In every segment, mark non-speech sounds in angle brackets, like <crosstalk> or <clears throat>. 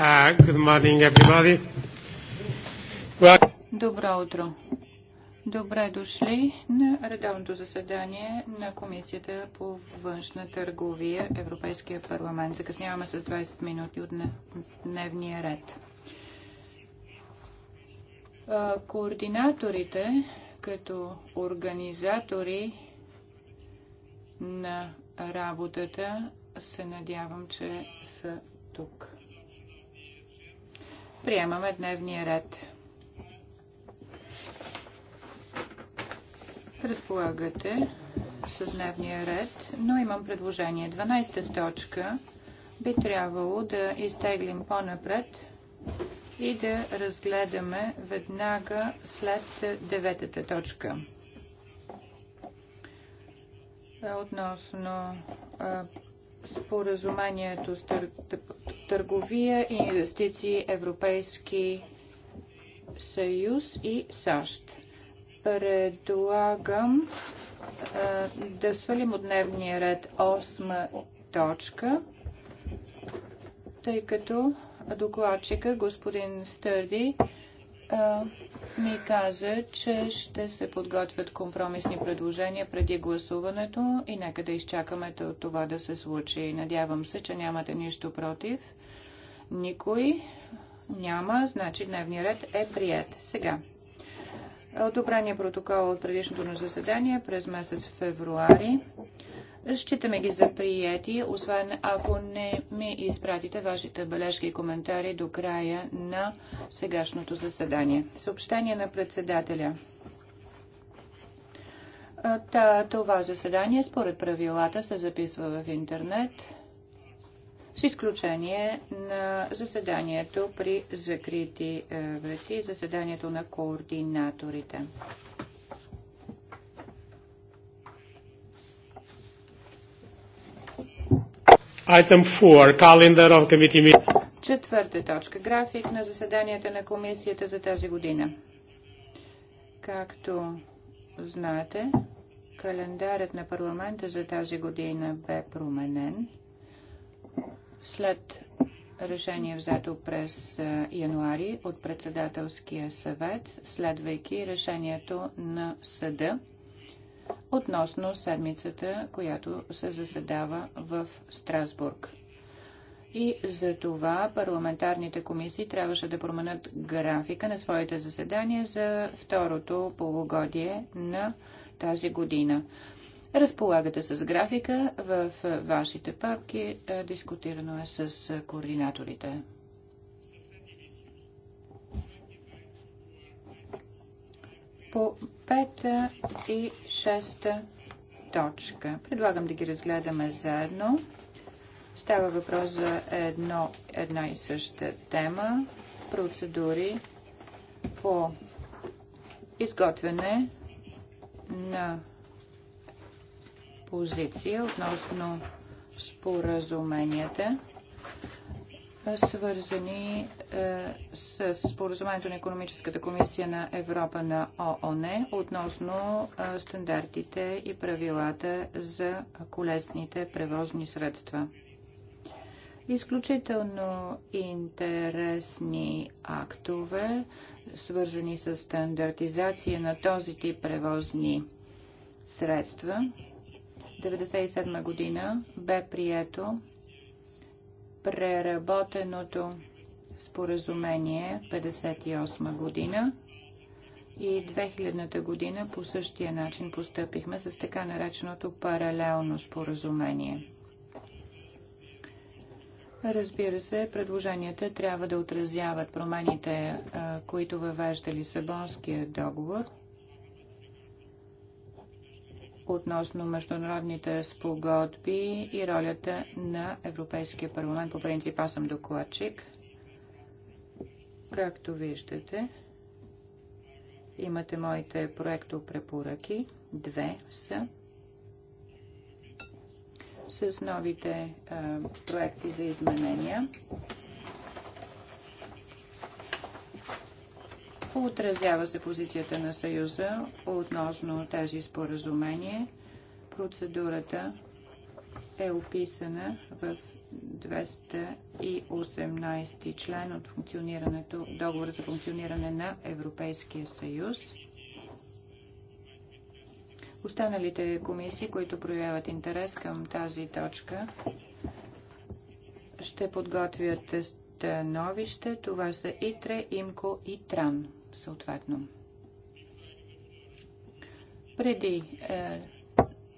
Uh, good morning, everybody. Добро утро. Добре дошли на редовното заседание на Комисията по външна търговия Европейския парламент. Закъсняваме с 20 минути от дневния ред. Координаторите като организатори на работата се надявам, че са тук. Приемаме дневния ред. Разполагате с дневния ред, но имам предложение. 12 та точка би трябвало да изтеглим по-напред и да разгледаме веднага след деветата точка. Е, относно е, споразумението с тър... търговия и инвестиции Европейски съюз и САЩ. Предлагам а, да свалим от дневния ред 8 точка, тъй като докладчика господин Стърди а, ми каза, че ще се подготвят компромисни предложения преди гласуването и нека да изчакаме това да се случи. Надявам се, че нямате нищо против. Никой няма, значи дневният ред е прият. Сега. Одобрение протокол от предишното заседание през месец февруари. Считаме ги за приети, освен ако не ми изпратите вашите бележки и коментари до края на сегашното заседание. Съобщение на председателя. Та, това заседание според правилата се записва в интернет, с изключение на заседанието при закрити е, врати, заседанието на координаторите. Item 4. Calendar of committee meeting. Четвърта точка. График на заседанията на комисията за тази година. Както знаете, календарът на парламента за тази година бе променен. След решение взето през януари от председателския съвет, следвайки решението на съда относно седмицата, която се заседава в Страсбург. И за това парламентарните комисии трябваше да променят графика на своите заседания за второто полугодие на тази година. Разполагате с графика в вашите папки. Е, дискутирано е с координаторите. по пета и шеста точка. Предлагам да ги разгледаме заедно. Става въпрос за едно, една и съща тема. Процедури по изготвяне на позиция относно споразуменията, свързани е, с споразумението на економическата комисия на Европа на ООН относно е, стандартите и правилата за колесните превозни средства. Изключително интересни актове, свързани с стандартизация на този тип превозни средства. 1997 година бе прието преработеното споразумение 58 година и 2000 година по същия начин постъпихме с така нареченото паралелно споразумение. Разбира се, предложенията трябва да отразяват промените, които въвежда Лисабонския договор относно международните спогодби и ролята на Европейския парламент. По принцип аз съм докладчик. Както виждате, имате моите проекто препоръки. Две са с новите а, проекти за изменения. Отразява се позицията на Съюза относно тези споразумение. Процедурата е описана в 218 член от функционирането, договора за функциониране на Европейския съюз. Останалите комисии, които проявяват интерес към тази точка, ще подготвят становище. Това са ИТРЕ, ИМКО и ТРАН, съответно. Преди е,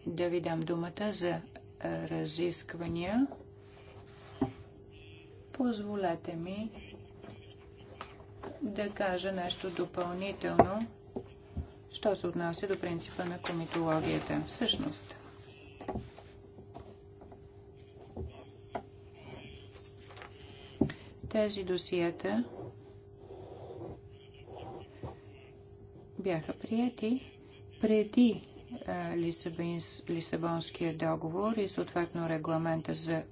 да ви дам думата за е, разисквания, Позволете ми да кажа нещо допълнително, що се отнася до принципа на комитологията. Всъщност, тези досиета бяха прияти преди Лисабонския договор и съответно регламента за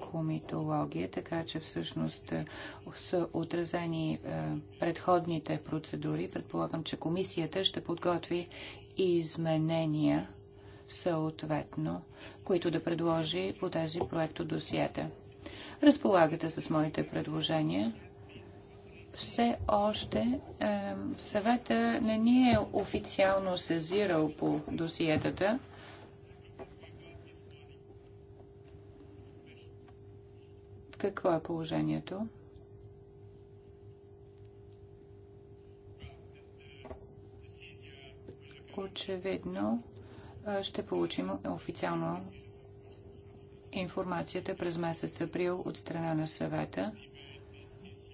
комитология, така че всъщност е, са отразени е, предходните процедури. Предполагам, че комисията ще подготви изменения съответно, които да предложи по тези проекто досиета. Разполагате с моите предложения все още е, съвета не ни е официално сезирал по досиетата. Какво е положението? Очевидно ще получим официално информацията през месец април от страна на съвета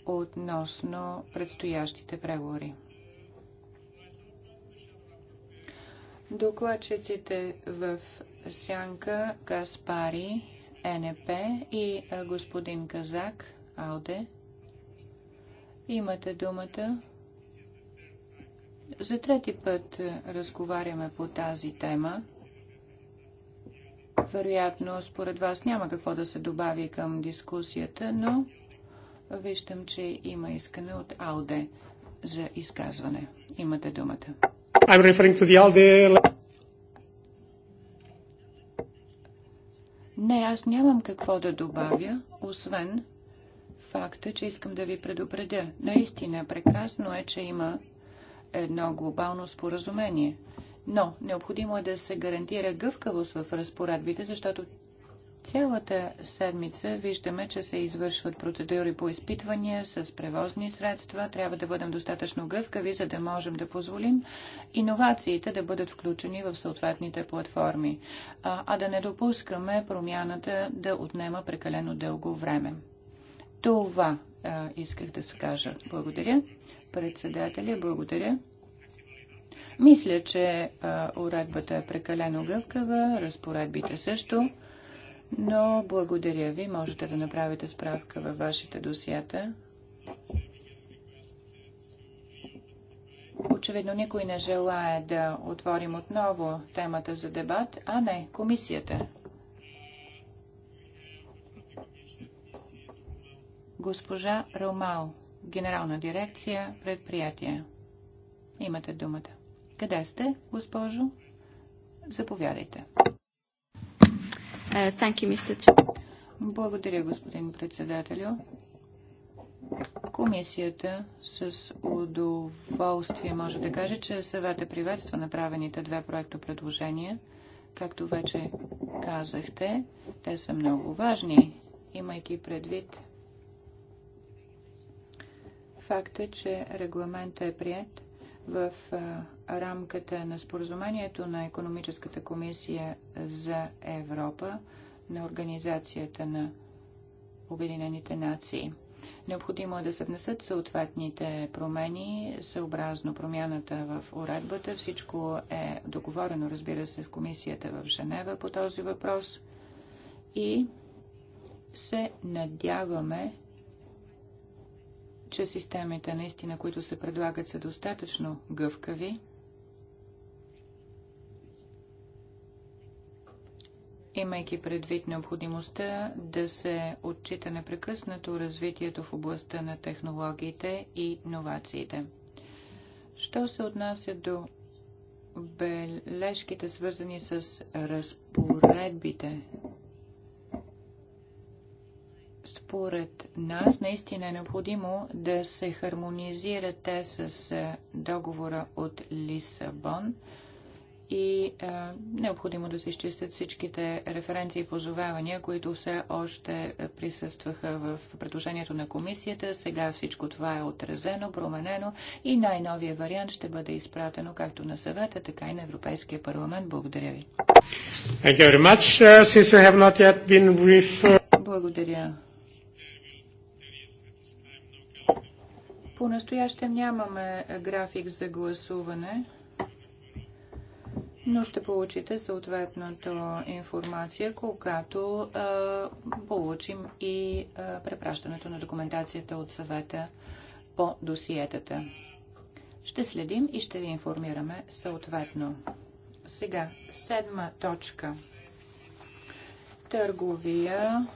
относно предстоящите преговори. Докладчиците в Сянка Каспари НП и господин Казак, Алде. Имате думата. За трети път разговаряме по тази тема. Вероятно, според вас няма какво да се добави към дискусията, но виждам, че има искане от Алде за изказване. Имате думата. I'm referring to the ALDE Не, аз нямам какво да добавя, освен факта, че искам да ви предупредя. Наистина, прекрасно е, че има едно глобално споразумение. Но необходимо е да се гарантира гъвкавост в разпоредбите, защото Цялата седмица виждаме, че се извършват процедури по изпитвания с превозни средства. Трябва да бъдем достатъчно гъвкави, за да можем да позволим иновациите да бъдат включени в съответните платформи, а, а да не допускаме промяната да отнема прекалено дълго време. Това а, исках да се кажа. Благодаря. Председателя, благодаря. Мисля, че а, уредбата е прекалено гъвкава, разпоредбите също но благодаря ви. Можете да направите справка във вашите досията. Очевидно никой не желая да отворим отново темата за дебат, а не комисията. Госпожа Ромал, генерална дирекция, предприятия. Имате думата. Къде сте, госпожо? Заповядайте. Uh, thank you, Mr. Chair. Благодаря, господин председателю. Комисията с удоволствие може да каже, че съвета приветства направените две проекто предложения. Както вече казахте, те са много важни, имайки предвид факта, че регламентът е прият в рамката на споразумението на Економическата комисия за Европа на Организацията на Обединените нации. Необходимо е да се внесат съответните промени съобразно промяната в уредбата. Всичко е договорено, разбира се, в комисията в Женева по този въпрос и се надяваме че системите наистина, които се предлагат, са достатъчно гъвкави. имайки предвид необходимостта да се отчита непрекъснато развитието в областта на технологиите и иновациите. Що се отнася до бележките, свързани с разпоредбите според нас наистина е необходимо да се хармонизират те с е, договора от Лисабон и е, необходимо да се изчистят всичките референции и позовавания, които все още присъстваха в предложението на комисията. Сега всичко това е отразено, променено и най-новия вариант ще бъде изпратено както на съвета, така и на Европейския парламент. Благодаря ви. Uh, uh, Благодаря. По-настоящем нямаме график за гласуване, но ще получите съответната информация, когато а, получим и а, препращането на документацията от съвета по досиетата. Ще следим и ще ви информираме съответно. Сега, седма точка. Търговия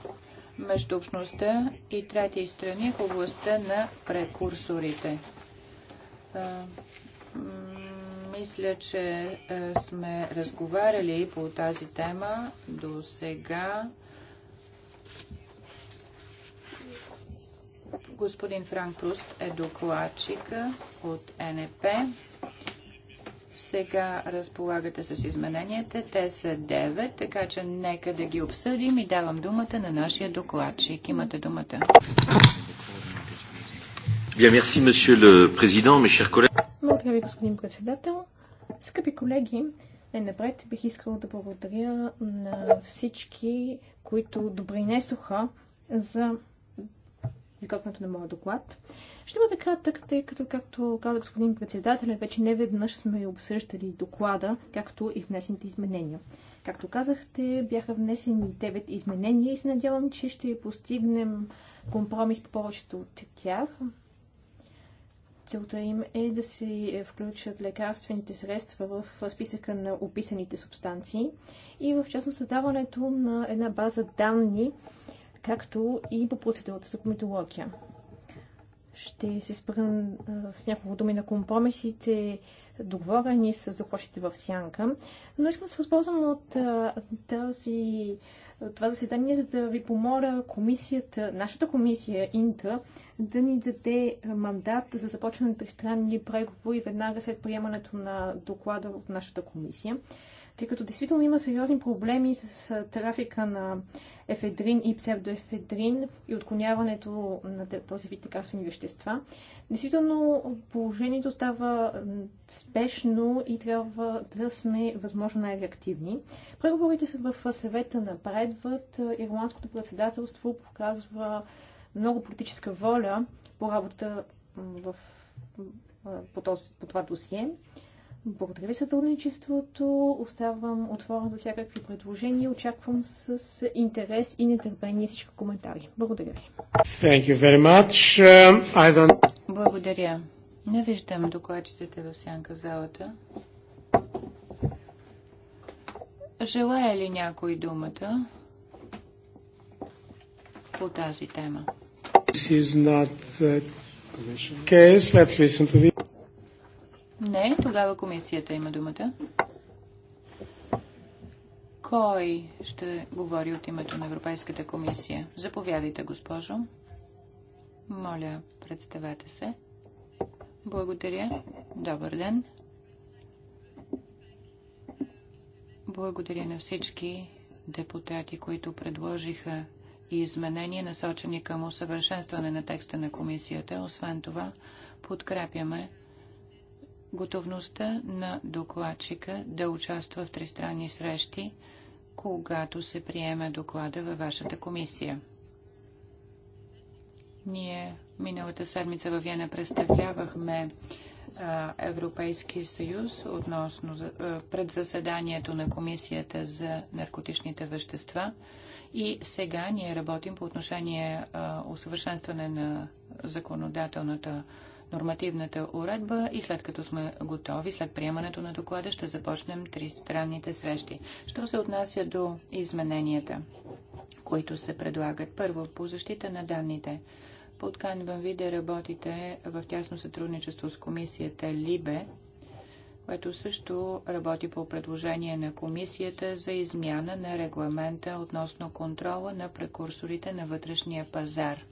между общността и трети страни в областта на прекурсорите. Мисля, че сме разговаряли по тази тема до сега. Господин Франк Пруст е докладчика от НП. Сега разполагате с измененията. Те са 9, така че нека да ги обсъдим и давам думата на нашия докладчик. Имате думата. Благодаря ви, господин председател. Скъпи колеги, най-напред бих искала да благодаря на всички, които допринесоха за изготвянето на моя доклад. Ще бъде кратък, тъй като, както каза господин председател, вече не веднъж сме обсъждали доклада, както и внесените изменения. Както казахте, бяха внесени 9 изменения и се надявам, че ще постигнем компромис по повечето от тях. Целта им е да се включат лекарствените средства в списъка на описаните субстанции и в частност създаването на една база данни, както и по процедурата за комитология. Ще се спра с няколко думи на компромисите, договорени с заплащите в Сянка. Но искам да се възползвам от тази, това заседание, за да ви помоля комисията, нашата комисия, Инта, да ни даде мандат за започване на тристранни преговори веднага след приемането на доклада от нашата комисия. Тъй като действително има сериозни проблеми с трафика на ефедрин и псевдоефедрин и отклоняването на този вид лекарствени вещества. Действително положението става спешно и трябва да сме възможно най-реактивни. Преговорите са в съвета напредват. Ирландското председателство показва много политическа воля по работа в, по, този, по това досие. Благодаря ви сътрудничеството. Оставам отворен за всякакви предложения. Очаквам с интерес и нетърпение всички коментари. Благодаря ви. Thank you very much. Uh, I don't... Благодаря. Не виждам докладчиците в сянка залата. Желая ли някой думата по тази тема? This is not the case. Let's listen to the... Не, тогава комисията има думата. Кой ще говори от името на Европейската комисия? Заповядайте, госпожо. Моля, представете се. Благодаря. Добър ден. Благодаря на всички депутати, които предложиха и изменения, насочени към усъвършенстване на текста на комисията. Освен това, подкрепяме готовността на докладчика да участва в тристранни срещи, когато се приеме доклада във вашата комисия. Ние миналата седмица във Вена представлявахме Европейския Европейски съюз относно пред заседанието на Комисията за наркотичните вещества и сега ние работим по отношение усъвършенстване на законодателната нормативната уредба и след като сме готови, след приемането на доклада, ще започнем тристранните срещи. Що се отнася до измененията, които се предлагат? Първо, по защита на данните. Подканвам ви да работите в тясно сътрудничество с комисията Либе, което също работи по предложение на комисията за измяна на регламента относно контрола на прекурсорите на вътрешния пазар.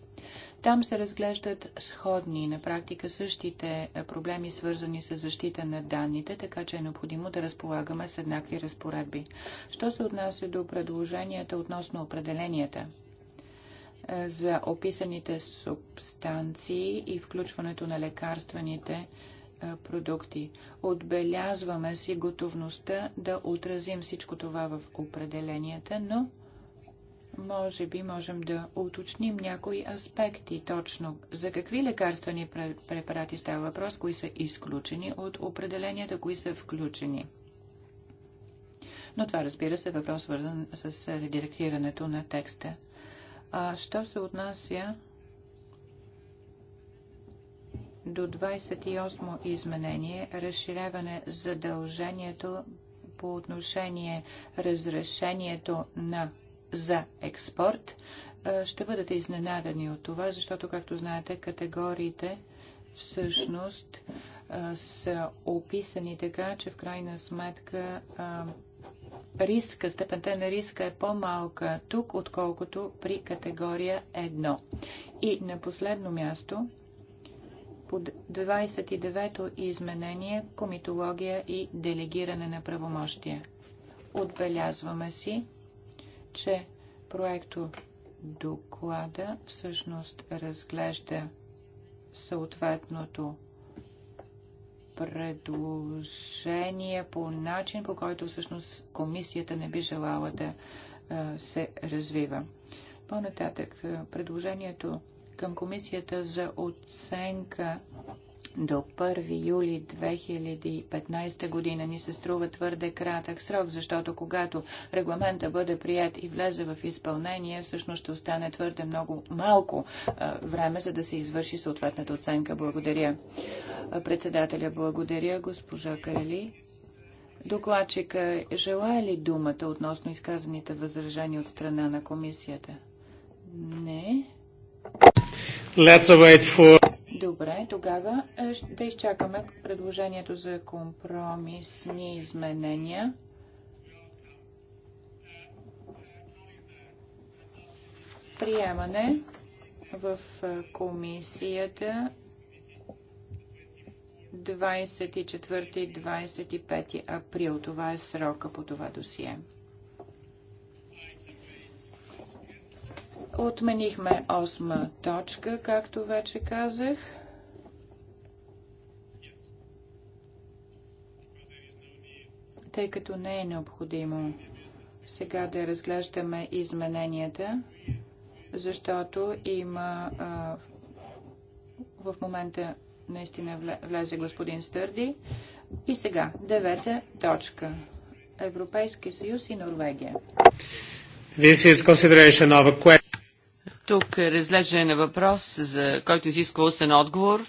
Там се разглеждат сходни, на практика същите е, проблеми, свързани с защита на данните, така че е необходимо да разполагаме с еднакви разпоредби. Що се отнася до предложенията относно определенията? Е, за описаните субстанции и включването на лекарствените е, продукти. Отбелязваме си готовността да отразим всичко това в определенията, но може би можем да уточним някои аспекти точно. За какви лекарствени препарати става въпрос, кои са изключени от определенията, кои са включени. Но това, разбира се, е въпрос свързан с редиректирането на текста. А що се отнася до 28 изменение, разширяване задължението по отношение разрешението на за експорт, ще бъдете изненадани от това, защото, както знаете, категориите всъщност са описани така, че в крайна сметка риска, степента на риска е по-малка тук, отколкото при категория 1. И на последно място, по 29-то изменение, комитология и делегиране на правомощия. Отбелязваме си че проекто доклада всъщност разглежда съответното предложение по начин, по който всъщност комисията не би желала да се развива. По-нататък предложението към комисията за оценка до 1 юли 2015 година ни се струва твърде кратък срок, защото когато регламента бъде прият и влезе в изпълнение, всъщност ще остане твърде много малко а, време, за да се извърши съответната оценка. Благодаря. Председателя, благодаря. Госпожа Карели. Докладчика, желая ли думата относно изказаните възражения от страна на комисията? Не. Let's wait for Добре, тогава е, да изчакаме предложението за компромисни изменения. Приемане в е, комисията 24-25 април. Това е срока по това досие. Отменихме осма точка, както вече казах. тъй като не е необходимо сега да разглеждаме измененията, защото има а, в момента наистина влезе господин Стърди. И сега, девета точка. Европейски съюз и Норвегия. This is consideration of a question. Тук е разглеждане на въпрос, за който изисква устен отговор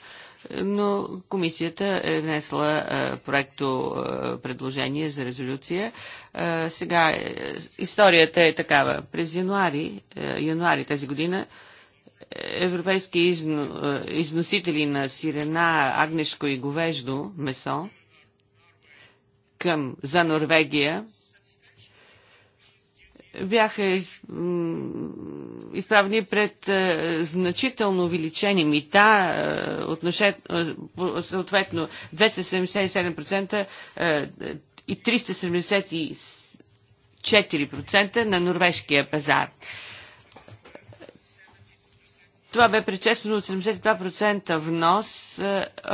но комисията е внесла е, проекто е, предложение за резолюция. Е, сега историята е такава. През януари, януари тази година европейски износители на сирена, агнешко и говеждо месо към, за Норвегия бяха изправени пред е, значително увеличени мита, е, е съответно 277% е, и 374% на норвежкия пазар. Това бе пречествено от 72% внос. Е, е,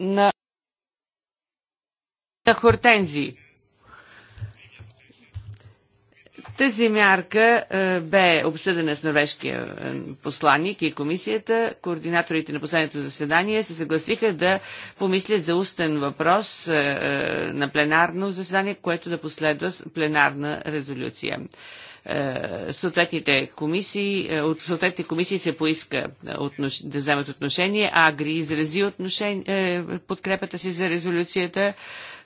на хортензии. Тази мярка е, бе обсъдена с норвежкия е, посланник и комисията. Координаторите на последното заседание се съгласиха да помислят за устен въпрос е, е на пленарно заседание, което да последва с пленарна резолюция. Е, съответните комисии, е, от съответните комисии се поиска отнош, да вземат отношение. Агри изрази отношение, подкрепата си за резолюцията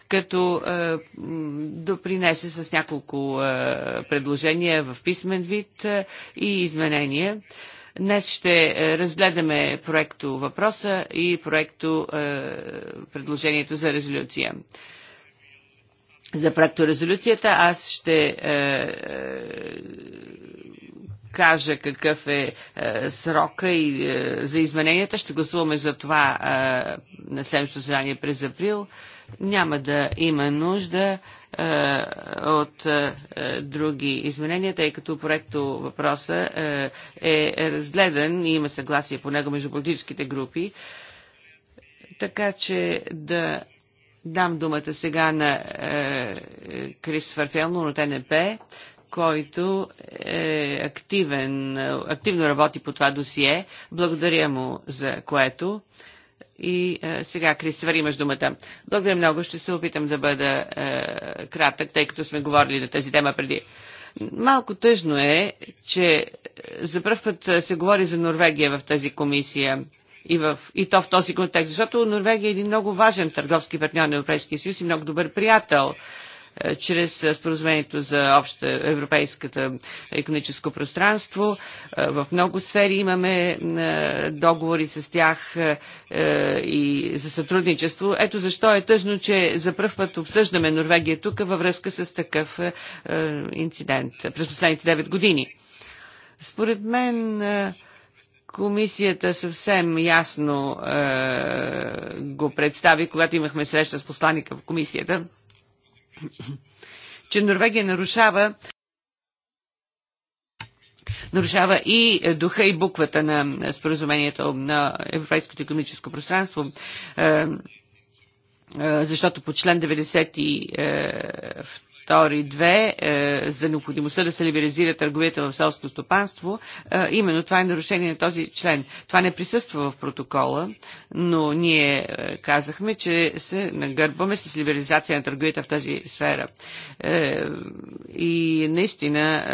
като е, допринесе с няколко е, предложения в писмен вид е, и изменения. Днес ще е, разгледаме проекто въпроса и проекто е, предложението за резолюция. За проекто резолюцията аз ще е, е, кажа какъв е, е срока и е, за измененията. Ще гласуваме за това е, на следващото заседание през април няма да има нужда е, от е, други изменения, тъй като проекто въпроса е, е разгледан и има съгласие по него между политическите групи. Така че да дам думата сега на Кристофър Фелно от НП, който е активен, активно работи по това досие. Благодаря му за което. И а, е, сега, Кристофър, имаш думата. Благодаря много. Ще се опитам да бъда а, е, кратък, тъй като сме говорили на тази тема преди. Малко тъжно е, че е, за първ път се говори за Норвегия в тази комисия и, в, и то в този контекст, защото Норвегия е един много важен търговски партньор на Европейския съюз и много добър приятел е, чрез е, споразумението за обща европейската економическо пространство. Е, в много сфери имаме договори с тях и за сътрудничество. Ето защо е тъжно, че за първ път обсъждаме Норвегия тук във връзка с такъв инцидент през последните 9 години. Според мен комисията съвсем ясно е, го представи, когато имахме среща с посланника в комисията че Норвегия нарушава нарушава и духа и буквата на споразумението на Европейското економическо пространство, е, е, защото по член 92 втори Две е, за необходимостта да се либерализира търговията в селско стопанство, е, именно това е нарушение на този член. Това не присъства в протокола, но ние е, казахме, че се нагърбваме с либерализация на търговията в тази сфера. И наистина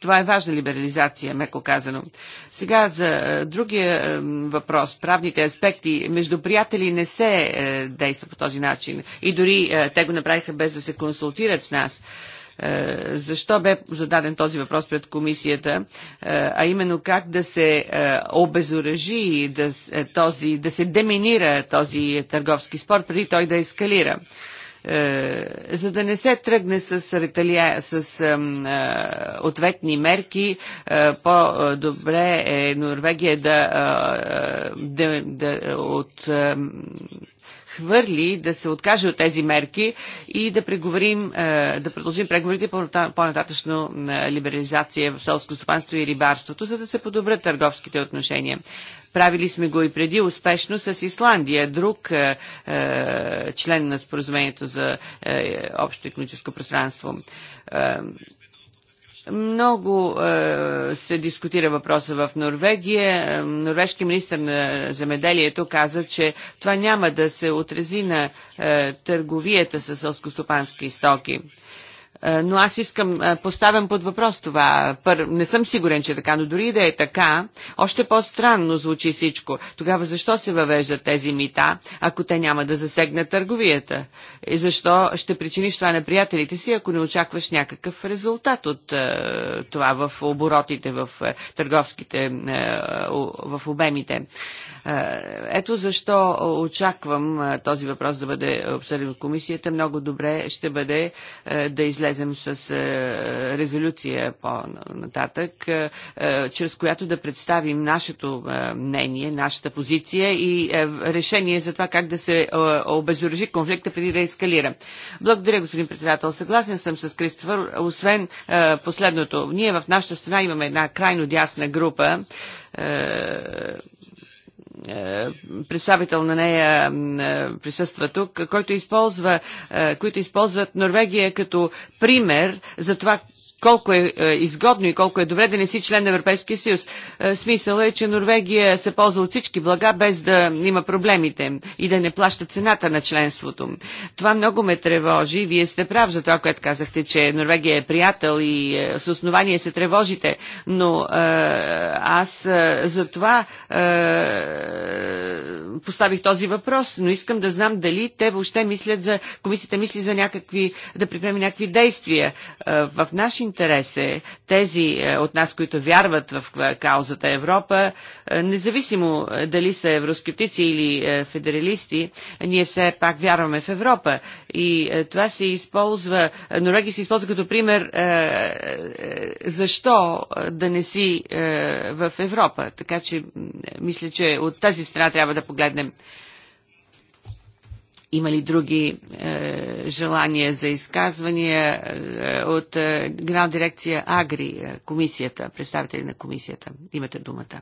това е важна либерализация, меко казано. Сега за е, другия е, въпрос, правните аспекти. Между приятели не се е, действа по този начин. И дори те го направиха без да се консултират с нас. защо бе зададен този въпрос пред комисията, а именно как да се обезоръжи, да, да се деминира този търговски спор, преди той да ескалира. Е, за да не се тръгне с, реталия, с е, ответни мерки, е, по-добре е Норвегия да, да, да от отхвърли, да се откаже от тези мерки и да, преговорим, е, да продължим преговорите по по на либерализация в селско стопанство и рибарството, за да се подобрят търговските отношения. Правили сме го и преди успешно с Исландия, друг е, е член на споразумението за е, общо економическо пространство. Е, много е, се дискутира въпроса в Норвегия. Е, норвежки министр на земеделието каза, че това няма да се отрази на е, търговията с сълскостопански стоки. Е, но аз искам, е, поставям под въпрос това. Пър, не съм сигурен, че е така, но дори да е така, още по-странно звучи всичко. Тогава защо се въвеждат тези мита, ако те няма да засегнат търговията? И защо ще причиниш това на приятелите си, ако не очакваш някакъв резултат от това в оборотите, в търговските, в обемите? Ето защо очаквам този въпрос да бъде обсъден от комисията. Много добре ще бъде да излезе излезем с е, резолюция по-нататък, е, е, чрез която да представим нашето мнение, нашата позиция и решение за това как да се обезоръжи конфликта преди да ескалира. Благодаря, господин председател. Съгласен съм с Кристофър. Освен последното, ние в нашата страна имаме една крайно дясна група, е, представител на нея е, присъства тук, който използва, е, които използват Норвегия като пример за това колко е, е, изгодно и колко е добре да не си член на Европейския съюз. Е, смисъл е, че Норвегия се ползва от всички блага, без да има проблемите и да не плаща цената на членството. Това много ме тревожи. Вие сте прав за това, което казахте, че Норвегия е приятел и е, с основание се тревожите, но аз за това поставих този въпрос, но искам да знам дали те въобще мислят за, комисията мисли за някакви, да припреме някакви действия. в наши интерес е тези е, от нас, които вярват в е, каузата Европа, е, независимо дали са евроскептици или федералисти, ние все пак вярваме в Европа. И това се използва, Норвегия се използва като пример защо да не си в Европа. Така че мисля, че от тази страна трябва да погледнем има ли други е, желания за изказвания е, от е, Генерал дирекция Агри, е, комисията, представители на комисията? Имате думата.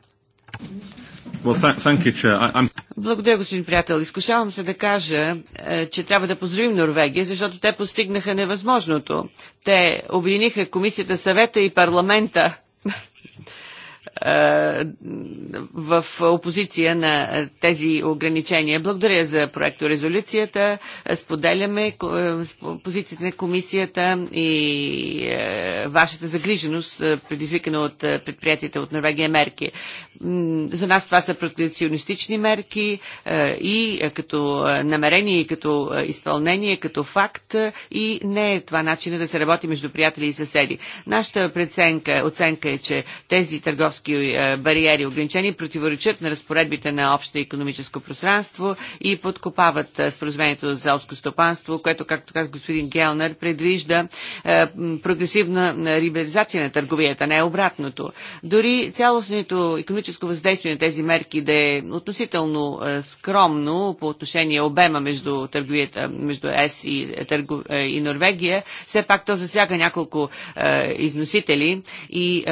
Благодаря, господин приятел. Изкушавам се да кажа, е, че трябва да поздравим Норвегия, защото те постигнаха невъзможното. Те обединиха комисията, съвета и парламента е, в опозиция на тези ограничения. Благодаря за проекто резолюцията. Споделяме е, позицията на комисията и е, вашата загриженост, предизвикана от предприятията от Норвегия мерки. За нас това са протекционистични мерки и като намерение, и като изпълнение, като факт и не е това начина да се работи между приятели и съседи. Нашата преценка, оценка е, че тези търговски търговски е, бариери и ограничения противоречат на разпоредбите на общото економическо пространство и подкопават е, споразумението за селско стопанство, което, както каза господин Гелнер, предвижда е, прогресивна либерализация на търговията, не е обратното. Дори цялостното економическо въздействие на тези мерки да е относително скромно по отношение обема между търговията, между ЕС и, търгов... и Норвегия, все пак то засяга няколко износители и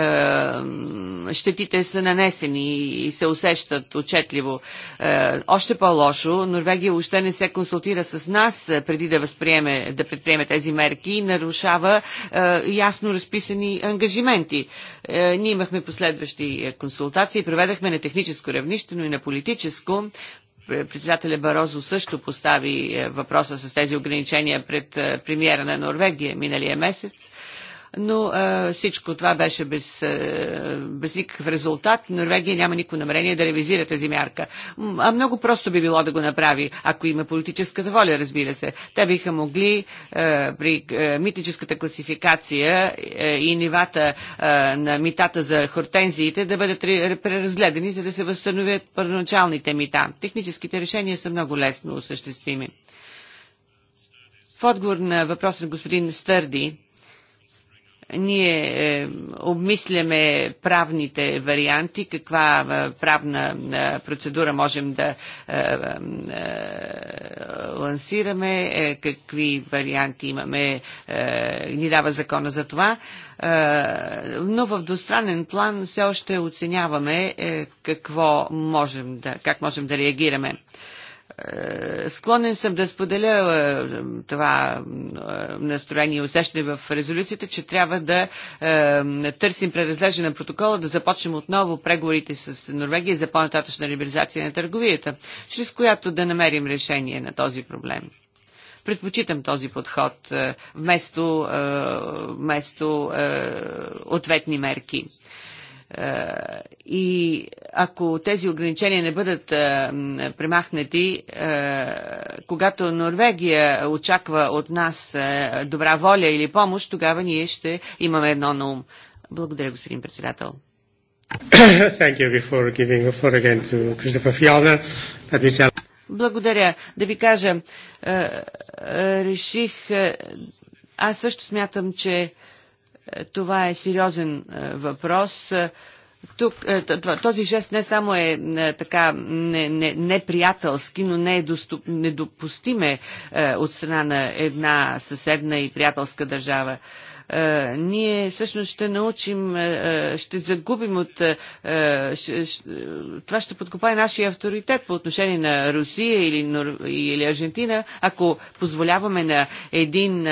щетите са нанесени и се усещат отчетливо. Е, още по-лошо, Норвегия още не се консултира с нас е, преди да, възприеме, да предприеме тези мерки и нарушава е, ясно разписани ангажименти. Ние имахме последващи консултации, проведахме на техническо равнище, но и на политическо председателя Барозо също постави въпроса с тези ограничения пред премиера на Норвегия миналия месец но а, всичко това беше без, а, без никакъв резултат. Норвегия няма никакво намерение да ревизира тази мярка. А много просто би било да го направи, ако има политическата воля, разбира се. Те биха могли а, при а, митническата класификация а, и нивата а, на митата за хортензиите да бъдат преразгледани, за да се възстановят първоначалните мита. Техническите решения са много лесно осъществими. В отговор на въпроса на господин Стърди, ние е, обмисляме правните варианти, каква е, правна е, процедура можем да е, е, е, лансираме, е, какви варианти имаме, е, ни дава закона за това. Е, но в двустранен план все още оценяваме е, какво можем да, как можем да реагираме. Е, е, склонен съм да споделя е, това е, настроение и усещане в резолюцията, че трябва да търсим преразглеждане на протокола, да започнем отново преговорите с Норвегия за по-нататъчна либерализация на търговията, чрез която да намерим решение на този проблем. Предпочитам този подход вместо, вместо ответни мерки. Е, и ако тези ограничения не бъдат е, премахнати, е, когато Норвегия очаква от нас добра воля или помощ, тогава ние ще имаме едно на ум. Благодаря, господин председател. Благодаря. Да ви кажа, реших, аз също смятам, че е, това е сериозен е, въпрос. Е, тук, този жест не само е така неприятелски, не, не, но не е доступ, недопустим от страна на една съседна и приятелска държава. Е, ние всъщност ще научим, е, е, ще загубим от... Това ще подкопае нашия авторитет по отношение на Русия или, или Аржентина, ако позволяваме на един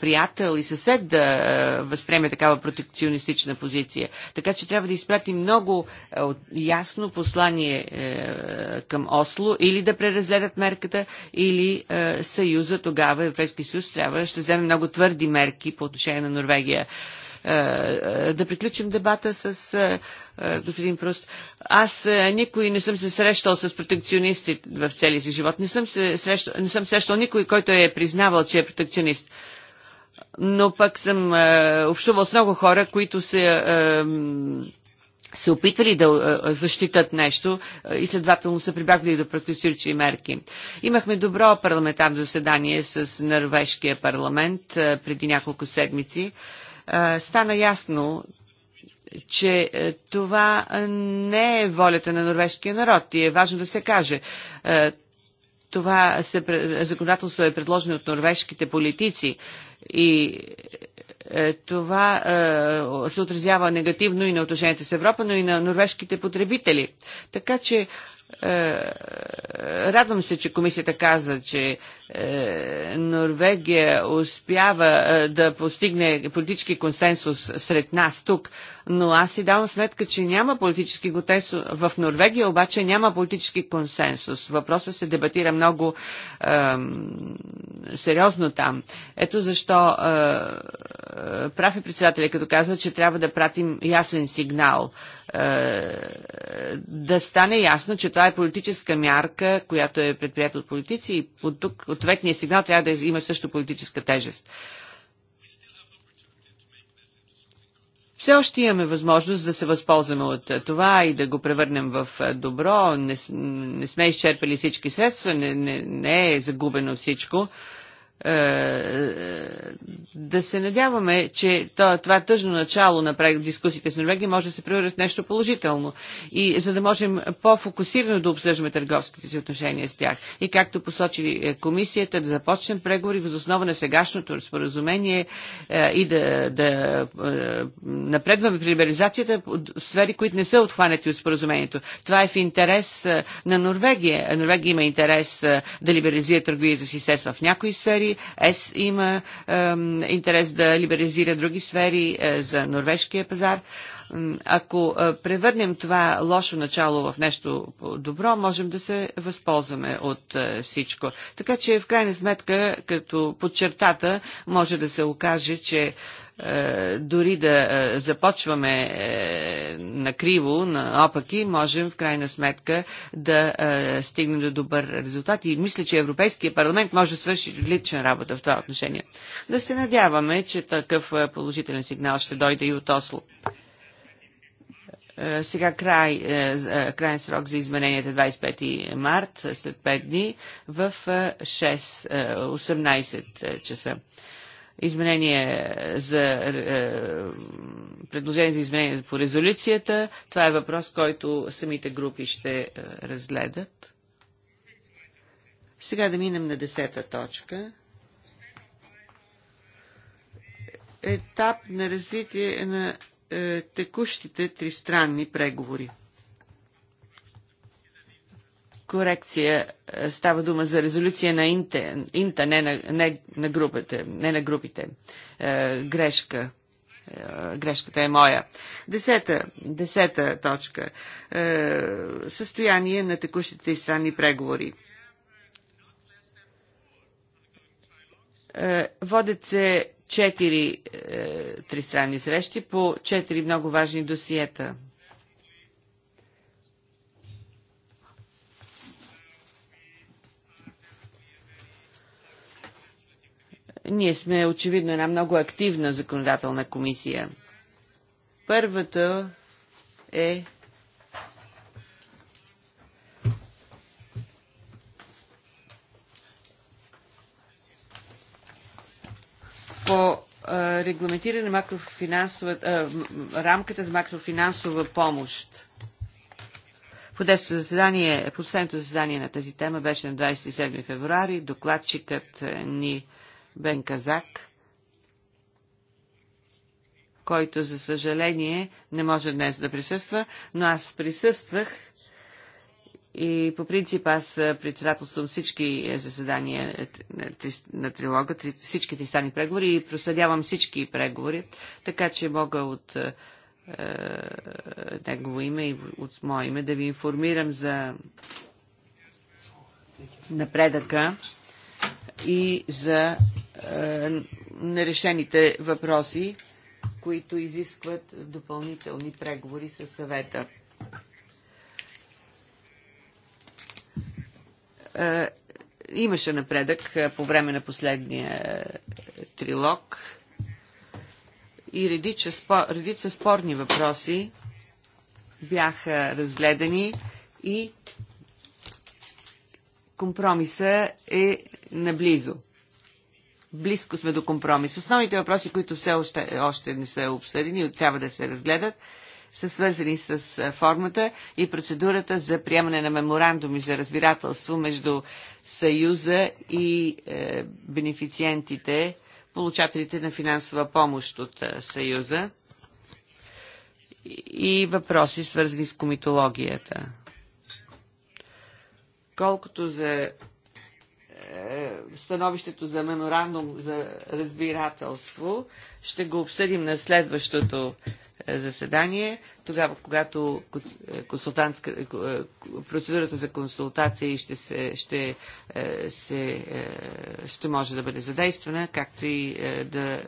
приятел и съсед да възприеме такава протекционистична позиция. Така че трябва да изпратим много ясно послание към Осло или да преразгледат мерката, или Съюза тогава, Европейски съюз, трябва ще вземе много твърди мерки по отношение на Норвегия. Е, е, да приключим дебата с е, господин Прост. Аз никой не съм се срещал с протекционисти в целия си живот. Не съм се срещал, не съм срещал никой, който е признавал, че е протекционист но пък съм общувал с много хора, които се се опитвали да защитат нещо и следователно са прибягнали до практически мерки. Имахме добро парламентарно заседание с норвежкия парламент преди няколко седмици. Стана ясно, че това не е волята на норвежкия народ и е важно да се каже. Това се, законодателство е предложено от норвежките политици и е, това е, се отразява негативно и на отношенията с Европа, но и на норвежките потребители. Така че е, радвам се, че комисията каза, че Норвегия успява да постигне политически консенсус сред нас тук, но аз си давам сметка, че няма политически готесо. В Норвегия обаче няма политически консенсус. Въпросът се дебатира много е, сериозно там. Ето защо е, е, председателя, като казва, че трябва да пратим ясен сигнал. Е, да стане ясно, че това е политическа мярка, която е предприята от политици и от тук ответния сигнал трябва да има също политическа тежест. Все още имаме възможност да се възползваме от това и да го превърнем в добро. Не, не сме изчерпали всички средства, не, не, не е загубено всичко. Е, да се надяваме, че това тъжно начало на дискусиите с Норвегия може да се превърне в нещо положително. И за да можем по-фокусирано да обсъждаме търговските си отношения с тях. И както посочи е, комисията, да започнем преговори въз основа на сегашното споразумение е, и да, да напредваме при либерализацията в сфери, които не са отхванати от споразумението. Това е в интерес на Норвегия. Норвегия има интерес да либерализира търговията си средства в някои сфери, ЕС има интерес да либерализира други сфери е, за норвежкия пазар ако е, превърнем това лошо начало в нещо добро, можем да се възползваме от е, всичко. Така че в крайна сметка, като подчертата, може да се окаже, че е, дори да е, започваме е, накриво, наопаки, можем в крайна сметка да стигнем до добър резултат. И мисля, че Европейския парламент може да свърши лична работа в това отношение. Да се надяваме, че такъв положителен сигнал ще дойде и от Осло. Сега край, крайен срок за измененията 25 март, след 5 дни, в 6, 18 часа изменение за е, предложение за изменение по резолюцията. Това е въпрос, който самите групи ще е, разгледат. Сега да минем на десета точка. Етап на развитие на е, текущите тристранни преговори корекция. Е, става дума за резолюция на Инте, Инта, не на, не на групите. Не на групите. Е, грешка. Е, грешката е моя. Десета, десета точка. състояние на текущите и странни преговори. Водят се четири тристранни срещи по четири много важни досиета – Ние сме очевидно една много активна законодателна комисия. Първата е по регламентиране макрофинансова, а, рамката за макрофинансова помощ. Подесто заседание, последното заседание на тази тема беше на 27 февруари. Докладчикът ни Бен Казак, който за съжаление не може днес да присъства, но аз присъствах и по принцип аз председателствам всички е, заседания е, на трилога, всички тристани преговори и проследявам всички преговори, така че мога от е, негово име и от мое име да ви информирам за напредъка и за е, нерешените въпроси, които изискват допълнителни преговори със съвета. Е, имаше напредък е, по време на последния трилог и редица, редица спорни въпроси бяха разгледани и компромиса е наблизо близко сме до компромис. Основните въпроси, които все още, още не са обсъдени, трябва да се разгледат, са свързани с формата и процедурата за приемане на меморандуми за разбирателство между Съюза и е, бенефициентите, получателите на финансова помощ от е, Съюза и въпроси свързани с комитологията. Колкото за становището за меморандум за разбирателство. Ще го обсъдим на следващото е, заседание, тогава, когато е, е, процедурата за консултации ще, се, ще, се, ще може да бъде задействана, както и да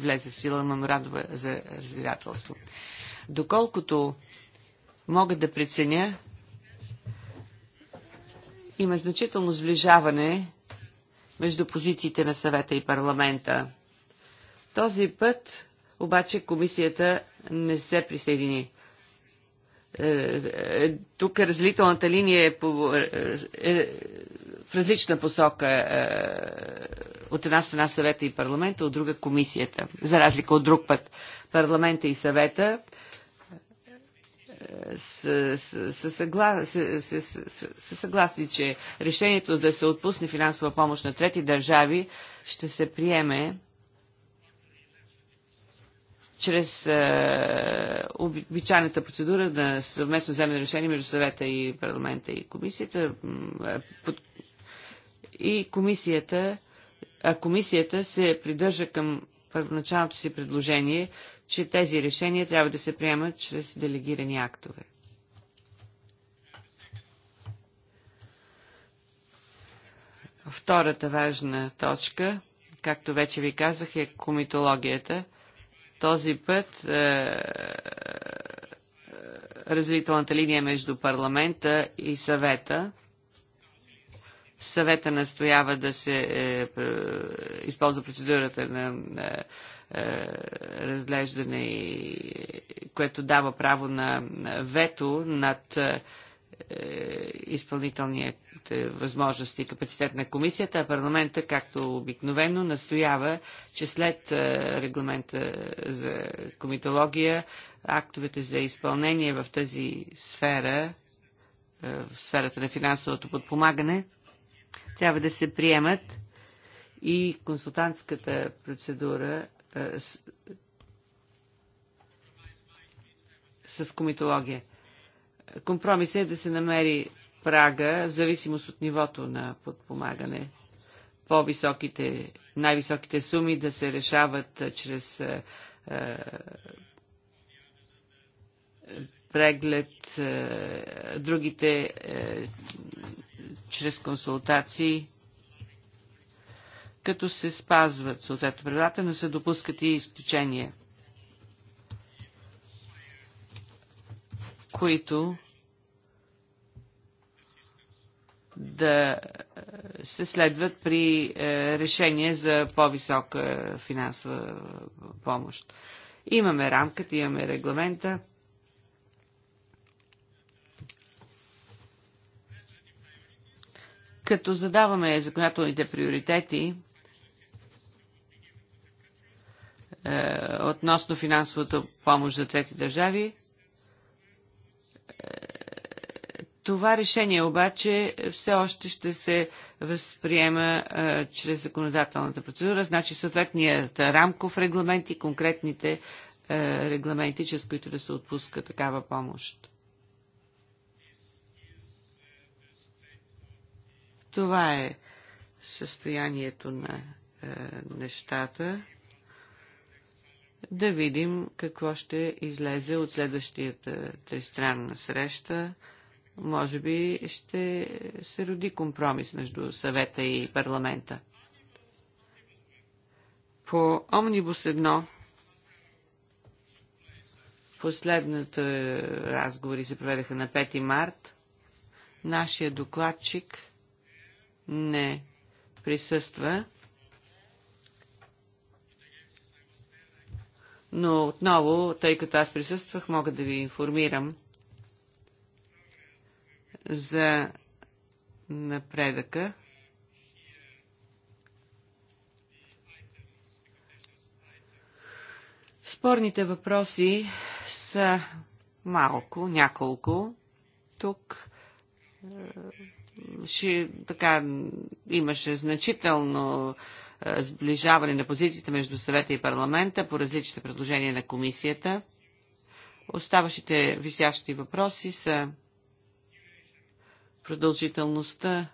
влезе в сила меморандума за разбирателство. Доколкото мога да преценя, има значително сближаване между позициите на съвета и парламента. Този път обаче комисията не се присъедини. Е, е, е, тук разлителната линия е, е в различна посока. От една страна съвета и парламента, от друга комисията. За разлика от друг път парламента и съвета са, съгласни, че решението да се отпусне финансова помощ на трети държави ще се приеме чрез е, обичайната процедура на съвместно вземане решение между съвета и парламента и комисията. Е, и комисията, комисията се придържа към първоначалното си предложение че тези решения трябва да се приемат чрез делегирани актове. Втората важна точка, както вече ви казах, е комитологията. Този път е, е, разделителната линия между парламента и съвета. Съвета настоява да се е, е използва процедурата на е, е, разглеждане, което дава право на вето над е, изпълнителният е, възможности и капацитет на комисията, а парламента, както обикновено, настоява, че след регламента за комитология, актовете за изпълнение в тази сфера, в сферата на финансовото подпомагане, трябва да се приемат и консултантската процедура е, с, с комитология. Компромис е да се намери прага, в зависимост от нивото на подпомагане. По-високите, най-високите суми да се решават е, чрез е, преглед, другите чрез консултации като се спазват съответно правилата, но се допускат и изключения, които да е, се следват при е, решение за по-висока финансова помощ. Имаме рамката, имаме регламента. Като задаваме законодателните приоритети, Е, относно финансовата помощ за трети държави. Е, това решение обаче все още ще се възприема а, е, чрез законодателната процедура, значи съответният рамков регламент и конкретните а, регламенти, чрез които да се отпуска такава помощ. Това е състоянието на а, нещата да видим какво ще излезе от следващията тристранна среща. Може би ще се роди компромис между съвета и парламента. По Омнибус 1 последната разговори се проведаха на 5 март. Нашия докладчик не присъства но отново, тъй като аз присъствах, мога да ви информирам за напредъка. Спорните въпроси са малко, няколко. Тук е, ще, така, имаше значително е, сближаване на позициите между съвета и парламента по различните предложения на комисията. Оставащите висящи въпроси са продължителността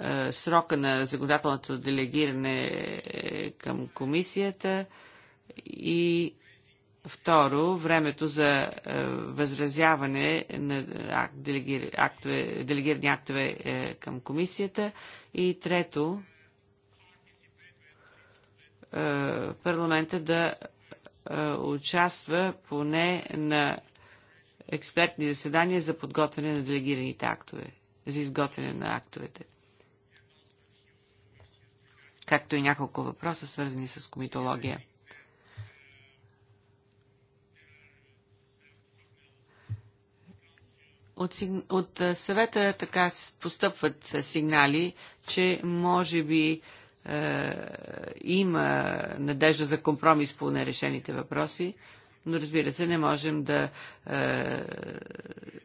е, срока на законодателното делегиране е, към комисията и Второ, времето за е, възразяване на ак, делегир, актове, делегирани актове е, към комисията. И трето, е, парламента да участва поне на експертни заседания за подготвяне на делегираните актове, за изготвяне на актовете. Както и няколко въпроса, свързани с комитология. От, от съвета така постъпват сигнали, че може би е, има надежда за компромис по нерешените въпроси, но разбира се, не можем да, е,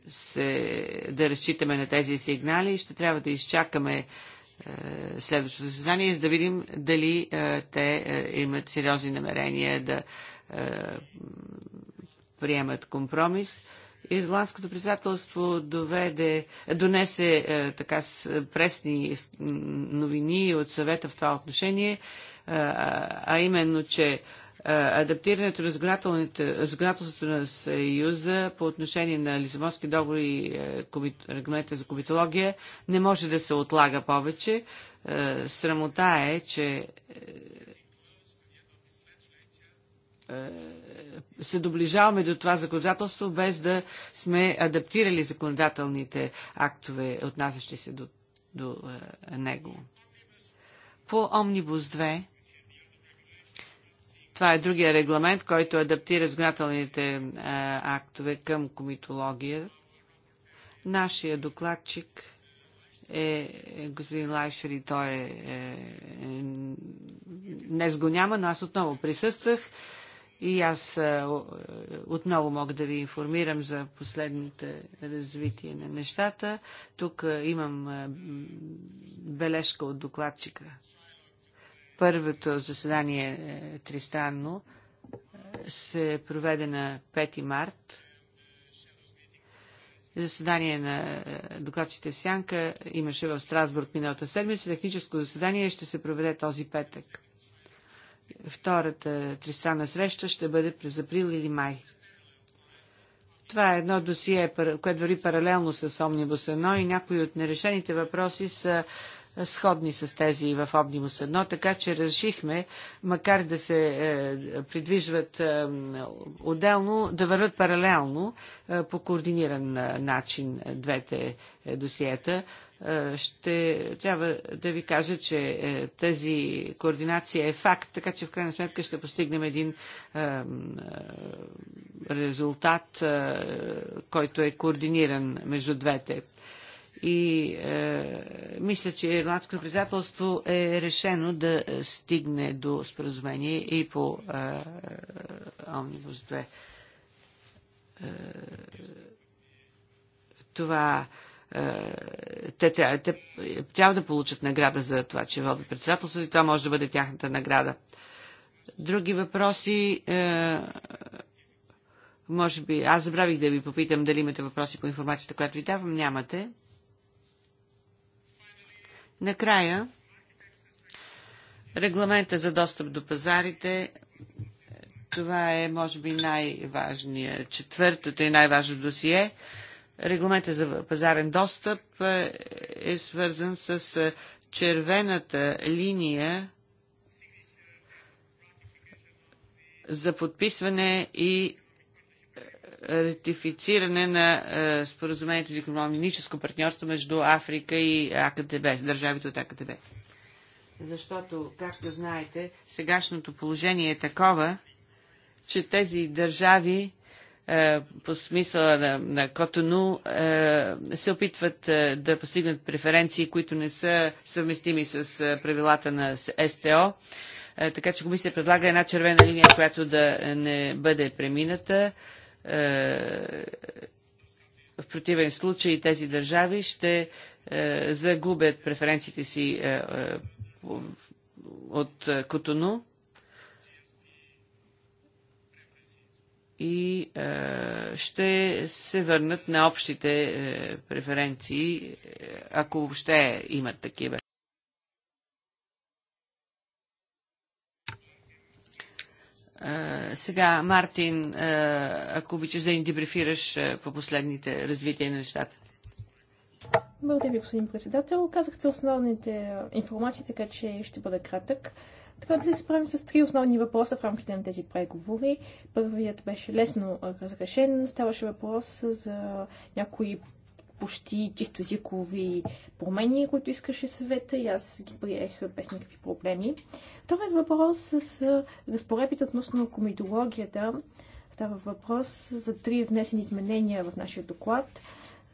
се, да разчитаме на тези сигнали и ще трябва да изчакаме е, следващото заседание, за да видим дали е, те е, имат сериозни намерения да е, приемат компромис. Ирландското председателство доведе, донесе е, така пресни новини от съвета в това отношение, е, а именно, че е, адаптирането на законодателството на Съюза по отношение на Лисабонски договор и е, регламента за комитология не може да се отлага повече. Е, срамота е, че е, се доближаваме до това законодателство, без да сме адаптирали законодателните актове, отнасящи се до, до е, него. По Омнибус 2 това е другия регламент, който адаптира законодателните е, актове към комитология. Нашия докладчик е господин Лайшер и той е, е, днес го няма, но аз отново присъствах. И аз отново мога да ви информирам за последните развитие на нещата. Тук имам бележка от докладчика. Първото заседание е, тристранно се проведе на 5 март. Заседание на е, докладчите в Сянка имаше в Страсбург миналата седмица. Техническо заседание ще се проведе този петък. Втората тристрана среща ще бъде през април или май. Това е едно досие, което върви паралелно с Омнибус 1 и някои от нерешените въпроси са сходни с тези в Омнибус 1, така че решихме, макар да се е, придвижват е, отделно, да върват паралелно е, по координиран начин двете е, досиета. Е, ще трябва да ви кажа, че е, тази координация е факт, така че в крайна сметка ще постигнем един е, резултат, който е координиран между двете. И е, мисля, че ирландското председателство е решено да стигне до споразумение и по е, Омнибус 2. Е, това е, те, трябва, те трябва да получат награда за това, че водят председателство и това може да бъде тяхната награда. Други въпроси? Е, може би, аз забравих да ви попитам дали имате въпроси по информацията, която ви давам. Нямате. Накрая, регламента за достъп до пазарите. Това е, може би, най-важният, четвъртото и най-важно досие. Регламента за пазарен достъп е, е свързан с е, червената линия за подписване и е, ратифициране на споразумението за економическо партньорство между Африка и АКТБ, държавите от АКТБ. Защото, както знаете, сегашното положение е такова, че тези държави е, по смисъла на, на Котону е, се опитват е, да постигнат преференции, които не са съвместими с правилата на СТО. Така че комисия предлага една червена линия, която да не бъде премината. В противен случай тези държави ще загубят преференциите си от Котону и е, ще се върнат на общите е, преференции, е, ако въобще имат такива. Е, сега, Мартин, е, ако обичаш да ни дебрифираш е, по последните развития на нещата. Благодаря ви, господин председател. Казахте основните е, информации, така че ще бъда кратък. Така, да се справим с три основни въпроса в рамките на тези преговори. Първият беше лесно разрешен. Ставаше въпрос за някои почти чисто езикови промени, които искаше съвета и аз ги приех без никакви проблеми. Вторият въпрос с разпоредбите относно комитологията. Става въпрос за три внесени изменения в нашия доклад.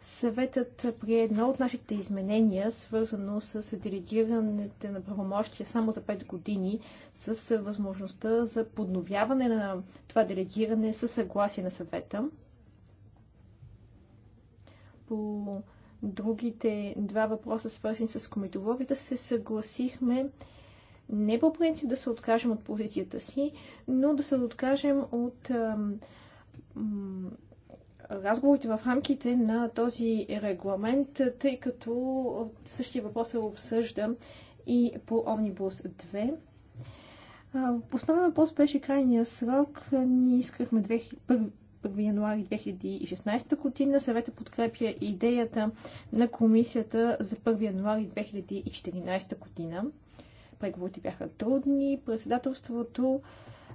Съветът прие едно от нашите изменения, свързано с делегирането на правомощия само за 5 години, с възможността за подновяване на това делегиране със съгласие на съвета. По другите два въпроса, свързани с комитологията, се съгласихме не по принцип да се откажем от позицията си, но да се откажем от разговорите в рамките на този регламент, тъй като същия въпрос се обсъжда и по Омнибус 2. Основен въпрос беше крайния срок. Ние искахме 1 януари 2016 година. Съвета подкрепя идеята на комисията за 1 януари 2014 година. Преговорите бяха трудни. Председателството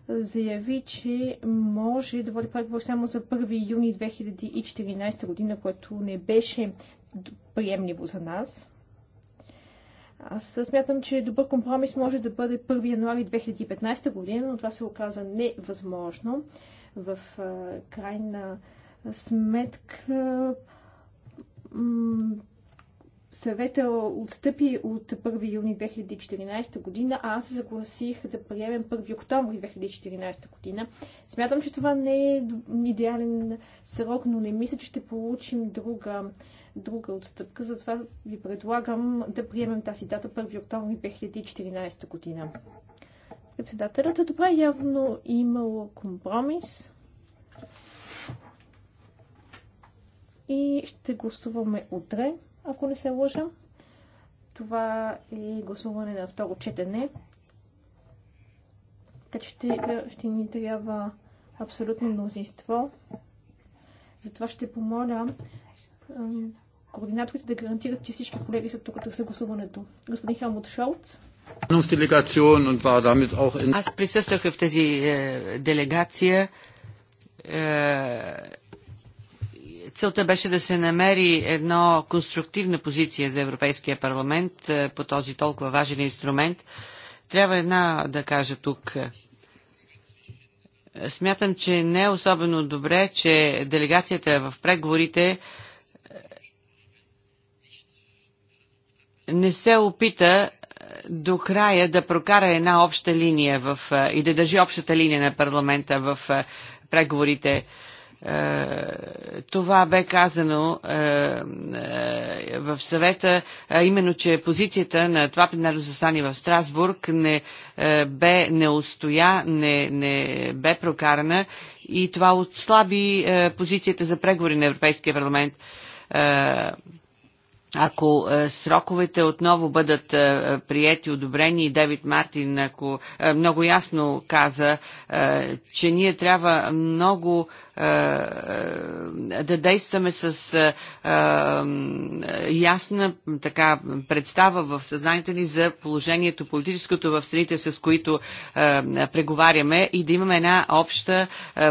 заяви, че може да води преговор само за 1 юни 2014 година, което не беше приемливо за нас. Аз смятам, че добър компромис може да бъде 1 януари 2015 година, но това се оказа невъзможно. В крайна сметка съвета отстъпи от 1 юни 2014 година, а аз се съгласих да приемем 1 октомври 2014 година. Смятам, че това не е идеален срок, но не мисля, че ще получим друга, друга отстъпка. Затова ви предлагам да приемем тази дата 1 октомври 2014 година. Председателят, добре, явно имал компромис. И ще гласуваме утре ако не се лъжа. Това е гласуване на второ четене. Така че ще, ни трябва абсолютно мнозинство. Затова ще помоля координаторите да гарантират, че всички колеги са тук за гласуването. Господин Хелмут Шолц. Аз присъствах в тази е, делегация. Е, Целта беше да се намери едно конструктивна позиция за Европейския парламент е, по този толкова важен инструмент. Трябва една да кажа тук. Е, смятам, че не е особено добре, че делегацията в преговорите е, не се опита до края да прокара една обща линия в, и да държи общата линия на парламента в преговорите е, това бе казано е, е, в съвета, именно, че позицията на това пленарно застане в Страсбург не бе не устоя, не, не бе прокарана и това отслаби позицията за преговори на Европейския парламент ако е, сроковете отново бъдат е, приети, одобрени и Девид Мартин ако, е, много ясно каза, че ние трябва много да действаме с ясна така представа в съзнанието ни за положението политическото в страните, с които преговаряме и да имаме една обща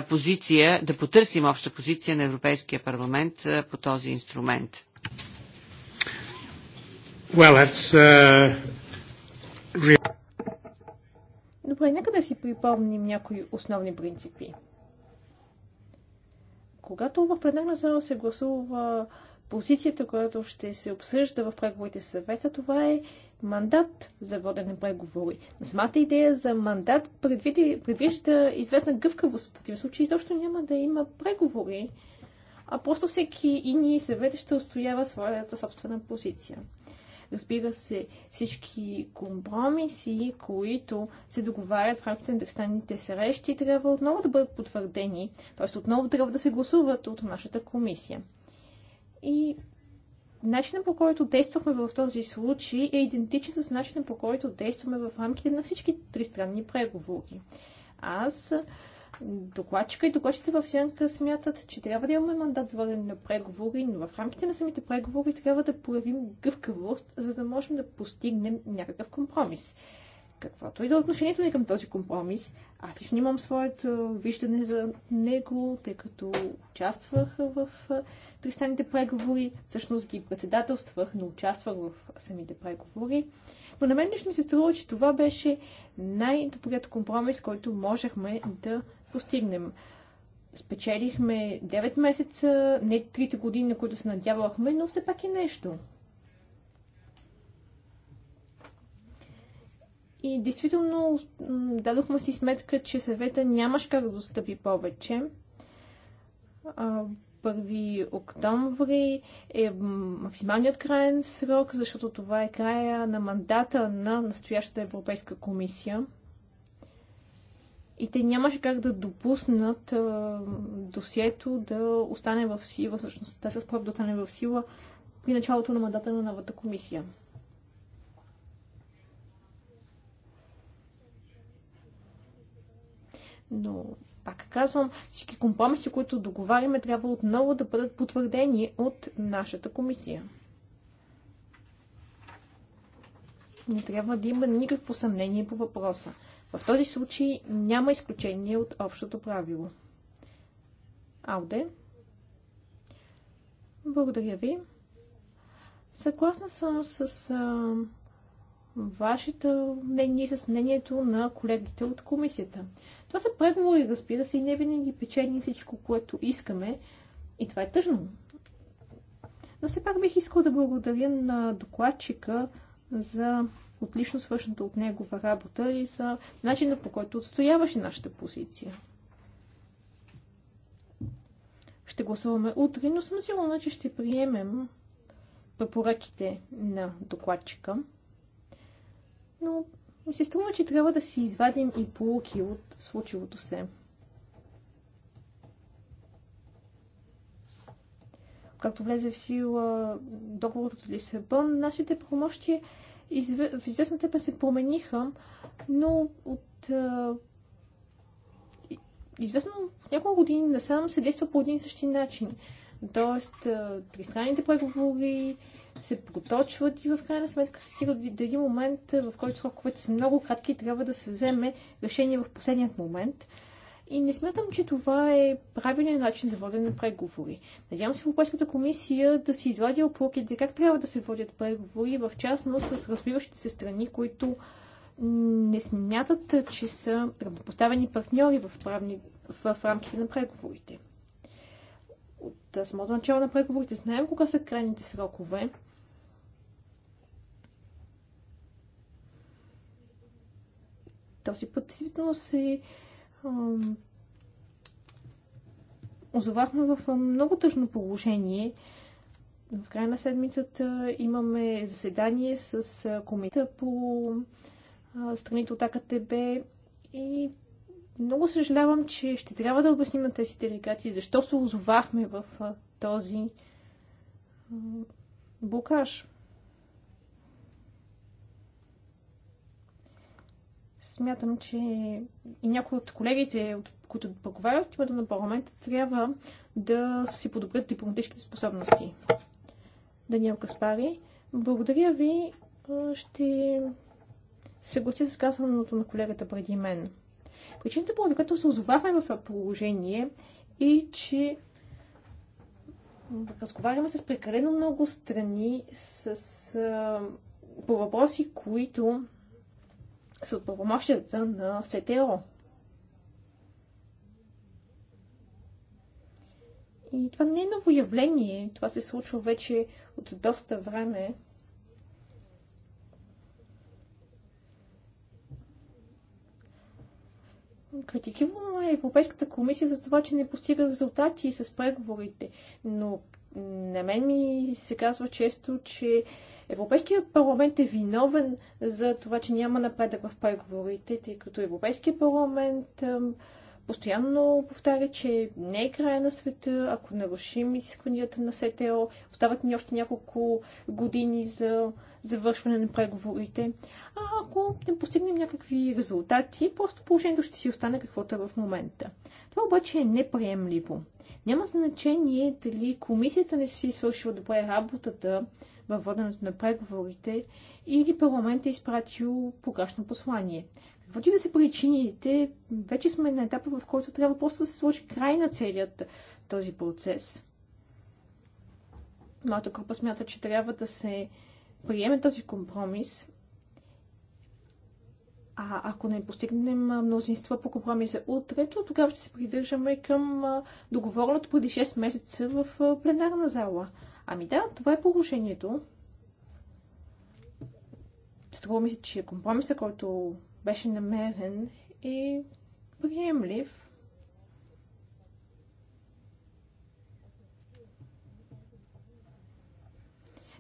позиция, да потърсим обща позиция на Европейския парламент по този инструмент. Well, that's, uh... Добре, нека да си припомним някои основни принципи. Когато в пленарна зала се гласува позицията, която ще се обсъжда в преговорите съвета, това е мандат за водене преговори. Но самата идея за мандат предвижда известна гъвкавост. В противен случай изобщо няма да има преговори, а просто всеки и ние съвет ще устоява своята собствена позиция. Разбира се, всички компромиси, които се договарят в рамките на тристранните срещи, трябва отново да бъдат потвърдени, т.е. отново трябва да се гласуват от нашата комисия. И начинът по който действахме в този случай е идентичен с начинът по който действаме в рамките на всички тристранни преговори. Аз докладчика и докладчите в сянка смятат, че трябва да имаме мандат за водене на преговори, но в рамките на самите преговори трябва да проявим гъвкавост, за да можем да постигнем някакъв компромис. Каквото и да е отношението ни към този компромис, аз лично имам своето виждане за него, тъй като участвах в тристаните преговори, всъщност ги председателствах, но участвах в самите преговори. Но на мен лично ми се струва, че това беше най-добрият компромис, който можехме да постигнем. Спечелихме 9 месеца, не 3 години, на които се надявахме, но все пак е нещо. И действително дадохме си сметка, че съвета нямаш как да достъпи повече. 1 октомври е максималният крайен срок, защото това е края на мандата на настоящата Европейска комисия и те нямаше как да допуснат а, досието да остане в сила, всъщност да се да остане в сила при началото на мандата на новата комисия. Но, пак казвам, всички компромиси, които договаряме, трябва отново да бъдат потвърдени от нашата комисия. Не трябва да има никакво съмнение по въпроса. В този случай няма изключение от общото правило. Ауде. Благодаря ви. Съгласна съм с а, вашето мнение и с мнението на колегите от комисията. Това са преговори, разбира се, и не винаги печени всичко, което искаме. И това е тъжно. Но все пак бих искал да благодаря на докладчика за отлично свършната от негова работа и за начина по който отстояваше нашата позиция. Ще гласуваме утре, но съм сигурна, че ще приемем препоръките на докладчика. Но ми се струва, че трябва да си извадим и полуки от случилото се. Както влезе в сила договорът от Лисабон, нашите промощи изв... в известна степен се промениха, но от а... известно от няколко години насам се действа по един и същи начин. Тоест, тристранните преговори се проточват и в крайна сметка се стига до един момент, в който сроковете са много кратки и трябва да се вземе решение в последният момент. И не смятам, че това е правилният начин за водене на преговори. Надявам се в Европейската комисия да си извади опроките, как трябва да се водят преговори, в частност с развиващите се страни, които не смятат, че са равнопоставени партньори в, правни, в рамките на преговорите. От самото начало на преговорите знаем кога са крайните срокове. Този път действително се озовахме в много тъжно положение. В края на седмицата имаме заседание с комитета по страните от АКТБ и много съжалявам, че ще трябва да обясним на тези делегати защо се озовахме в този блокаж. смятам, че и някои от колегите, от които проговарят от името на парламента, трябва да си подобрят дипломатическите способности. Даниел Каспари, благодаря ви. Ще се гласи с казаното на колегата преди мен. Причината, по която се озовахме в това положение, е, че разговаряме с прекалено много страни с, по въпроси, които с правомощията на СТО. И това не е ново явление, това се случва вече от доста време. Критикувано е Европейската комисия за това, че не постига резултати с преговорите, но на мен ми се казва често, че Европейския парламент е виновен за това, че няма напредък в преговорите, тъй като Европейския парламент постоянно повтаря, че не е края на света, ако нарушим изискванията на СТО, остават ни още няколко години за завършване на преговорите. А ако не постигнем някакви резултати, просто положението ще си остане каквото е в момента. Това обаче е неприемливо. Няма значение дали комисията не си е свършила добре работата във воденето на преговорите или парламент е изпратил погрешно послание. Каквото и да са причините, вече сме на етапа, в който трябва просто да се сложи край на целият този процес. Моята група смята, че трябва да се приеме този компромис. А ако не постигнем мнозинство по компромиса утре, то тогава ще се придържаме към договорното преди 6 месеца в пленарна зала. Ами да, това е положението. Струва ми се, че компромиса, който беше намерен, е приемлив.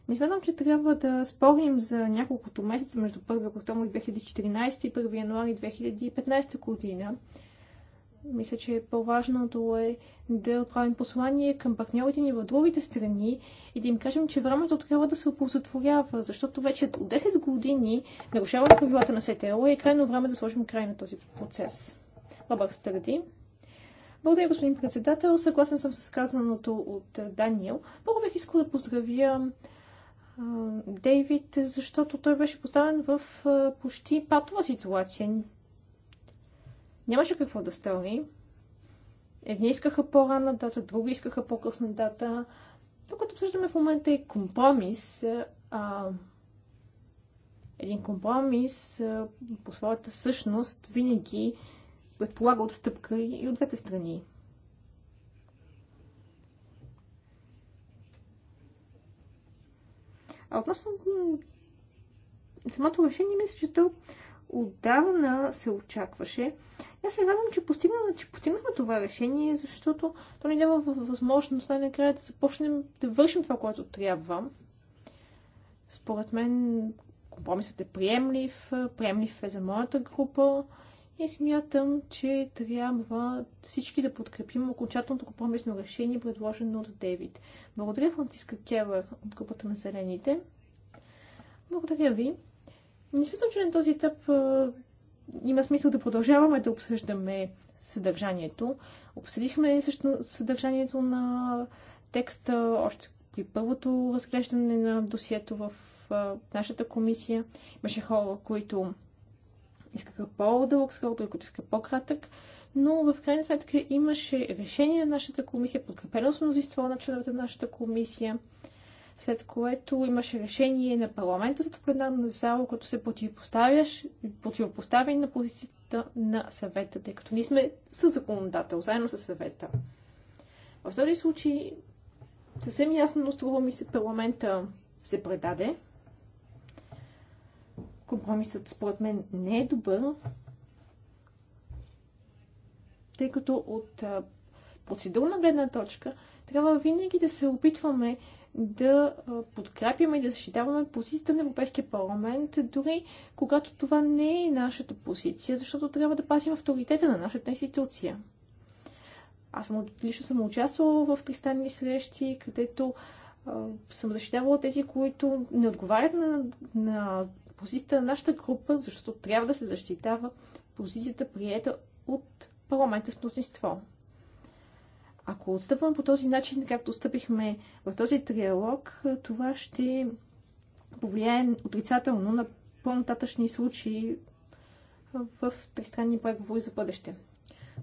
Не смятам, че трябва да спорим за няколкото месеца между 1 октомври 2014 и 1 януари 2015 година. Мисля, че е по-важното е да отправим послание към партньорите ни в другите страни и да им кажем, че времето трябва да се оползотворява, защото вече от 10 години нарушаваме правилата на СТО и е крайно време да сложим край на този процес. Бабър Стърди. Благодаря, господин председател. Съгласен съм с казаното от Даниел. Първо бих искал да поздравя Дейвид, защото той беше поставен в почти патова ситуация нямаше какво да стори. Едни искаха по-ранна дата, други искаха по-късна дата. Това, което обсъждаме в момента е компромис. А, един компромис а, по своята същност винаги предполага отстъпка и от двете страни. А относно самото решение, мисля, че то отдавна се очакваше аз се радвам, че, постигнахме че постигнахме това решение, защото то ни дава възможност най-накрая да започнем да вършим това, което трябва. Според мен компромисът е приемлив, приемлив е за моята група и смятам, че трябва всички да подкрепим окончателното компромисно решение, предложено от Девид. Благодаря Франциска Келър от групата на Зелените. Благодаря ви. Не смятам, че на този етап има смисъл да продължаваме да обсъждаме съдържанието. Обсъдихме също съдържанието на текста още при първото разглеждане на досието в нашата комисия. Имаше хора, които искаха по-дълъг срок, други, които искаха по-кратък, но в крайна сметка имаше решение на нашата комисия, подкрепено с мнозинство на членовете на нашата комисия след което имаше решение на парламента за пленарна зала, което се противопостави на позицията на съвета, тъй като ние сме със законодател, заедно с съвета. В този случай съвсем ясно струва ми се парламента се предаде. Компромисът според мен не е добър, тъй като от процедурна гледна точка трябва винаги да се опитваме да подкрепяме и да защитаваме позицията на Европейския парламент, дори когато това не е нашата позиция, защото трябва да пазим авторитета на нашата институция. Аз съм, лично съм участвала в тристанни срещи, където а, съм защитавала тези, които не отговарят на, на позицията на нашата група, защото трябва да се защитава позицията, приета от парламента с мнозинство. Ако отстъпвам по този начин, както отстъпихме в този триалог, това ще повлияе отрицателно на по-нататъчни случаи в тристранни преговори за бъдеще.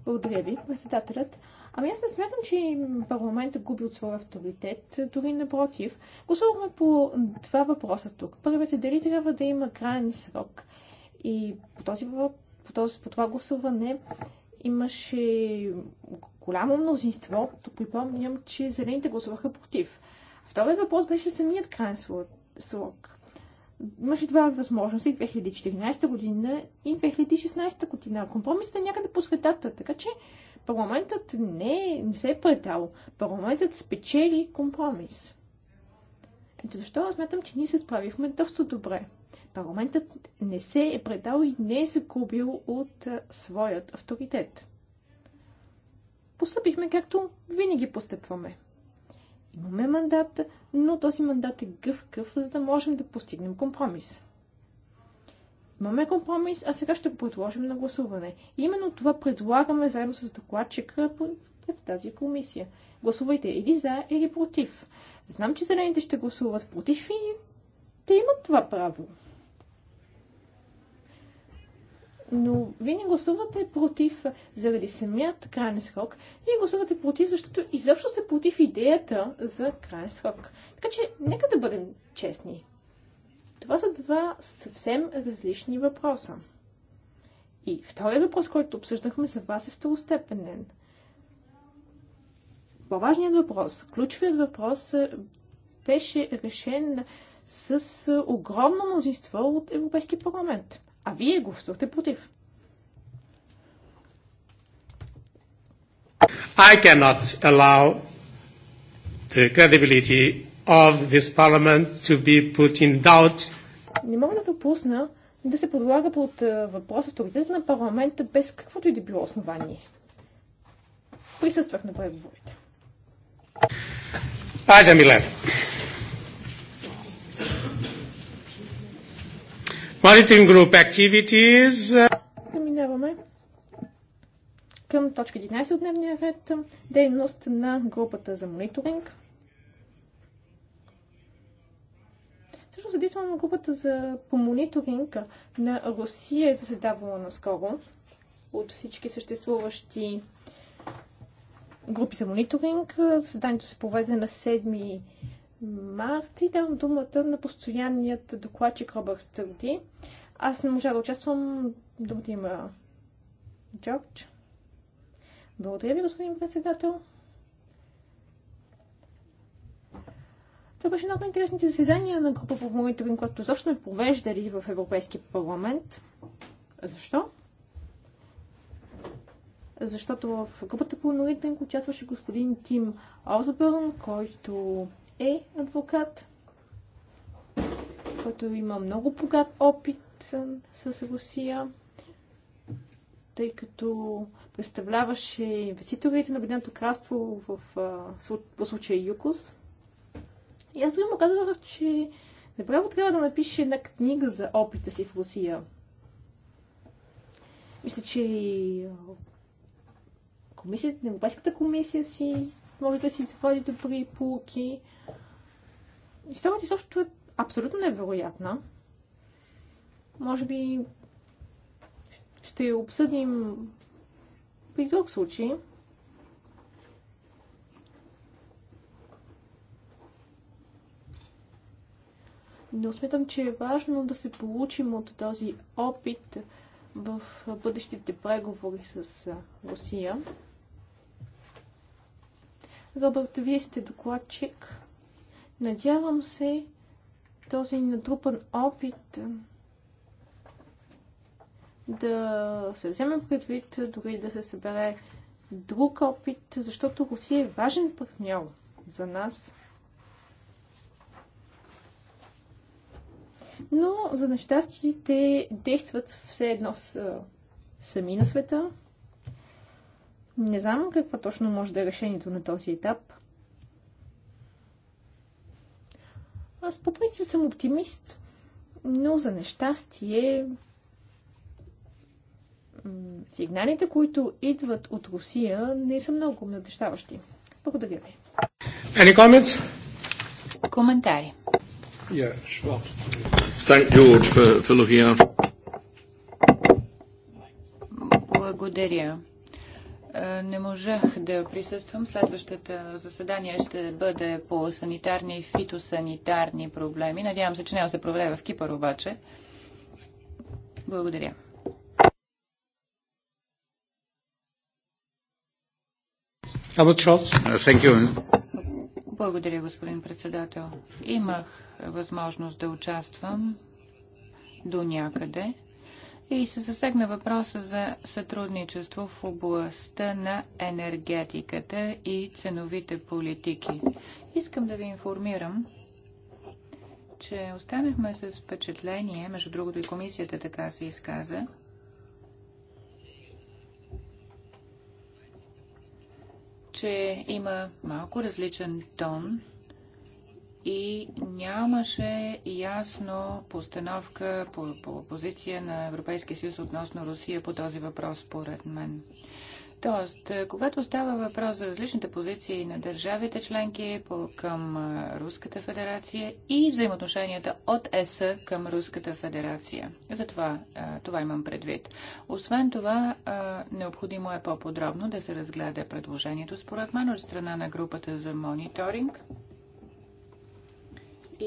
Благодаря ви, председателят. Ами аз не смятам, че парламентът губи от своя авторитет, дори напротив. Гласувахме по два въпроса тук. Първият е дали трябва да има крайен срок. И по този въпрос по, този, по това гласуване имаше голямо мнозинство, като припомням, че зелените гласуваха против. Вторият въпрос беше самият крайен срок. Имаше два възможности 2014 година и 2016 година. Компромисът е някъде по средата, така че парламентът не, не се е предал. Парламентът спечели компромис. Ето защо аз смятам, че ние се справихме доста добре. Парламентът не се е предал и не е загубил от своят авторитет. Постъпихме както винаги постъпваме. Имаме мандат, но този мандат е гъвкав, за да можем да постигнем компромис. Имаме компромис, а сега ще го предложим на гласуване. И именно това предлагаме заедно с докладчика пред тази комисия. Гласувайте или за, или против. Знам, че зелените ще гласуват против и те имат това право но вие не гласувате против заради самият крайен срок, вие гласувате против, защото изобщо сте против идеята за крайен срок. Така че, нека да бъдем честни. Това са два съвсем различни въпроса. И втория въпрос, който обсъждахме за вас е второстепенен. По-важният въпрос, ключовият въпрос е, беше решен с огромно мнозинство от Европейския парламент а вие гласувате против. I cannot allow the credibility of this parliament to be put in doubt. Не мога да допусна да се подлага под въпрос авторитета на парламента без каквото и да било основание. Присъствах на преговорите. Айде, Милен. Monitoring group activities. Заминаваме към точка 11 от дневния ред. Дейност на групата за мониторинг. Също задействам групата за, по мониторинг на Русия е заседавала наскоро от всички съществуващи групи за мониторинг. Заседанието се проведе на 7 март ти давам думата на постоянният докладчик Робър Стърди. Аз не можа да участвам. Думата има Джордж. Благодаря ви, господин председател. Това беше едно от интересните заседания на група по мониторинг, което защо не провеждали в Европейския парламент. Защо? Защото в групата по мониторинг участваше господин Тим Озбърн, който е адвокат, който има много богат опит с Русия, тъй като представляваше инвеститорите на Обединеното кралство в, по случая ЮКОС. И аз дори му казах, че направо трябва да напише една книга за опита си в Русия. Мисля, че и комисията, Европейската комисия си може да си извади добри полки, Историята изобщо е абсолютно невероятна. Може би ще обсъдим при друг случай. Но смятам, че е важно да се получим от този опит в бъдещите преговори с Русия. Робърт, вие сте докладчик Надявам се този натрупан опит да се вземе предвид, дори да се събере друг опит, защото Русия е важен партньор за нас. Но за нещастие те действат все едно с, сами на света. Не знам какво точно може да е решението на този етап. Аз по принцип съм оптимист, но за нещастие сигналите, които идват от Русия, не са много надещаващи. Благодаря ви. Any comments? Коментари. Yeah, sure. Thank George for, for looking after. Благодаря е, не можах да присъствам. Следващата заседание ще бъде по санитарни и фитосанитарни проблеми. Надявам се, че няма да се проведе в Кипър обаче. Благодаря. Uh, Благодаря, господин председател. Имах възможност да участвам до някъде и се засегна въпроса за сътрудничество в областта на енергетиката и ценовите политики. Искам да ви информирам, че останахме с впечатление, между другото и комисията така се изказа, че има малко различен тон и нямаше ясно постановка по, по позиция на Европейския съюз относно Русия по този въпрос, според мен. Тоест, е, когато става въпрос за различните позиции на държавите членки по, към е, Руската федерация и взаимоотношенията от ЕС към Руската федерация. Затова е, това имам предвид. Освен това, необходимо е по-подробно да се разгледа предложението според мен от страна на групата за мониторинг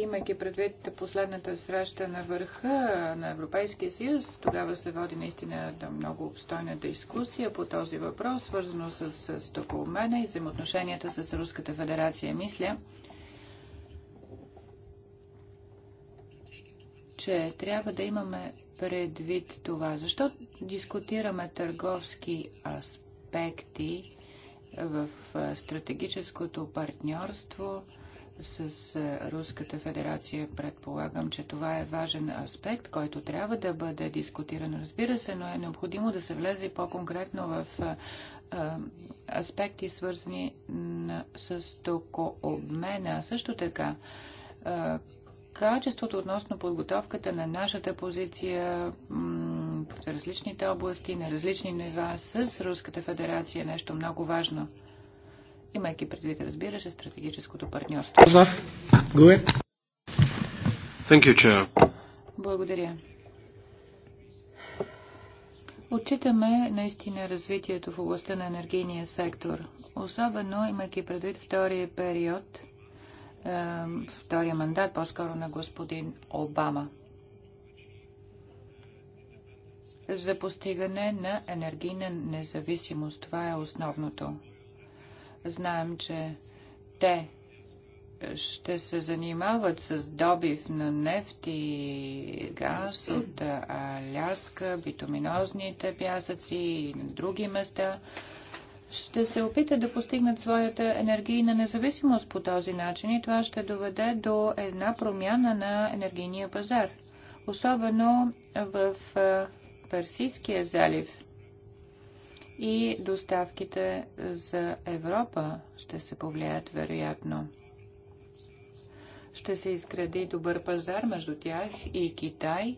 имайки предвид последната среща на върха на Европейския съюз, тогава се води наистина много обстойна дискусия по този въпрос, свързано с Стоколмена и взаимоотношенията с Руската федерация. Мисля, че трябва да имаме предвид това. Защо дискутираме търговски аспекти в стратегическото партньорство – с е, Руската федерация. Предполагам, че това е важен аспект, който трябва да бъде дискутиран, разбира се, но е необходимо да се влезе по-конкретно в е, е, аспекти, свързани с токообмена. Също така, качеството относно подготовката на нашата позиция в различните области, на различни нива с Руската федерация е нещо много важно – имайки предвид, разбира се, стратегическото партньорство. Благодаря. Отчитаме наистина развитието в областта на енергийния сектор, особено имайки предвид втория период, е, втория мандат, по-скоро на господин Обама за постигане на енергийна независимост. Това е основното. Знаем, че те ще се занимават с добив на нефт и газ от Аляска, битуминозните пясъци и други места. Ще се опитат да постигнат своята енергийна независимост по този начин и това ще доведе до една промяна на енергийния пазар, особено в Персийския залив – и доставките за Европа ще се повлияят вероятно. Ще се изгради добър пазар между тях и Китай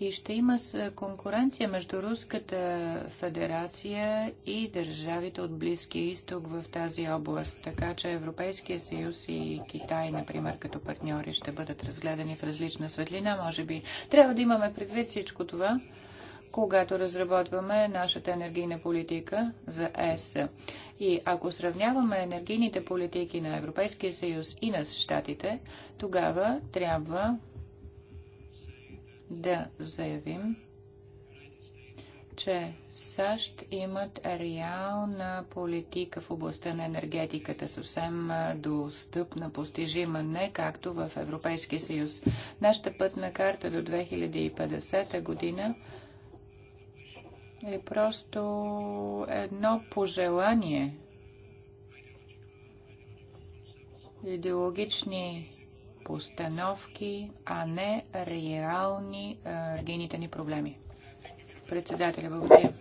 и ще има конкуренция между Руската федерация и държавите от Близкия изток в тази област. Така че Европейския съюз и Китай, например, като партньори ще бъдат разгледани в различна светлина, може би. Трябва да имаме предвид всичко това когато разработваме нашата енергийна политика за ЕС. И ако сравняваме енергийните политики на Европейския съюз и на Штатите, тогава трябва да заявим, че САЩ имат реална политика в областта на енергетиката, съвсем достъпна, постижима, не както в Европейския съюз. Нашата пътна карта до 2050 година е просто едно пожелание. Идеологични постановки, а не реални гените ни проблеми. Председателя, благодаря.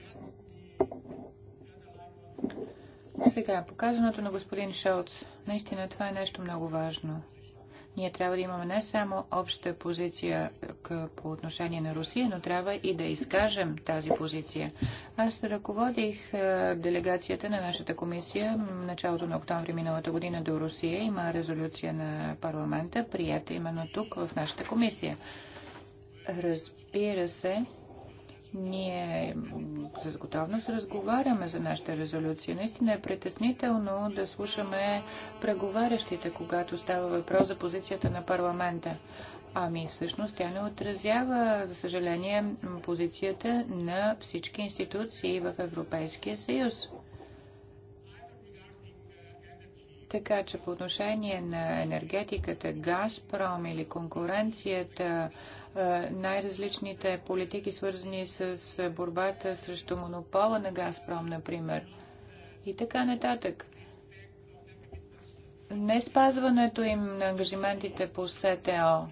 Сега, показаното на господин Шелц. Наистина това е нещо много важно. Ние трябва да имаме не само обща позиция по отношение на Русия, но трябва и да изкажем тази позиция. Аз ръководих делегацията на нашата комисия в началото на октомври миналата година до Русия. Има резолюция на парламента, прията именно тук в нашата комисия. Разбира се, ние с готовност разговаряме за нашата резолюция. Наистина е притеснително да слушаме преговарящите, когато става въпрос за позицията на парламента. Ами всъщност тя не отразява, за съжаление, позицията на всички институции в Европейския съюз. Така че по отношение на енергетиката, Газпром или конкуренцията, е, най-различните политики, свързани с борбата срещу монопола на Газпром, например. И така нататък. Не спазването им на ангажиментите по СТО.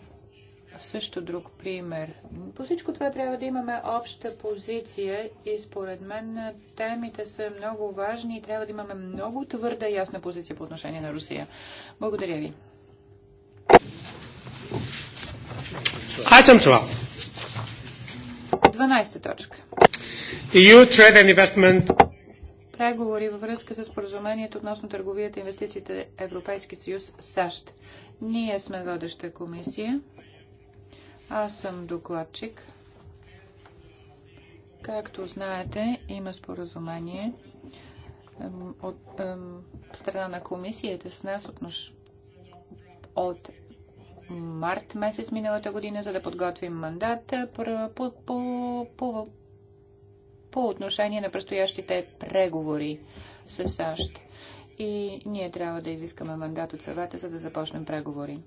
Също друг пример. По всичко това трябва да имаме обща позиция и според мен темите са много важни и трябва да имаме много твърда ясна позиция по отношение на Русия. Благодаря ви. Item 12. 12 точка. EU Trade and Investment преговори във връзка с споразумението относно търговията и инвестициите Европейски съюз САЩ. Ние сме водеща комисия. Аз съм докладчик. Както знаете, има споразумение от, страна на комисията с нас отнош, от март месец миналата година, за да подготвим мандата по, по, по, по отношение на предстоящите преговори с САЩ. И ние трябва да изискаме мандат от съвета, за да започнем преговори.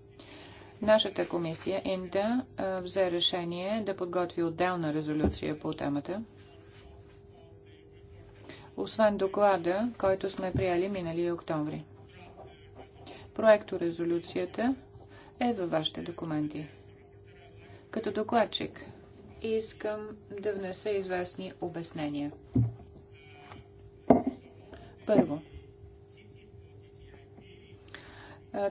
Нашата комисия Инда взе решение да подготви отделна резолюция по темата. Освен доклада, който сме приели миналия октомври. Проекто резолюцията е във вашите документи. Като докладчик искам да внеса известни обяснения. Първо,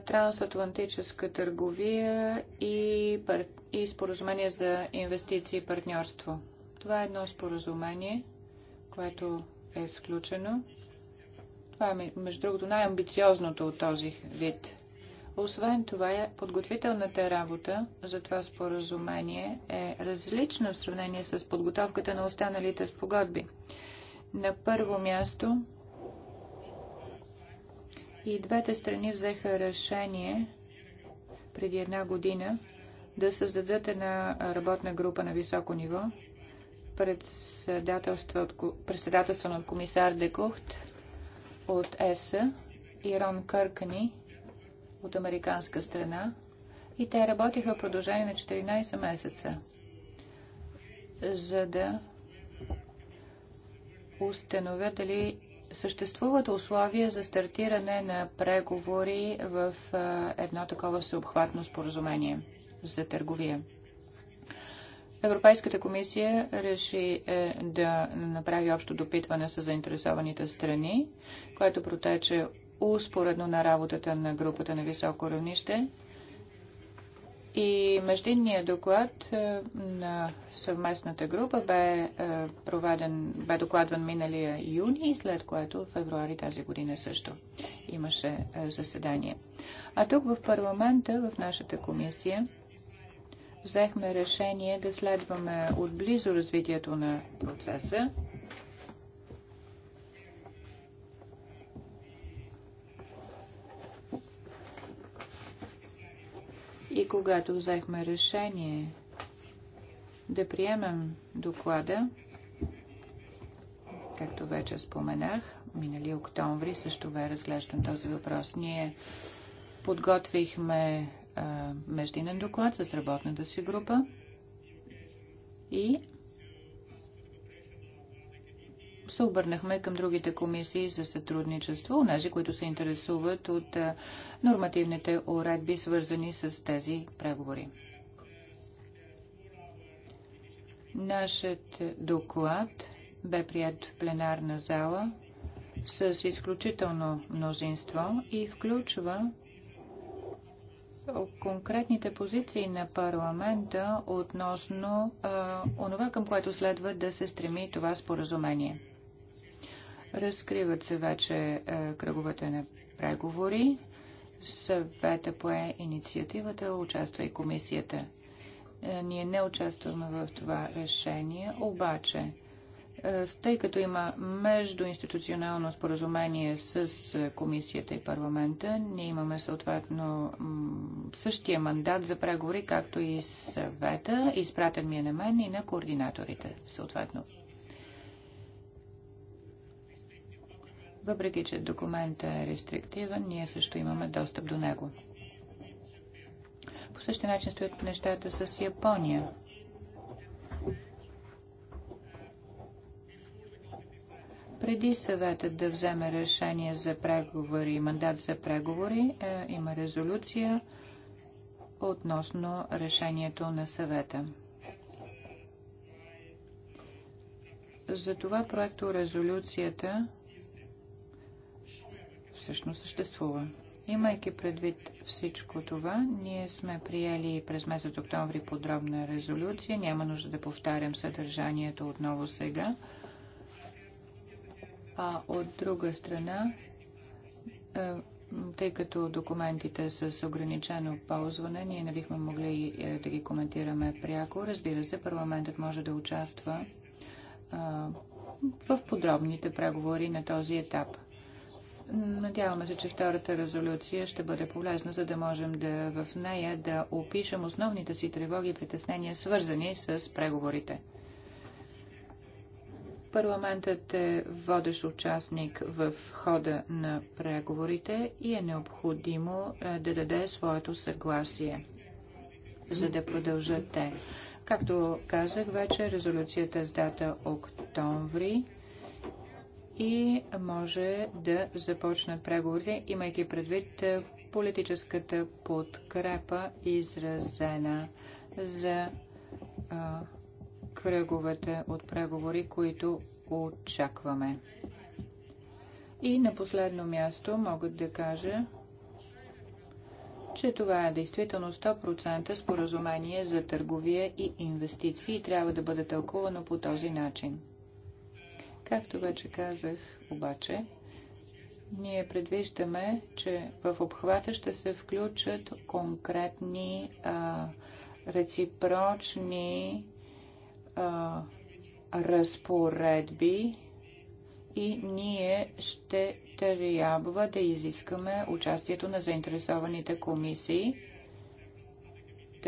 трансатлантическа търговия и, пар... и споразумение за инвестиции и партньорство. Това е едно споразумение, което е изключено. Това е, между другото, най-амбициозното от този вид освен това, подготвителната работа за това споразумение е различна в сравнение с подготовката на останалите спогодби. На първо място и двете страни взеха решение преди една година да създадат една работна група на високо ниво, председателство от комисар Декухт от ЕС и Рон Къркани – от американска страна и те работиха в продължение на 14 месеца, за да установят дали съществуват условия за стартиране на преговори в едно такова всеобхватно споразумение за търговия. Европейската комисия реши е, да направи общо допитване с заинтересованите страни, което протече успоредно на работата на групата на високо равнище. И междинният доклад е, на съвместната група бе, е, проведен, бе докладван миналия юни, след което в февруари тази година също имаше е, заседание. А тук в парламента, в нашата комисия, взехме решение да следваме отблизо развитието на процеса И когато взехме решение да приемем доклада, както вече споменах, минали октомври също бе разглеждан този въпрос. Ние подготвихме а, междинен доклад с работната си група и се обърнахме към другите комисии за сътрудничество, онези, които се интересуват от нормативните уредби, свързани с тези преговори. Нашият доклад бе прият в пленарна зала с изключително мнозинство и включва конкретните позиции на парламента относно а, онова, към което следва да се стреми това споразумение. Разкриват се вече е, кръговете на преговори. Съвета пое инициативата, участва и комисията. Е, ние не участваме в това решение, обаче е, тъй като има междуинституционално споразумение с комисията и парламента, ние имаме съответно същия мандат за преговори, както и съвета. Изпратен ми е на мен и на координаторите, съответно. Въпреки, че документът е рестриктивен, ние също имаме достъп до него. По същия начин стоят нещата с Япония. Преди съветът да вземе решение за преговори, мандат за преговори, е, има резолюция относно решението на съвета. За това проекто резолюцията всъщност съществува. Имайки предвид всичко това, ние сме приели през месец октомври подробна резолюция. Няма нужда да повтарям съдържанието отново сега. А от друга страна, е, тъй като документите са с ограничено ползване, ние не бихме могли е, да ги коментираме пряко. Разбира се, парламентът може да участва в подробните преговори на този етап. Надяваме се, че втората резолюция ще бъде полезна, за да можем да в нея да опишем основните си тревоги и притеснения, свързани с преговорите. Парламентът е водещ участник в хода на преговорите и е необходимо е, да даде своето съгласие, за да продължат те. Както казах вече, резолюцията с дата октомври и може да започнат преговорите, имайки предвид е, политическата подкрепа, изразена за а, кръговете от преговори, които очакваме. И на последно място могат да кажа, че това е действително 100% споразумение за търговия и инвестиции и трябва да бъде тълкувано по този начин. Както вече казах, обаче, ние предвиждаме, че в обхвата ще се включат конкретни а, реципрочни а, разпоредби и ние ще трябва да изискаме участието на заинтересованите комисии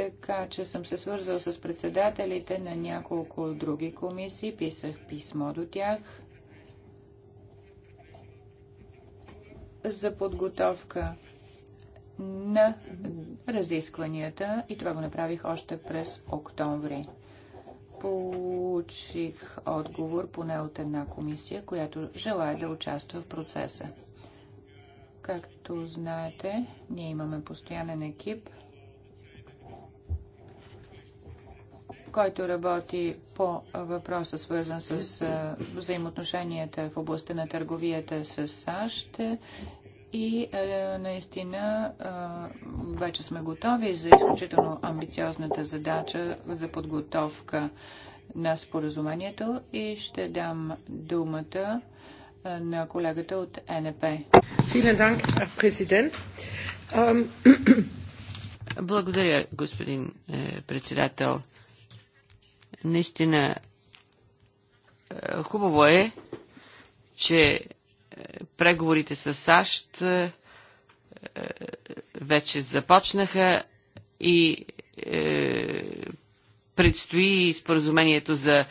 така че съм се свързал с председателите на няколко други комисии, писах писмо до тях за подготовка на разискванията и това го направих още през октомври. Получих отговор поне от една комисия, която желая да участва в процеса. Както знаете, ние имаме постоянен екип – който работи по въпроса, свързан с взаимоотношенията в областта на търговията с САЩ. И наистина вече сме готови за изключително амбициозната задача за подготовка на споразумението и ще дам думата на колегата от НП. Ähm, <clears throat> Благодаря, господин е, председател. Наистина, е, хубаво е, че е, преговорите с САЩ е, вече започнаха и предстои споразумението за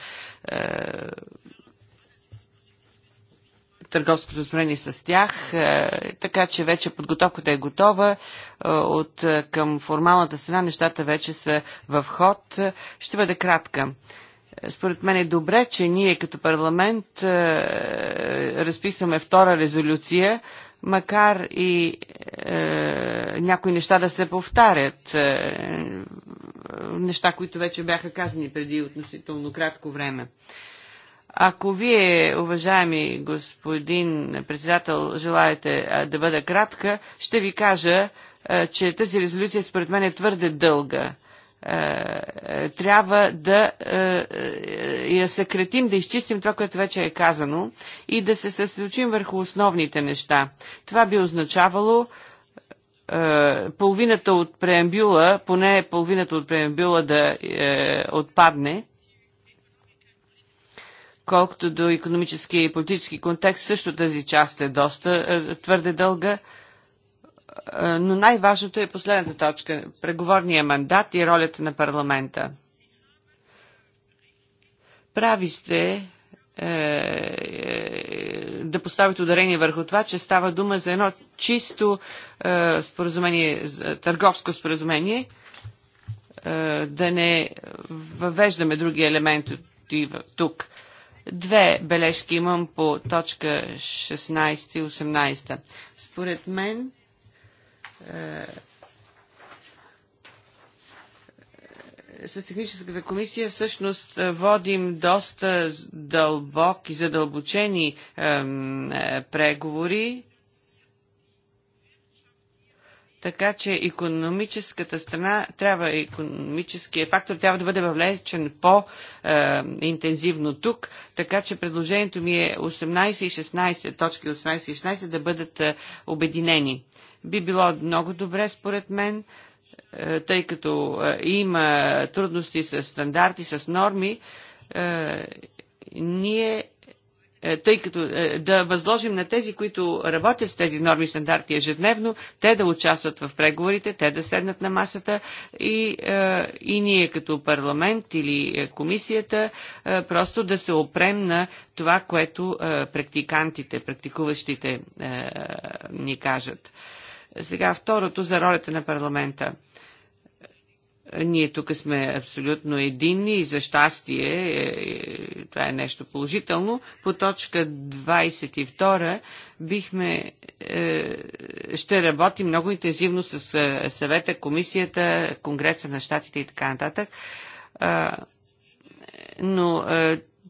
търговското споразумение с тях, е, така че вече подготовката е готова. Е, от е, към формалната страна нещата вече са в ход. Ще бъде кратка според мен е добре, че ние като парламент разписваме втора резолюция, макар и е, някои неща да се повтарят. Е, неща, които вече бяха казани преди относително кратко време. Ако вие, уважаеми господин председател, желаете да бъда кратка, ще ви кажа, че тази резолюция според мен е твърде дълга. Е, трябва да е, е, я съкретим, да изчистим това, което вече е казано и да се съсредоточим върху основните неща. Това би означавало половината от преамбюла, поне половината от преамбюла да отпадне, Колкото до економическия и политически контекст, също тази част е доста е, твърде дълга. Е, но най-важното е последната точка – преговорния мандат и ролята на парламента. Прави сте е, да поставите ударение върху това, че става дума за едно чисто е, споразумение, търговско споразумение, е, да не въвеждаме други елементи тук. Две бележки имам по точка 16 и 18. Според мен е, е, с техническата комисия всъщност е, водим доста дълбоки, задълбочени е, преговори така че економическата страна трябва, економическия фактор трябва да бъде въвлечен по-интензивно е, тук, така че предложението ми е 18 и 16, точки 18 и 16 да бъдат е, обединени. Би било много добре според мен, е, тъй като има трудности с стандарти, с норми, ние е, тъй като е, да възложим на тези, които работят с тези норми и стандарти ежедневно, те да участват в преговорите, те да седнат на масата и, е, и ние като парламент или комисията просто да се опрем на това, което практикантите, практикуващите ни кажат. Сега второто за ролята на парламента – ние тук сме абсолютно единни и за щастие е, е, това е нещо положително. По точка 22 бихме, е, ще работим много интензивно с съвета, комисията, Конгреса на щатите и така нататък. Но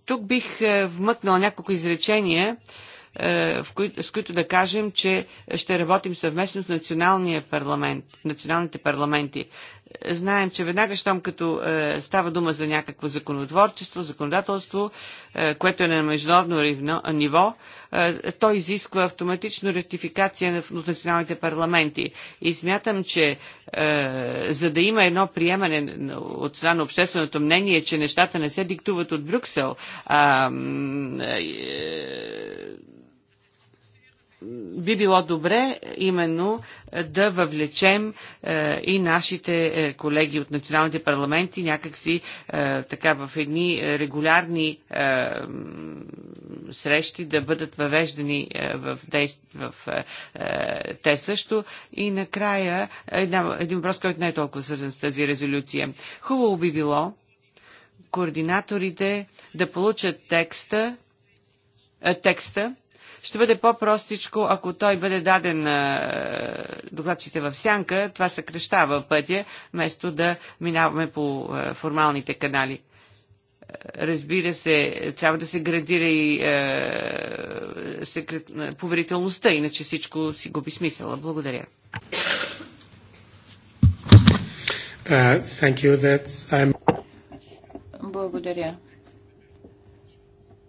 тук бих вмъкнал няколко изречения, с които да кажем, че ще работим съвместно с националния парламент, националните парламенти знаем, че веднага, щом като е, става дума за някакво законотворчество, законодателство, е, което е на международно ривно, ниво, е, то изисква автоматично ратификация на, от националните парламенти. И смятам, че е, за да има едно приемане от страна на общественото мнение, че нещата не се диктуват от Брюксел, а, е, би било добре именно е, да въвлечем е, и нашите е, колеги от националните парламенти някакси е, така в едни е, регулярни е, срещи да бъдат въвеждани в, действ... в те също. И накрая една, един въпрос, който не е толкова свързан с тази резолюция. Хубаво би било координаторите да получат текста, текста ще бъде по-простичко, ако той бъде даден на докладчите в сянка. Това съкрещава пътя, вместо да минаваме по формалните канали разбира се, трябва да се градира и е, секрет, поверителността, иначе всичко си губи смисъла. Благодаря. Uh, thank you that I'm... Благодаря.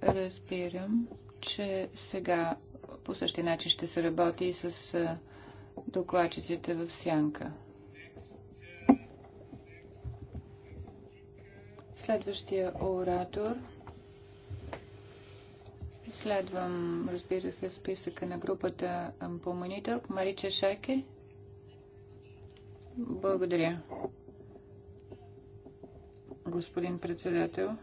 Разбирам, че сега по същия начин ще се работи и с докладчиците в сянка. Следващия оратор. Следвам, разбираха списъка на групата по монитор. Марича Шаке. Благодаря. Господин председател.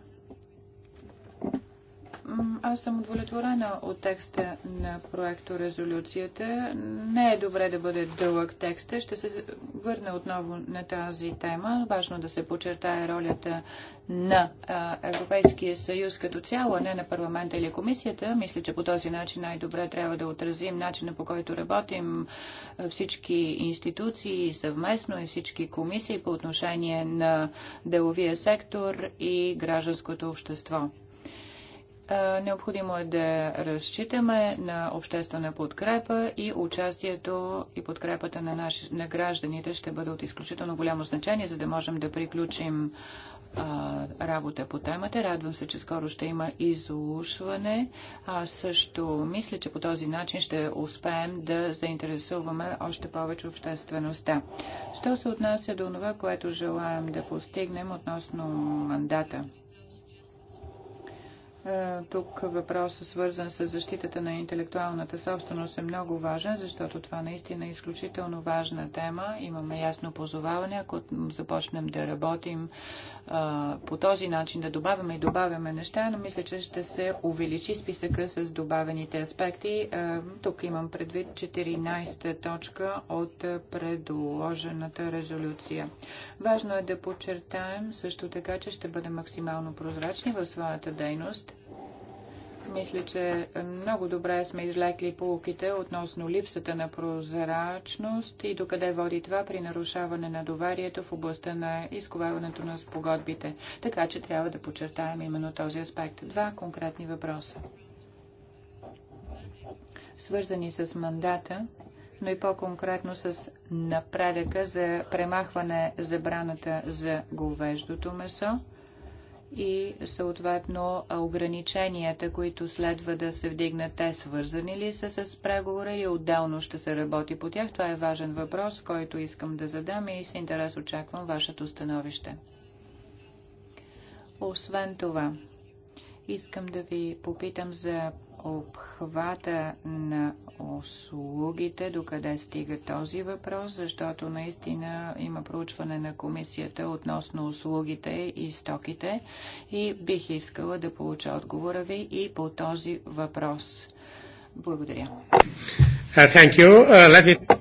Аз съм удовлетворена от текста на проекто резолюцията. Не е добре да бъде дълъг текст. Ще се върна отново на тази тема. Важно да се подчертае ролята на Европейския съюз като цяло, а не на парламента или комисията. Мисля, че по този начин най-добре трябва да отразим начина по който работим всички институции съвместно и всички комисии по отношение на деловия сектор и гражданското общество. Е, необходимо е да разчитаме на обществена подкрепа и участието и подкрепата на, наши, на гражданите ще бъде от изключително голямо значение, за да можем да приключим а, работа по темата. Радвам се, че скоро ще има изслушване. Аз също мисля, че по този начин ще успеем да заинтересуваме още повече обществеността. Що се отнася до това, което желаем да постигнем относно мандата? Е, тук въпросът, свързан с защитата на интелектуалната собственост, е много важен, защото това наистина е изключително важна тема. Имаме ясно позоваване. Ако започнем да работим е, по този начин, да добавяме и добавяме неща, но мисля, че ще се увеличи списъка с добавените аспекти. Е, тук имам предвид 14-та точка от предложената резолюция. Важно е да подчертаем също така, че ще бъдем максимално прозрачни в своята дейност мисля, че много добре сме излекли полуките относно липсата на прозрачност и докъде води това при нарушаване на доверието в областта на изковаването на спогодбите. Така че трябва да подчертаем именно този аспект. Два конкретни въпроса. Свързани с мандата, но и по-конкретно с напредъка за премахване забраната за говеждото месо и съответно ограниченията, които следва да се вдигнат те, свързани ли са с преговора или отделно ще се работи по тях? Това е важен въпрос, който искам да задам и с интерес очаквам вашето становище. Освен това, Искам да ви попитам за обхвата на услугите, докъде стига този въпрос, защото наистина има проучване на комисията относно услугите и стоките и бих искала да получа отговора ви и по този въпрос. Благодаря. Uh, thank you. Uh, let me...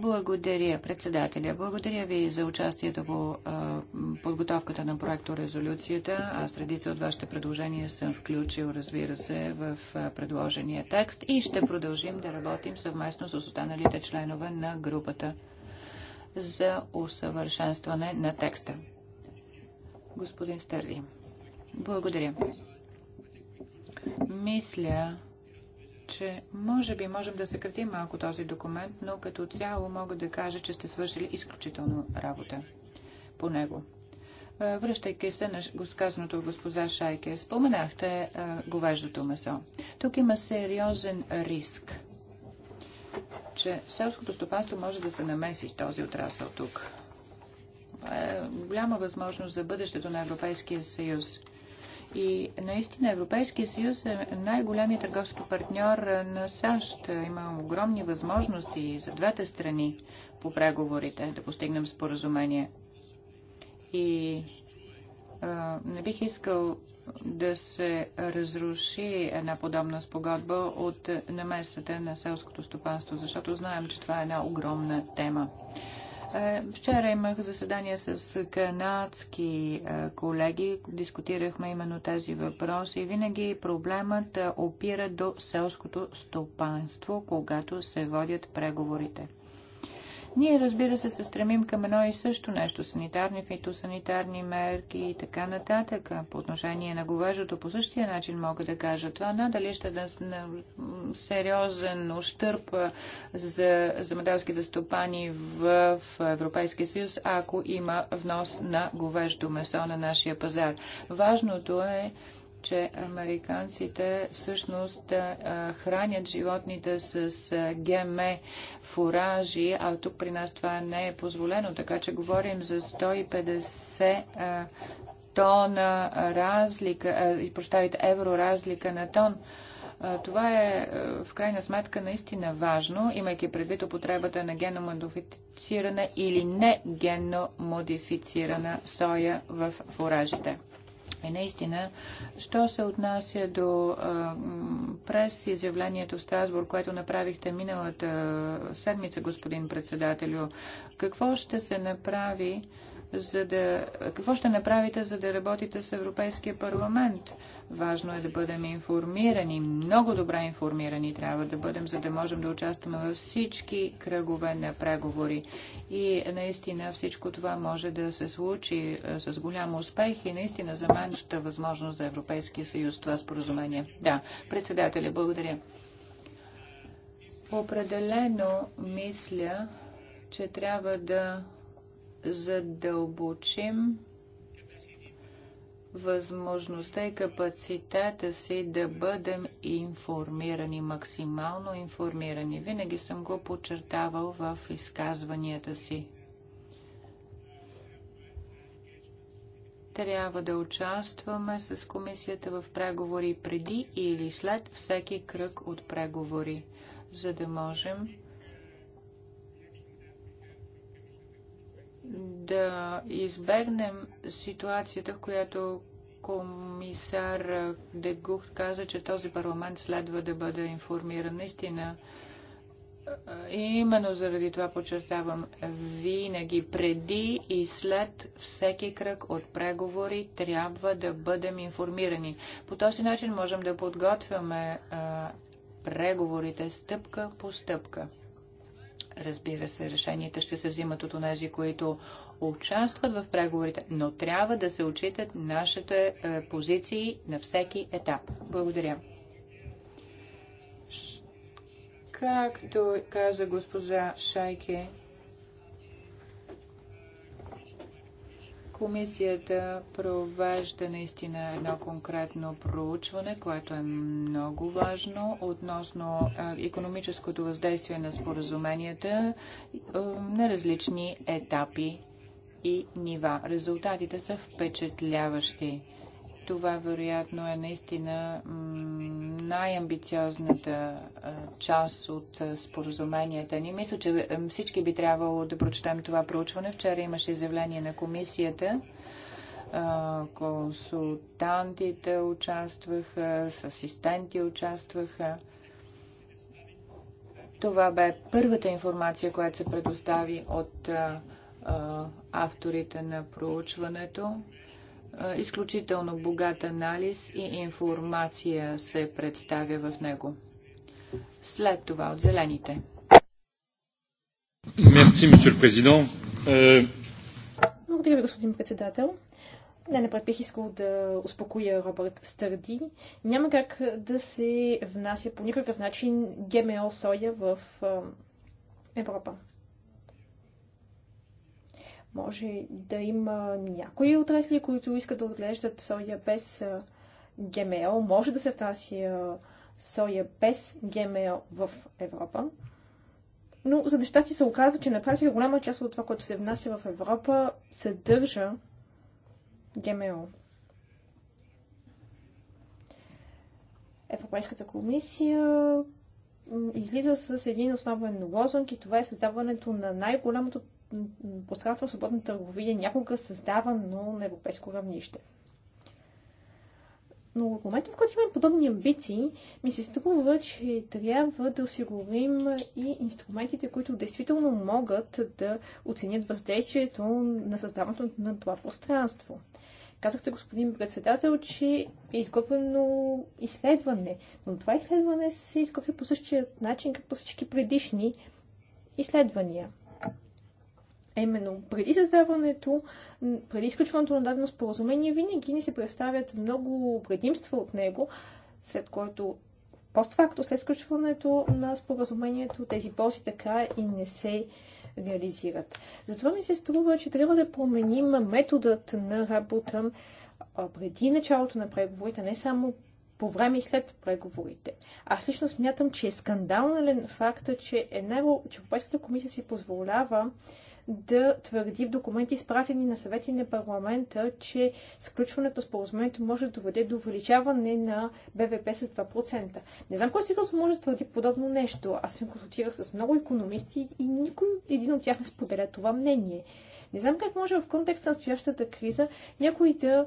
Благодаря, председателя. Благодаря ви за участието по а, подготовката на проекто резолюцията. Аз редица от вашите предложения съм включил, разбира се, в а, предложения текст и ще продължим да работим съвместно с останалите членове на групата за усъвършенстване на текста. Господин Стърди, благодаря. Мисля, че може би можем да съкратим малко този документ, но като цяло мога да кажа, че сте свършили изключително работа по него. Връщайки се на сказаното от госпожа Шайке, споменахте говеждото месо. Тук има сериозен риск, че селското стопанство може да се намеси с този отрасъл тук. Е голяма възможност за бъдещето на Европейския съюз – и наистина Европейския съюз е най-големият търговски партньор на САЩ. Има огромни възможности за двете страни по преговорите да постигнем споразумение. И а, не бих искал да се разруши една подобна спогодба от намесата на селското стопанство, защото знаем, че това е една огромна тема. Е, вчера имах заседание с канадски е, колеги, дискутирахме именно тези въпроси. Винаги проблемът е, опира до селското стопанство, когато се водят преговорите. Ние, разбира се, се стремим към едно и също нещо. Санитарни, фитосанитарни мерки и така нататък. По отношение на говеждото по същия начин мога да кажа това. Надали ще да сериозен ущърп за земеделските стопани в, в Европейския съюз, ако има внос на говеждо месо на нашия пазар. Важното е че американците всъщност хранят животните с геме фуражи, а тук при нас това не е позволено, така че говорим за 150 тона разлика, прощавайте, евро разлика на тон. Това е в крайна сметка наистина важно, имайки предвид употребата на геномодифицирана или не геномодифицирана соя в фуражите. И наистина, що се отнася до прес изявлението в Страсбург, което направихте миналата седмица, господин председателю, какво ще се направи? за да, какво ще направите, за да работите с Европейския парламент? Важно е да бъдем информирани, много добре информирани трябва да бъдем, за да можем да участваме във всички кръгове на преговори. И наистина всичко това може да се случи е, с голям успех и наистина за мен ще е възможност за Европейския съюз това споразумение. Да, председателя, благодаря. Определено мисля, че трябва да задълбочим възможността и капацитета си да бъдем информирани, максимално информирани. Винаги съм го подчертавал в изказванията си. Трябва да участваме с комисията в преговори преди или след всеки кръг от преговори, за да можем да избегнем ситуацията, в която комисар Дегухт каза, че този парламент следва да бъде информиран. Наистина, именно заради това подчертавам, винаги преди и след всеки кръг от преговори трябва да бъдем информирани. По този начин можем да подготвяме преговорите стъпка по стъпка. Разбира се, решенията ще се взимат от тези, които участват в преговорите, но трябва да се отчитат нашите е, позиции на всеки етап. Благодаря. Както каза госпожа Шайке, Комисията провежда наистина едно конкретно проучване, което е много важно относно економическото въздействие на споразуменията е, на различни етапи и нива. Резултатите са впечатляващи. Това вероятно е наистина най-амбициозната част от споразуменията ни. Мисля, че всички би трябвало да прочетем това проучване. Вчера имаше изявление на комисията консултантите участваха, с асистенти участваха. Това бе първата информация, която се предостави от авторите на проучването. Изключително богат анализ и информация се представя в него. След това от зелените. Мерси, месье президент. Благодаря ви, господин председател. Не, напред бих искал да успокоя Робърт Стърди. Няма как да се внася по никакъв начин ГМО соя в Европа. Може да има някои отрасли, които искат да отглеждат соя без ГМО. Може да се втаси соя без ГМО в Европа. Но за неща си се оказва, че на практика голяма част от това, което се внася в Европа, съдържа ГМО. Европейската комисия излиза с един основен лозунг и това е създаването на най-голямото пространство свободна търговия някога създавано на европейско равнище. Но в момента, в който имаме подобни амбиции, ми се струва, че трябва да осигурим и инструментите, които действително могат да оценят въздействието на създаването на това пространство. Казахте, господин председател, че е изготвено изследване, но това изследване се изготвя по същия начин, както всички предишни изследвания – е именно преди създаването, преди изключването на дадено споразумение, винаги ни се представят много предимства от него, след което постфакто, след изключването на споразумението, тези ползи така и не се реализират. Затова ми се струва, че трябва да променим методът на работа преди началото на преговорите, не само по време и след преговорите. Аз лично смятам, че е скандален факта, че, една, че Европейската комисия си позволява да твърди в документи, изпратени на съвети на парламента, че сключването споразумението може да доведе до увеличаване на БВП с 2%. Не знам кой сигурно може да твърди подобно нещо. Аз се консултирах с много економисти и никой един от тях не споделя това мнение. Не знам как може в контекста на стоящата криза някой да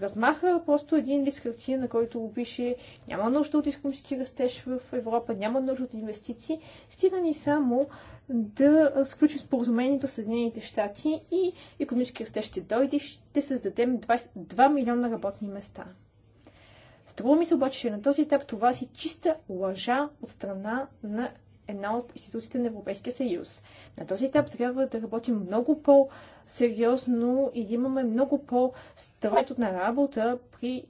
размаха просто един лист хартия, на който пише няма нужда от економически растеж в Европа, няма нужда от инвестиции, стига ни само да сключим споразумението с Съединените щати и економически растеж ще дойде, ще създадем 20, 2 милиона работни места. Струва ми се обаче, че на този етап това си чиста лъжа от страна на една от институциите на Европейския съюз. На този етап трябва да работим много по-сериозно и да имаме много по-строг на работа при,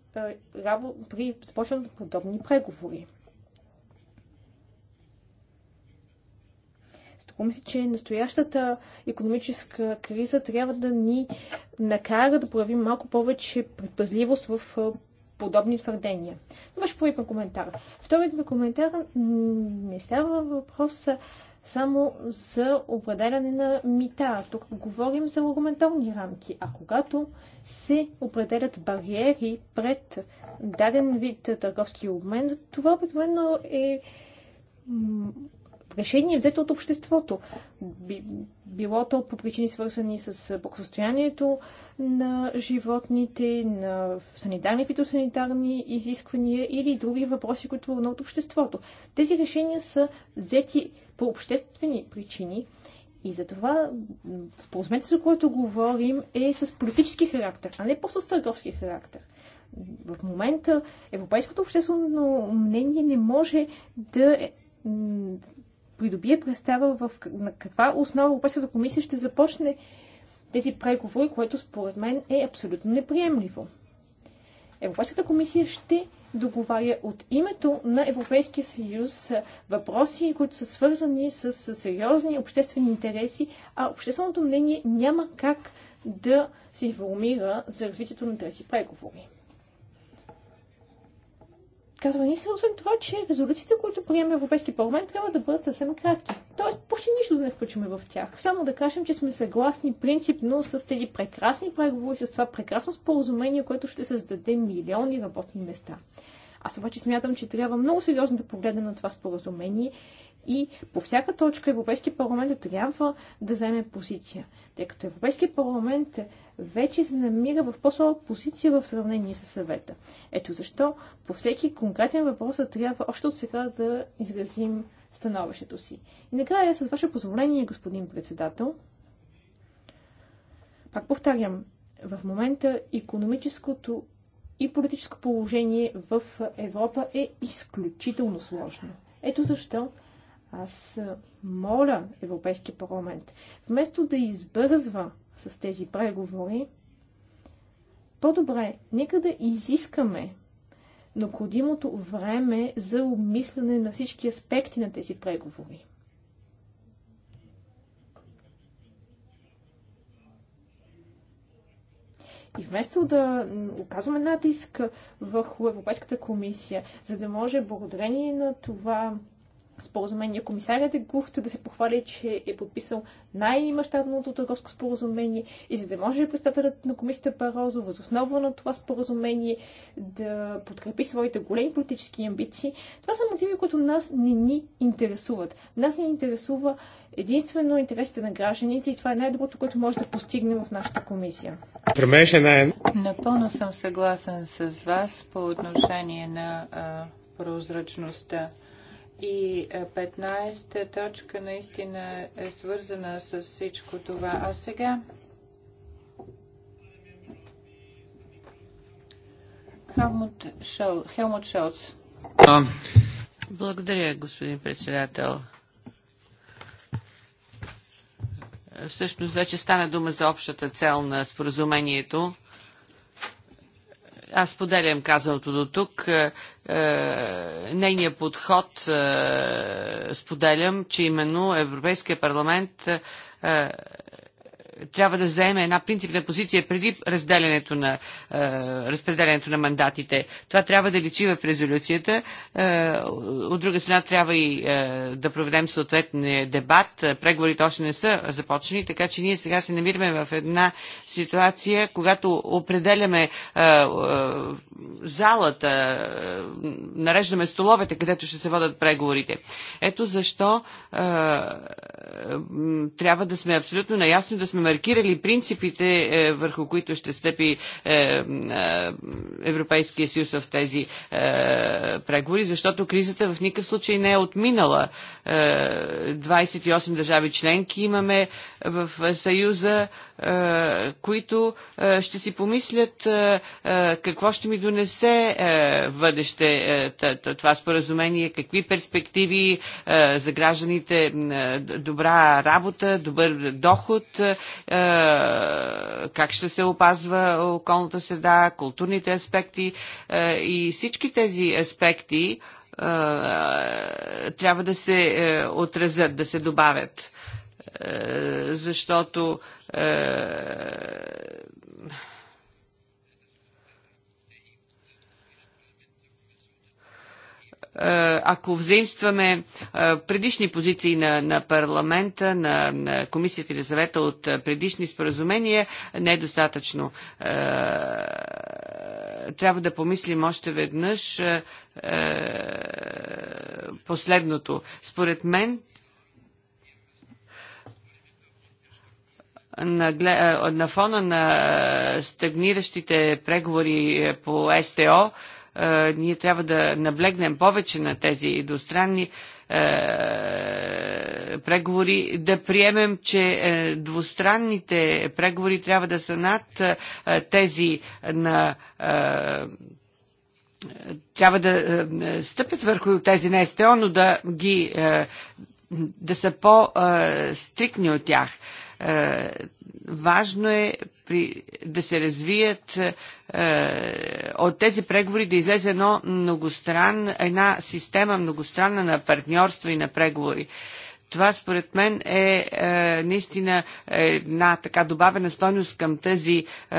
при започването на подобни преговори. Струва се, че настоящата економическа криза трябва да ни накара да проявим малко повече предпазливост в подобни твърдения. Това беше първият ми коментар. Вторият ми коментар не става въпрос само за определяне на мита. Тук говорим за аргументални рамки. А когато се определят бариери пред даден вид търговски обмен, това обикновено е решение взето от обществото. било то по причини свързани с благосостоянието на животните, на санитарни, фитосанитарни изисквания или други въпроси, които вълнуват обществото. Тези решения са взети по обществени причини и затова споразумението, за което говорим, е с политически характер, а не просто с търговски характер в момента европейското обществено мнение не може да е, придобие представа в, на каква основа Европейската комисия ще започне тези преговори, което според мен е абсолютно неприемливо. Европейската комисия ще договаря от името на Европейския съюз въпроси, които са свързани с сериозни обществени интереси, а общественото мнение няма как да се информира за развитието на тези преговори казва ни се, освен това, че резолюциите, които приема Европейски парламент, трябва да бъдат съвсем кратки. Тоест, почти нищо да не включваме в тях. Само да кажем, че сме съгласни принципно с тези прекрасни преговори, с това прекрасно споразумение, което ще създаде милиони работни места. Аз обаче смятам, че трябва много сериозно да погледнем на това споразумение и по всяка точка Европейския парламент трябва да вземе позиция, тъй като Европейския парламент вече се намира в по-слаба позиция в сравнение с съвета. Ето защо по всеки конкретен въпрос трябва още от сега да изразим становището си. И накрая, с ваше позволение, господин председател, пак повтарям, в момента економическото и политическо положение в Европа е изключително сложно. Ето защо аз моля Европейския парламент, вместо да избързва с тези преговори, по-добре, нека да изискаме необходимото време за обмислене на всички аспекти на тези преговори. И вместо да оказваме натиск върху Европейската комисия, за да може благодарение на това споразумение. Комисарят е Гухт да се похвали, че е подписал най-мащабното търговско споразумение и за да може председателят на комисията Парозо възоснова на това споразумение да подкрепи своите големи политически амбиции, това са мотиви, които нас не ни интересуват. Нас не ни интересува единствено интересите на гражданите и това е най-доброто, което може да постигнем в нашата комисия. Е- Напълно съм съгласен с вас по отношение на а, прозрачността и 15-та е, точка наистина е свързана с всичко това. А сега Хелмут, Шолц. Благодаря, господин председател. Всъщност вече стана дума за общата цел на споразумението аз поделям казаното до тук. Е, е, нейният подход е, споделям, че именно Европейския парламент трябва да заеме една принципна позиция преди разделянето на, е, разпределянето на мандатите. Това трябва да личи в резолюцията. Е, от друга страна трябва и е, да проведем съответния дебат. Преговорите още не са започнали, така че ние сега се намираме в една ситуация, когато определяме е, е, залата, е, нареждаме столовете, където ще се водят преговорите. Ето защо е, е трябва да сме абсолютно наясно да сме маркирали принципите, е, върху които ще стъпи е, е, Европейския съюз в тези преговори, защото кризата в никакъв случай не е отминала. 28 държави членки имаме в Съюза, които ще си помислят какво ще ми донесе е, бъдеще това споразумение, какви перспективи за гражданите, добра работа, добър доход е, как ще се опазва околната среда, културните аспекти е, и всички тези аспекти е, трябва да се отразят, да се добавят. Защото Е, ако взаимстваме е, предишни позиции на, на парламента, на, на комисията или съвета от е, предишни споразумения, не е достатъчно. Трябва да помислим още веднъж последното. Според мен на, на фона на стагниращите преговори по СТО, е, ние трябва да наблегнем повече на тези двустранни е, преговори, да приемем, че е, двустранните преговори трябва да са над тези на трябва да стъпят върху тези на СТО, но да ги да са по-стрикни от тях. Важно е при, да се развият е, от тези преговори да излезе едно многостран, една система многостранна на партньорство и на преговори. Това според мен е, е наистина една така добавена стойност към, тази, е,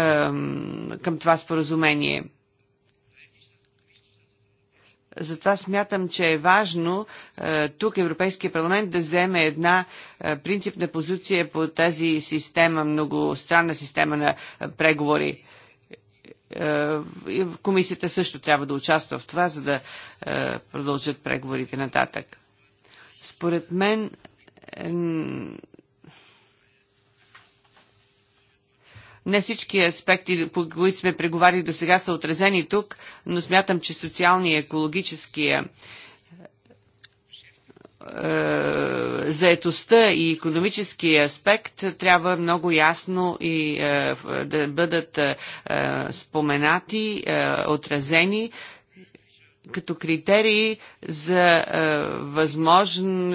към това споразумение. Затова смятам, че е важно е, тук Европейския парламент да вземе една е, принципна позиция по тази система, многостранна система на е, преговори. Комисията също трябва да участва в това, за да продължат преговорите нататък. Според мен Не всички аспекти, по които сме преговарили до сега, са отразени тук, но смятам, че социалния, и екологическия, е, е, заетостта и економическия аспект трябва много ясно и е, да бъдат е, е, споменати, е, отразени като критерии за възможно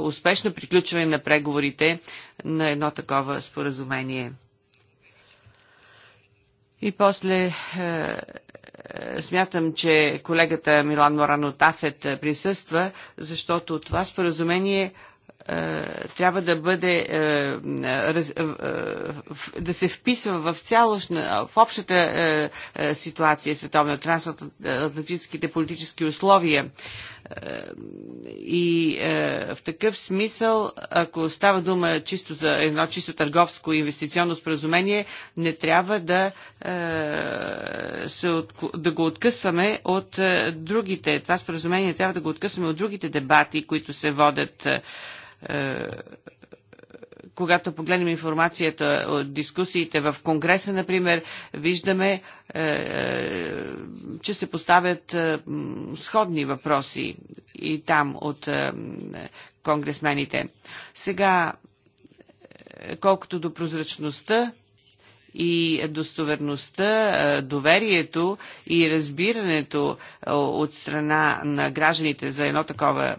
успешно приключване на преговорите на едно такова споразумение. И после е, смятам, че колегата Милан Морано Тафет присъства, защото това споразумение е, трябва да бъде е, е, да се вписва в цялост в общата ситуация световна, трансатлантическите политически условия. И в такъв смисъл, ако става дума чисто за едно чисто търговско инвестиционно споразумение, не трябва да, се, да го откъсваме от другите. Това споразумение трябва да го откъсваме от другите дебати, които се водят е, когато погледнем информацията от дискусиите в Конгреса, например, виждаме, е, е, че се поставят сходни въпроси и там от конгресмените. Сега, колкото до прозрачността, и достоверността, доверието и разбирането от страна на гражданите за едно такова,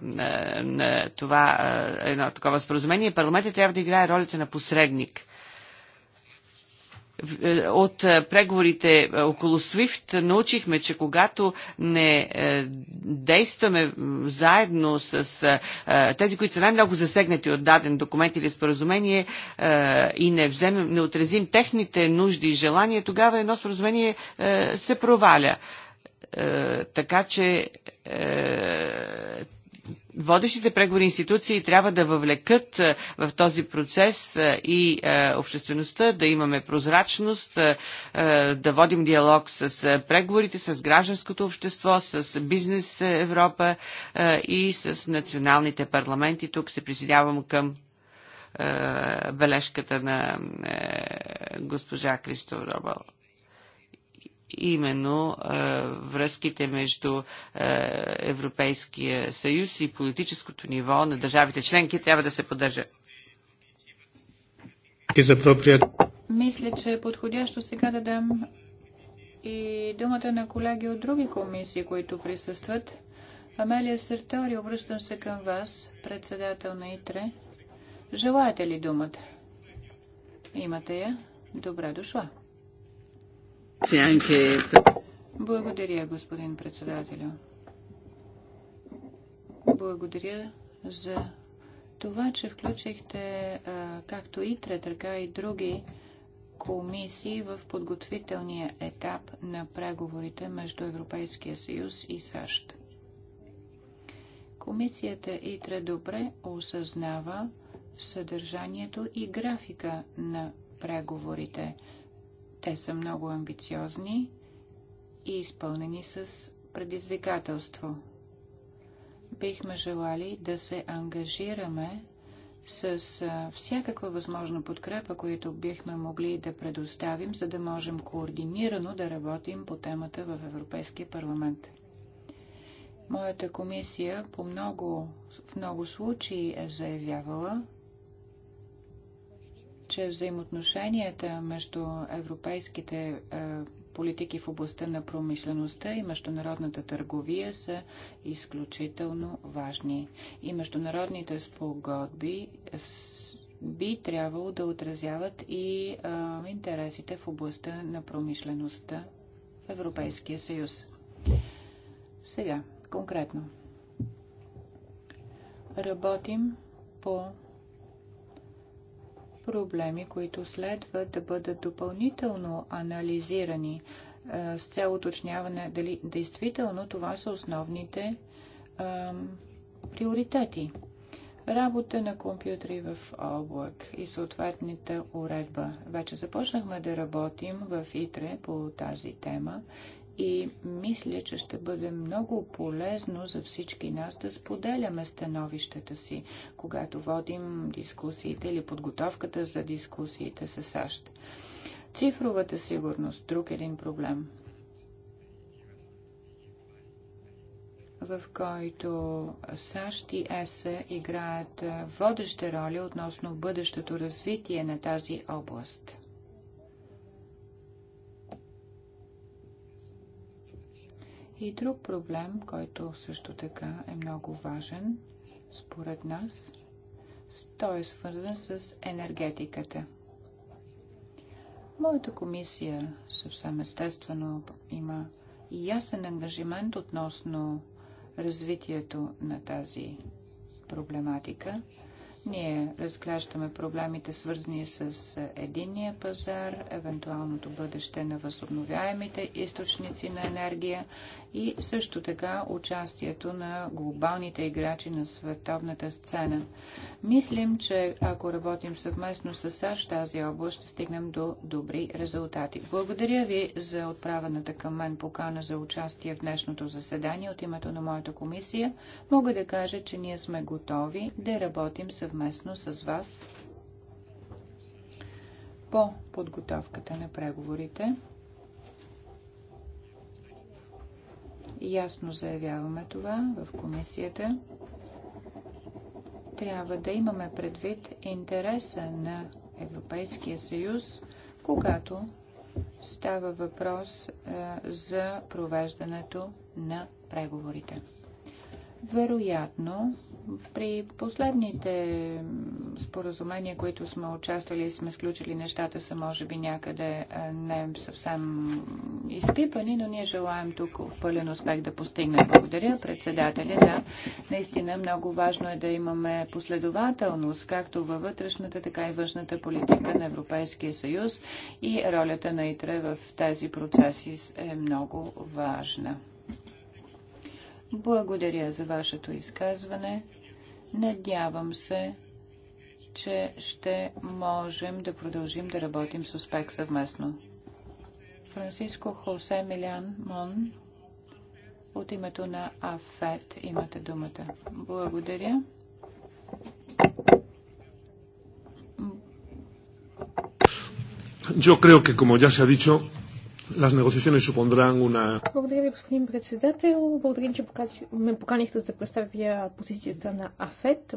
на това, едно такова споразумение, парламентът трябва да играе ролята на посредник. Е, от е, преговорите е, около SWIFT научихме, че когато не действаме заедно с тези, които са най-много засегнати от даден документ или споразумение и не, вземем, не отразим техните нужди и желания, тогава едно споразумение се проваля така че водещите преговори институции трябва да въвлекат е, в този процес е, и е, обществеността, да имаме прозрачност, да водим диалог с преговорите, с гражданското общество, с бизнес Европа и с националните парламенти. Тук се присъединявам към бележката на госпожа Кристо Робъл именно връзките между Европейския съюз и политическото ниво на държавите членки трябва да се поддържа. Мисля, че е подходящо сега да дам и думата на колеги от други комисии, които присъстват. Амелия Сертори, обръщам се към вас, председател на ИТРЕ. Желаете ли думата? Имате я. Добре дошла. Благодаря, господин председателю. Благодаря за това, че включихте както ИТРА, така и други комисии в подготвителния етап на преговорите между Европейския съюз и САЩ. Комисията ИТРЕ добре осъзнава съдържанието и графика на преговорите – те са много амбициозни и изпълнени с предизвикателство. Бихме желали да се ангажираме с всякаква възможна подкрепа, която бихме могли да предоставим, за да можем координирано да работим по темата в Европейския парламент. Моята комисия по много, в много случаи е заявявала, че взаимоотношенията между европейските е, политики в областта на промишлеността и международната търговия са изключително важни. И международните спогодби би трябвало да отразяват и е, интересите в областта на промишлеността в Европейския съюз. Сега, конкретно. Работим по проблеми, които следва да бъдат допълнително анализирани е, с цел уточняване дали действително това са основните е, приоритети. Работа на компютри в облак и съответната уредба. Вече започнахме да работим в ИТРЕ по тази тема и мисля, че ще бъде много полезно за всички нас да споделяме становищата си, когато водим дискусиите или подготовката за дискусиите с САЩ. Цифровата сигурност – друг един проблем. в който САЩ и ЕС играят водеща роля относно бъдещото развитие на тази област. И друг проблем, който също така е много важен, според нас, той е свързан с енергетиката. Моята комисия съвсем естествено има ясен ангажимент относно развитието на тази проблематика. Ние разглеждаме проблемите свързани с единния пазар, евентуалното бъдеще на възобновяемите източници на енергия и също така участието на глобалните играчи на световната сцена. Мислим, че ако работим съвместно с САЩ тази област, ще стигнем до добри резултати. Благодаря ви за отправената към мен покана за участие в днешното заседание от името на моята комисия. Мога да кажа, че ние сме готови да работим съвместно с вас по подготовката на преговорите. Ясно заявяваме това в комисията. Трябва да имаме предвид интереса на Европейския съюз, когато става въпрос е, за провеждането на преговорите. Вероятно, при последните споразумения, които сме участвали и сме сключили, нещата са може би някъде не съвсем изпипани, но ние желаем тук в пълен успех да постигнем. Благодаря председателя. Да, наистина много важно е да имаме последователност, както във вътрешната, така и външната политика на Европейския съюз и ролята на ИТРЕ в тези процеси е много важна. Благодаря за вашето изказване. Надявам се, че ще можем да продължим да работим с успех съвместно. Франциско Хосе Милян Мон от името на АФЕТ имате думата. Благодаря. Yo creo que, como ya se ha dicho, las negociaciones supondrán una... Благодаря ви, господин председател. Благодаря, че ме поканихте да представя позицията на АФЕТ.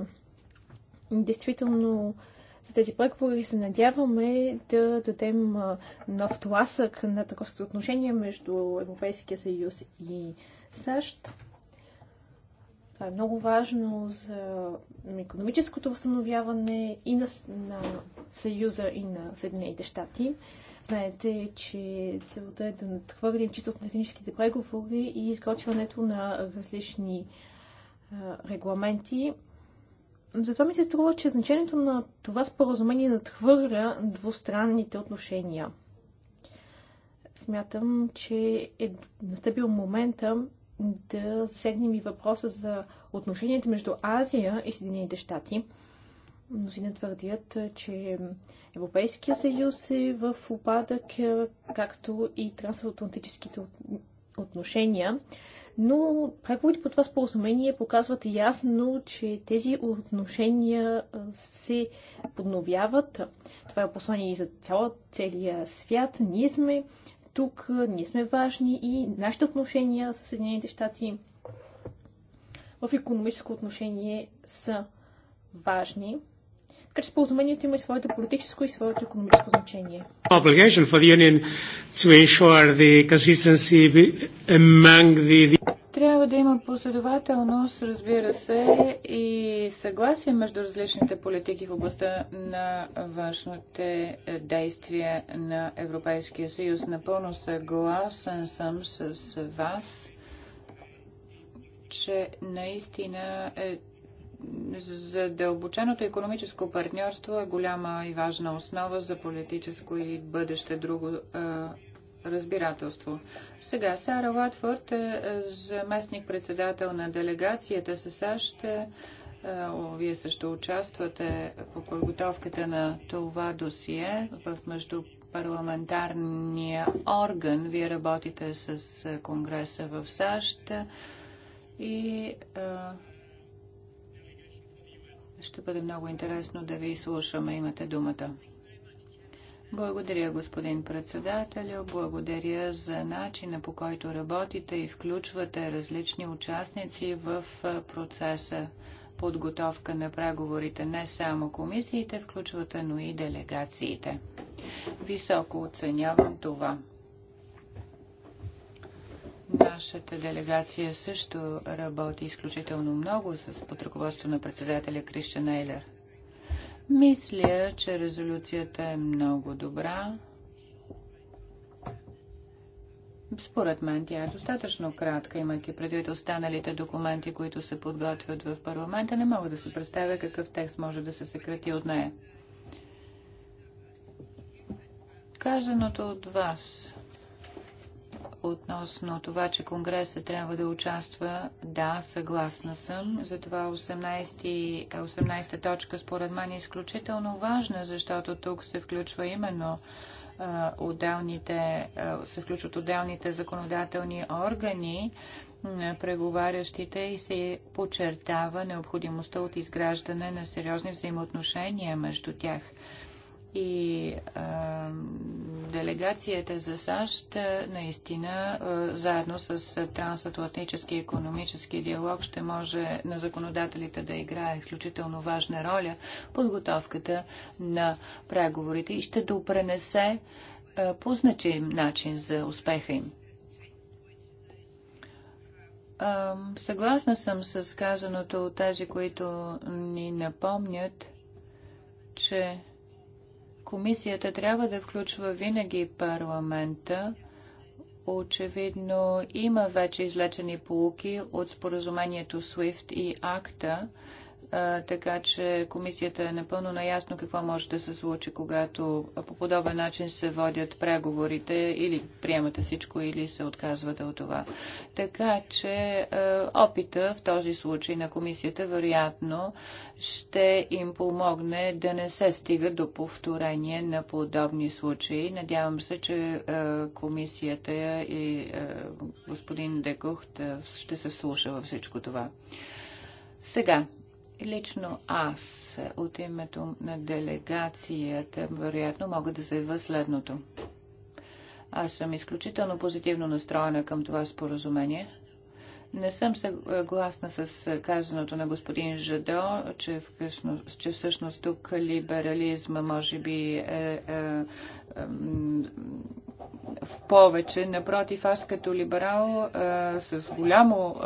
Действително, за тези преговори се надяваме да дадем нов тласък на търговските съотношение между Европейския съюз и САЩ. Това е много важно за економическото възстановяване и на, на Съюза, и на Съединените щати. Знаете, че целта е да надхвърлим чисто от техническите преговори и изготвянето на различни регламенти. Затова ми се струва, че значението на това споразумение надхвърля двустранните отношения. Смятам, че е настъпил момента да засегнем и въпроса за отношенията между Азия и Съединените щати. Мнозина твърдят, че Европейския съюз е в опадък, е, както и трансатлантическите отношения. Но преговорите по това споразумение показват ясно, че тези отношения се подновяват. Това е послание и за цяла, целия свят. Ние сме тук, ние сме важни и нашите отношения с Съединените щати в економическо отношение са важни. Така че споразумението има и своето политическо и своето економическо значение. Трябва да има последователност, разбира се, и съгласие между различните политики в областта на външните действия на Европейския съюз. Напълно съгласен съм с вас, че наистина е задълбоченото економическо партньорство е голяма и важна основа за политическо и бъдеще друго е, разбирателство. Сега Сара Латфорд е, е заместник-председател на делегацията с САЩ. Е, вие също участвате по подготовката на това досие в междупарламентарния орган. Вие работите с Конгреса в САЩ и ще бъде много интересно да ви слушаме. Имате думата. Благодаря, господин председателю. Благодаря за начина по който работите и включвате различни участници в процеса подготовка на преговорите. Не само комисиите включвате, но и делегациите. Високо оценявам това. Нашата делегация също работи изключително много с под ръководство на председателя Кришчан Ейлер. Мисля, че резолюцията е много добра. Според мен тя е достатъчно кратка, имайки предвид останалите документи, които се подготвят в парламента. Не мога да се представя какъв текст може да се съкрати от нея. Казаното от вас относно това, че Конгреса трябва да участва, да, съгласна съм. Затова 18, 18 е, точка според мен е изключително важна, защото тук се включва именно отделните, се включват отделните законодателни органи, на преговарящите и се подчертава необходимостта от изграждане на сериозни взаимоотношения между тях. И а, делегацията за САЩ е, наистина е, заедно с е, трансатлантически економически диалог ще може на законодателите да играе изключително важна роля подготовката на преговорите и ще допренесе по значим начин за успеха им. Съгласна съм с казаното от тези, които ни напомнят, че Комисията трябва да включва винаги парламента. Очевидно има вече излечени полуки от споразумението SWIFT и АКТА така че комисията е напълно наясно какво може да се случи, когато по подобен начин се водят преговорите или приемате всичко, или се отказвате от това. Така че опита в този случай на комисията вероятно ще им помогне да не се стига до повторение на подобни случаи. Надявам се, че комисията и господин Декохт ще се вслуша във всичко това. Сега, Лично аз от името на делегацията вероятно мога да заявя следното. Аз съм изключително позитивно настроена към това споразумение – не съм съгласна с казаното на господин Жадо, че, всъщност, че всъщност тук либерализма може би е, е, е в повече. Напротив, аз като либерал, е, с голямо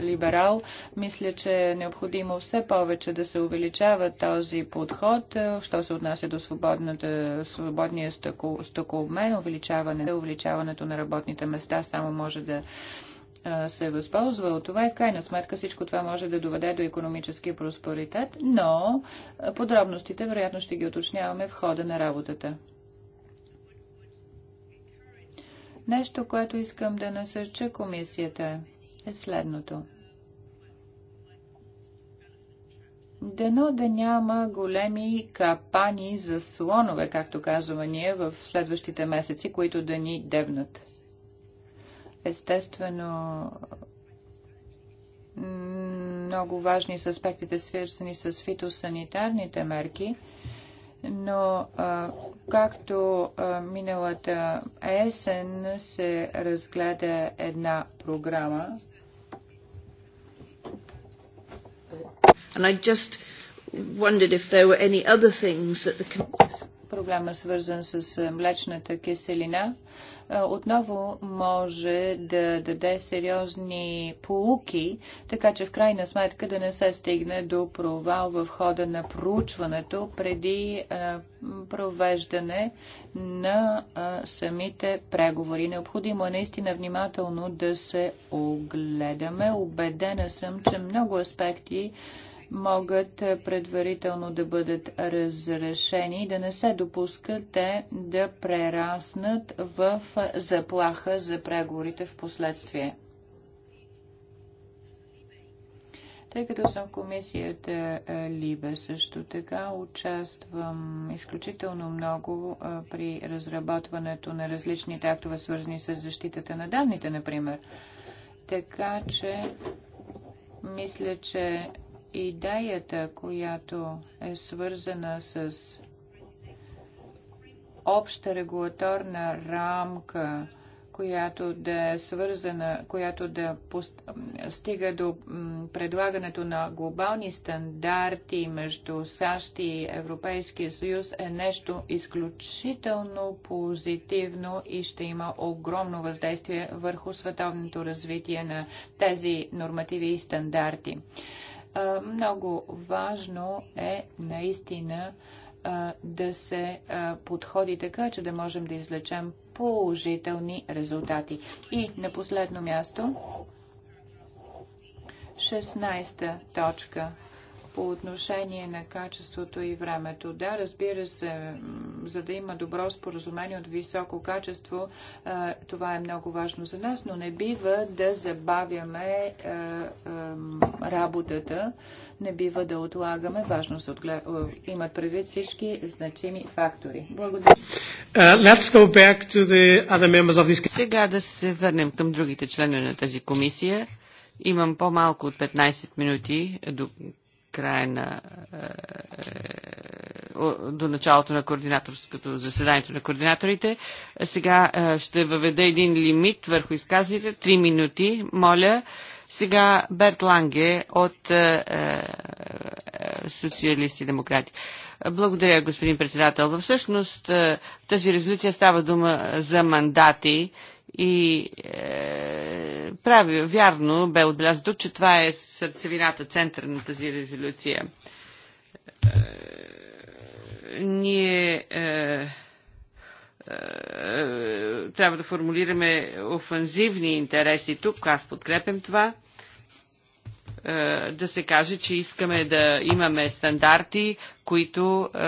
е, либерал, мисля, че е необходимо все повече да се увеличава този подход, е, що се отнася до свободния стокообмен, увеличаване, увеличаването на работните места само може да се възползва от това и в крайна сметка всичко това може да доведе до економически проспоритет, но подробностите вероятно ще ги уточняваме в хода на работата. Нещо, което искам да насърча комисията е следното. Дано да няма големи капани за слонове, както казваме ние, в следващите месеци, които да ни девнат. Естествено, много важни са аспектите, свързани с фитосанитарните мерки, но а, както а, миналата есен се разгледа една програма. And I just wondered if there were any other things that the... Проблема свързан с млечната киселина. Е, отново може да даде сериозни полуки, така че в крайна сметка да не се стигне до провал в хода на проучването преди е, провеждане на е, самите преговори. Необходимо е наистина внимателно да се огледаме. Обедена съм, че много аспекти могат предварително да бъдат разрешени и да не се допускат те да прераснат в заплаха за преговорите в последствие. Тъй като съм в комисията е, Либе също така, участвам изключително много е, при разработването на различните актове, свързани с защитата на данните, например. Така че мисля, че идеята, която е свързана с обща регулаторна рамка, която да е свързана, която да пост... стига до предлагането на глобални стандарти между САЩ и Европейския съюз е нещо изключително позитивно и ще има огромно въздействие върху световното развитие на тези нормативи и стандарти. Много важно е наистина да се подходи така, че да можем да излечем положителни резултати. И на последно място, 16 точка по отношение на качеството и времето. Да, разбира се, за да има добро споразумение от високо качество, това е много важно за нас, но не бива да забавяме работата, не бива да отлагаме. важност. се отглед... имат предвид всички значими фактори. Благодаря. Uh, Сега да се върнем към другите членове на тази комисия. Имам по-малко от 15 минути, до края на е, е, до началото на координаторското заседанието на координаторите. Сега е, ще въведа един лимит върху изказите. Три минути, моля. Сега Берт Ланге от Социалисти и демократи. Благодаря, господин председател. Всъщност тази резолюция става дума за мандати и е, прави, вярно бе отбелязано тук, че това е сърцевината, център на тази резолюция. Е, ние е, е, е трябва да формулираме офанзивни интереси тук. Аз подкрепям това е, да се каже, че искаме да имаме стандарти, които е,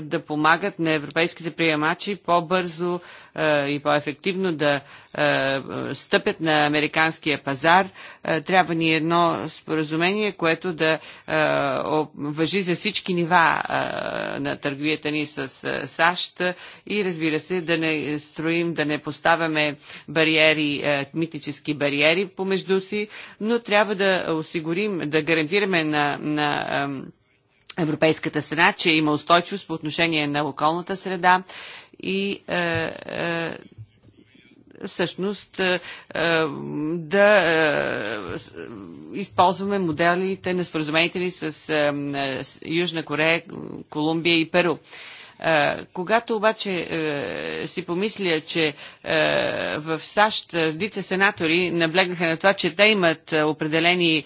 да помагат на европейските приемачи по-бързо е, и по-ефективно да е, стъпят на американския пазар, е, трябва ни едно споразумение, което да въжи за всички нива на търговията ни с САЩ и разбира се да не строим, да не поставяме бариери, митически бариери помежду си, но трябва да осигурим, да гарантираме на, на европейската страна, че има устойчивост по отношение на околната среда и е, е, всъщност е, да използваме моделите на споразумените ни с Южна Корея, Колумбия и Перу. Е, когато обаче е, си помисля, че е, в САЩ редица сенатори наблегнаха на това, че те имат определени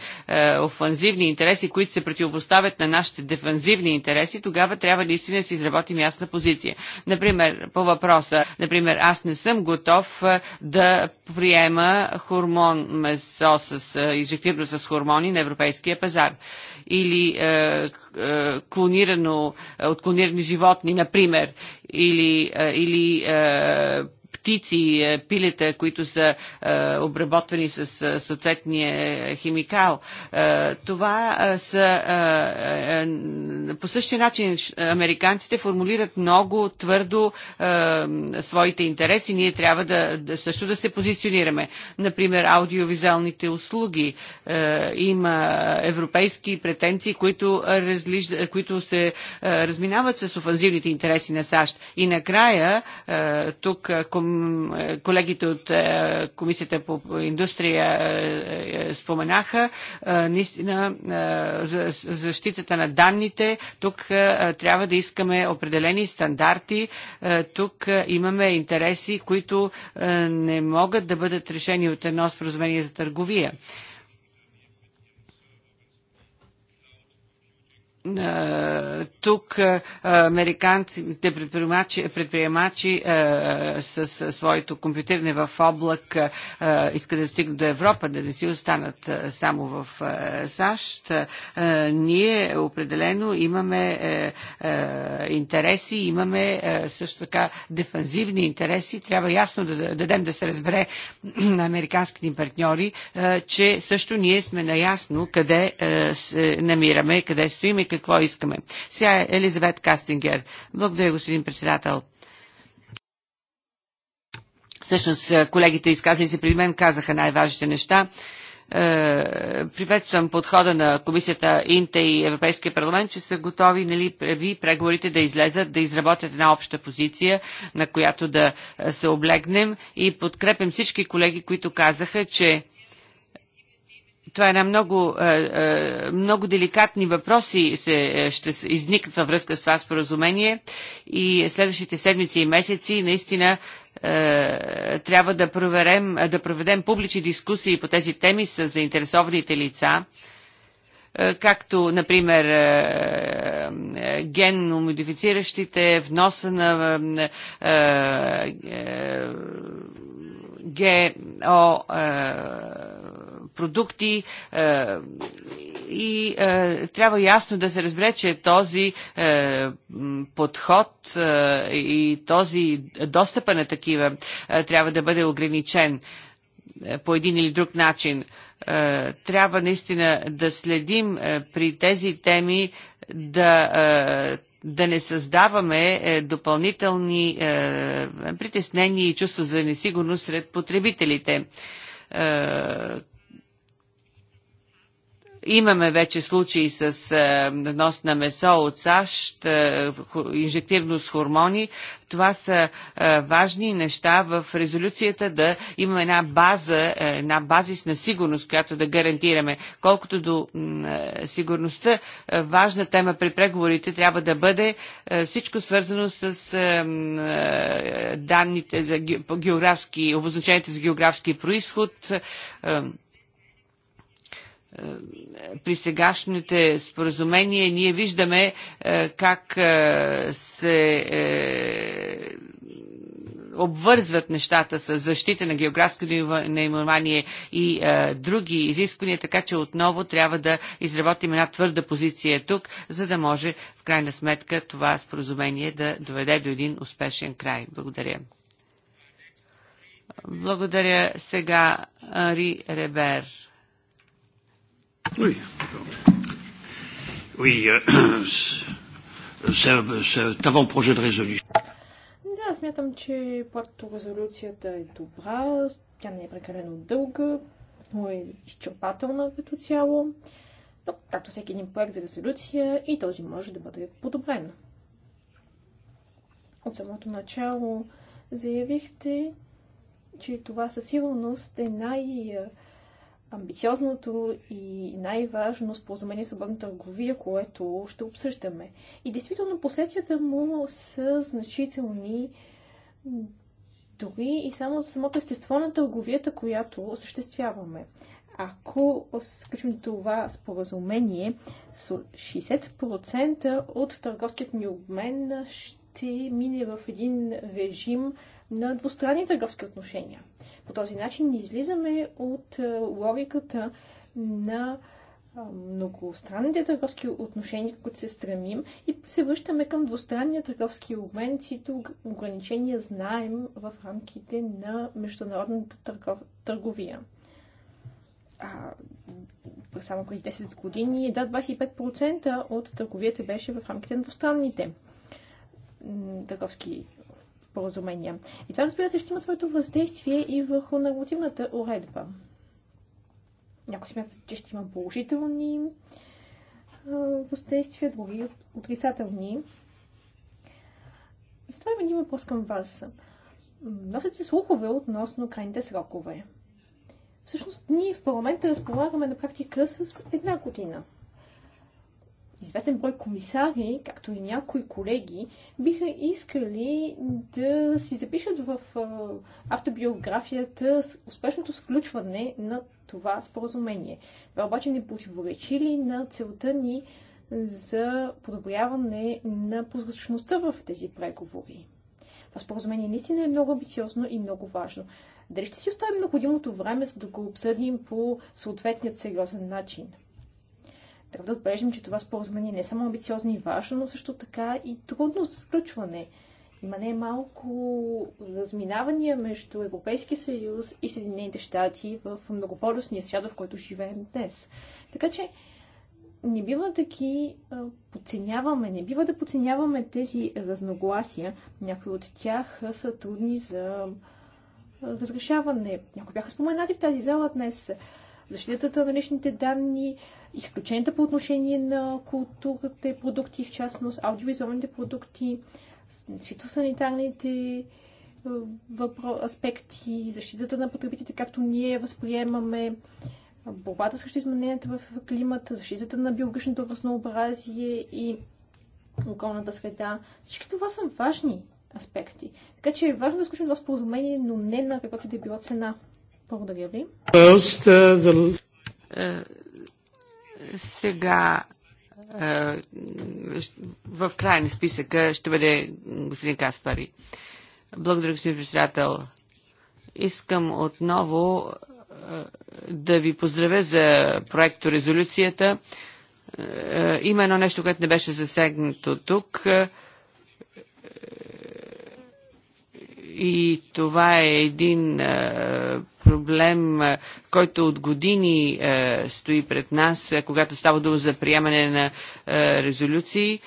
офанзивни интереси, които се противопоставят на нашите дефанзивни интереси, тогава трябва наистина да си изработим ясна позиция. Например, по въпроса, например, аз не съм готов да приема хормон месо с инжективно с хормони на европейския пазар или е, е, клонирано, е, от клонирани животни, например, или, е, или е, птици, е, пилета, които са е, обработвани с е, съответния химикал. Е, това е, са е, по същия начин американците формулират много твърдо своите интереси. Ние трябва да, да също да се позиционираме. Например, аудиовизуалните услуги. Има европейски претенции, които, разлиж... които се разминават с офанзивните интереси на САЩ. И накрая, тук е, колегите от е, Комисията по индустрия е, споменаха, наистина за защитата на данните, тук трябва да искаме определени стандарти. Тук имаме интереси, които не могат да бъдат решени от едно споразумение за търговия. тук американците предприемачи, предприемачи с, своето компютърне в облак искат да стигнат до Европа, да не си останат само в САЩ. Ние определено имаме е, е, интереси, имаме е, също така дефанзивни интереси. Трябва ясно да дадем да се разбере <clears throat> на американските ни партньори, че също ние сме наясно къде се намираме, къде стоим и какво искаме. Сега е Елизабет Кастингер. Благодаря, господин председател. Всъщност, е, колегите изказали се преди мен казаха най-важните неща е, приветствам подхода на комисията Инте и Европейския парламент, че са готови нали, ви преговорите да излезат, да изработят една обща позиция, на която да е, се облегнем и подкрепям всички колеги, които казаха, че това е една много, е, е, много деликатни въпроси се, е, ще изникнат във връзка с това споразумение и следващите седмици и месеци наистина трябва да, проверем, да проведем публични дискусии по тези теми с заинтересованите лица, както, например, генно модифициращите, вноса на ГО продукти е, и е, трябва ясно да се разбере, че този е, подход и този достъпа на такива трябва да бъде ограничен по един или друг начин. Трябва наистина да следим при тези теми да да не създаваме допълнителни притеснения и чувство за несигурност сред потребителите Имаме вече случаи с е, внос на месо от САЩ, е, инжективно с хормони. Това са е, важни неща в резолюцията да имаме една база, една базисна сигурност, която да гарантираме. Колкото до сигурността, важна тема при преговорите трябва да бъде всичко свързано с данните за географски, обозначените за географски происход, при сегашните споразумения ние виждаме е, как е, се е, обвързват нещата с защита на географско наименование и е, други изисквания, така че отново трябва да изработим една твърда позиция тук, за да може в крайна сметка това споразумение да доведе до един успешен край. Благодаря. Благодаря сега Ари Ребер. Oui, oui euh, <clears throat> c'est avant-projet de résolution. Да, смятам, че резолюцията е добра, тя не е прекалено дълга, но е изчерпателна като цяло. Но, както всеки един проект за резолюция, и този може да бъде подобрен. От самото начало заявихте, че това със сигурност е най- амбициозното и най-важно споразумение свободна търговия, което ще обсъждаме. И действително последствията му са значителни дори и само за самото естество на търговията, която осъществяваме. Ако включим това споразумение, 60% от търговският ни обмен ще мине в един режим на двустранни търговски отношения. По този начин излизаме от е, логиката на многостранните търговски отношения, които се стремим и се връщаме към двустранния търговски обмен, чието ограничения знаем в рамките на международната търгов... търговия. А, само преди 10 години едва 25% от търговията беше в рамките на двустранните търговски споразумения. И това, разбира се, ще има своето въздействие и върху нормативната уредба. Някои смятат, че ще има положителни въздействия, други отрицателни. И в това има един въпрос към вас. Носят се слухове относно крайните срокове. Всъщност, ние в парламента разполагаме на практика с една година известен брой комисари, както и някои колеги, биха искали да си запишат в автобиографията успешното сключване на това споразумение. Това обаче не противоречи ли на целта ни за подобряване на прозрачността в тези преговори? Това споразумение наистина е много амбициозно и много важно. Дали ще си оставим необходимото време, за да го обсъдим по съответният сериозен начин? Трябва да отбележим, че това споразумение не е само амбициозно и важно, но също така и трудно за сключване. Има не малко разминавания между Европейския съюз и Съединените щати в многополюсния свят, в който живеем днес. Така че не бива да ги подценяваме, не бива да подценяваме тези разногласия. Някои от тях са трудни за разрешаване. Някои бяха споменати в тази зала днес. Защитата на личните данни, изключенията по отношение на културата продукти, в частност аудиовизуалните продукти, фитосанитарните въпро... аспекти, защитата на потребителите, както ние възприемаме борбата срещу измененията в климата, защитата на биологичното разнообразие и околната среда. Всички това са важни аспекти. Така че е важно да сключим това споразумение, но не на каквато да е била цена. Благодаря ви. Uh, е, сега е, в края на списъка ще бъде господин Каспари. Благодаря, господин председател. Искам отново е, да ви поздравя за проекто резолюцията. Е, има едно нещо, което не беше засегнато тук. И това е един е, проблем, е, който от години е, стои пред нас, когато става дума за приемане на резолюции.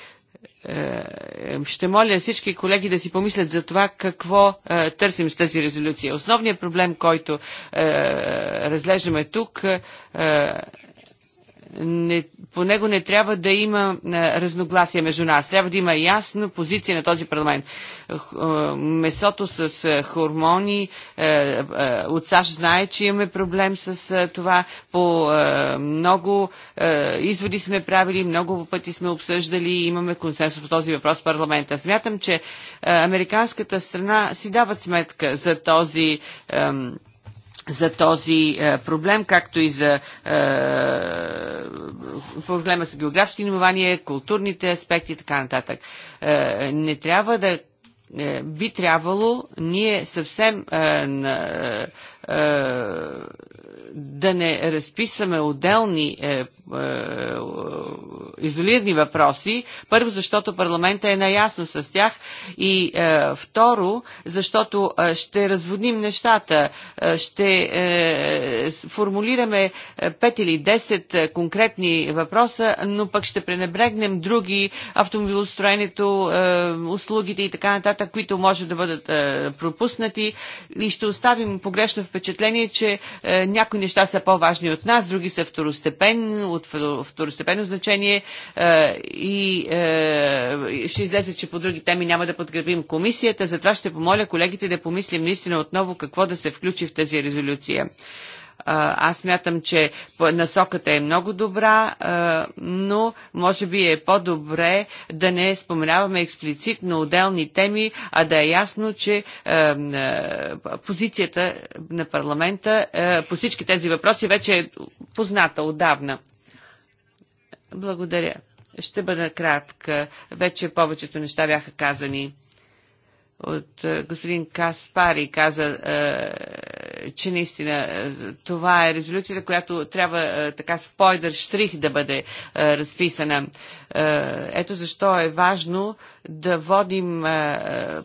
Ще моля всички колеги да си помислят за това какво търсим с тази резолюция. Основният проблем, който разлежаме разглеждаме тук е, не, по него не трябва да има е, разногласие между нас. Трябва да има ясна позиция на този парламент. Е, е, месото с хормони, от САЩ знае, че имаме проблем с това. По много изводи сме правили, много пъти сме обсъждали и имаме консенсус по този въпрос в парламента. Смятам, че американската страна си дават сметка за този за този е, проблем, както и за е, проблема с географски инования, културните аспекти и така нататък. Е, не трябва да е, би трябвало ние съвсем е, е, е, да не разписваме отделни е, е, е, изолирани въпроси. Първо, защото парламента е наясно с тях и е, второ, защото ще разводним нещата, ще формулираме 5 или 10 конкретни въпроса, но пък ще пренебрегнем други, автомобилостроенето, услугите и така нататък, които може да бъдат пропуснати и ще оставим погрешно впечатление, че някои неща са по-важни от нас, други са второстепенни, от от второстепенно значение е, и е, ще излезе, че по други теми няма да подкрепим комисията. Затова ще помоля колегите да помислим наистина отново какво да се включи в тази резолюция. Е, аз мятам, че насоката е много добра, но може би е по-добре да не споменаваме експлицитно отделни теми, а да е ясно, че позицията на парламента по всички тези въпроси вече е позната отдавна. Благодаря. Ще бъда кратка. Вече повечето неща бяха казани. От е, господин Каспари каза, е, че наистина е, това е резолюцията, която трябва така с пойдър штрих да бъде разписана. Ето защо е важно да водим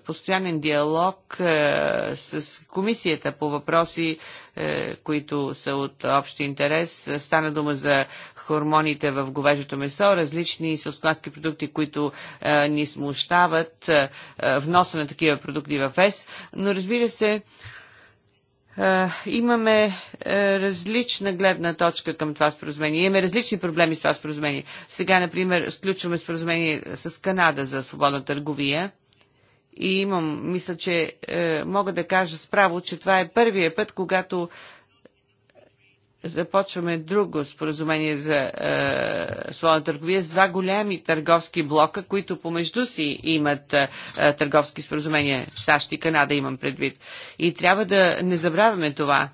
постоянен диалог с комисията по въпроси, които са от общ интерес. Стана дума за хормоните в говежето месо, различни селскостопански продукти, които а, ни смущават, а, вноса на такива продукти в ЕС. Но разбира се, имаме различна гледна точка към това споразумение. Имаме различни проблеми с това споразумение. Сега, например, сключваме споразумение с Канада за свободна търговия. И имам, мисля, че е, мога да кажа справо, че това е първият път, когато започваме друго споразумение за е, свободна търговия с два големи търговски блока, които помежду си имат е, е, търговски споразумения. САЩ и Канада имам предвид. И трябва да не забравяме това.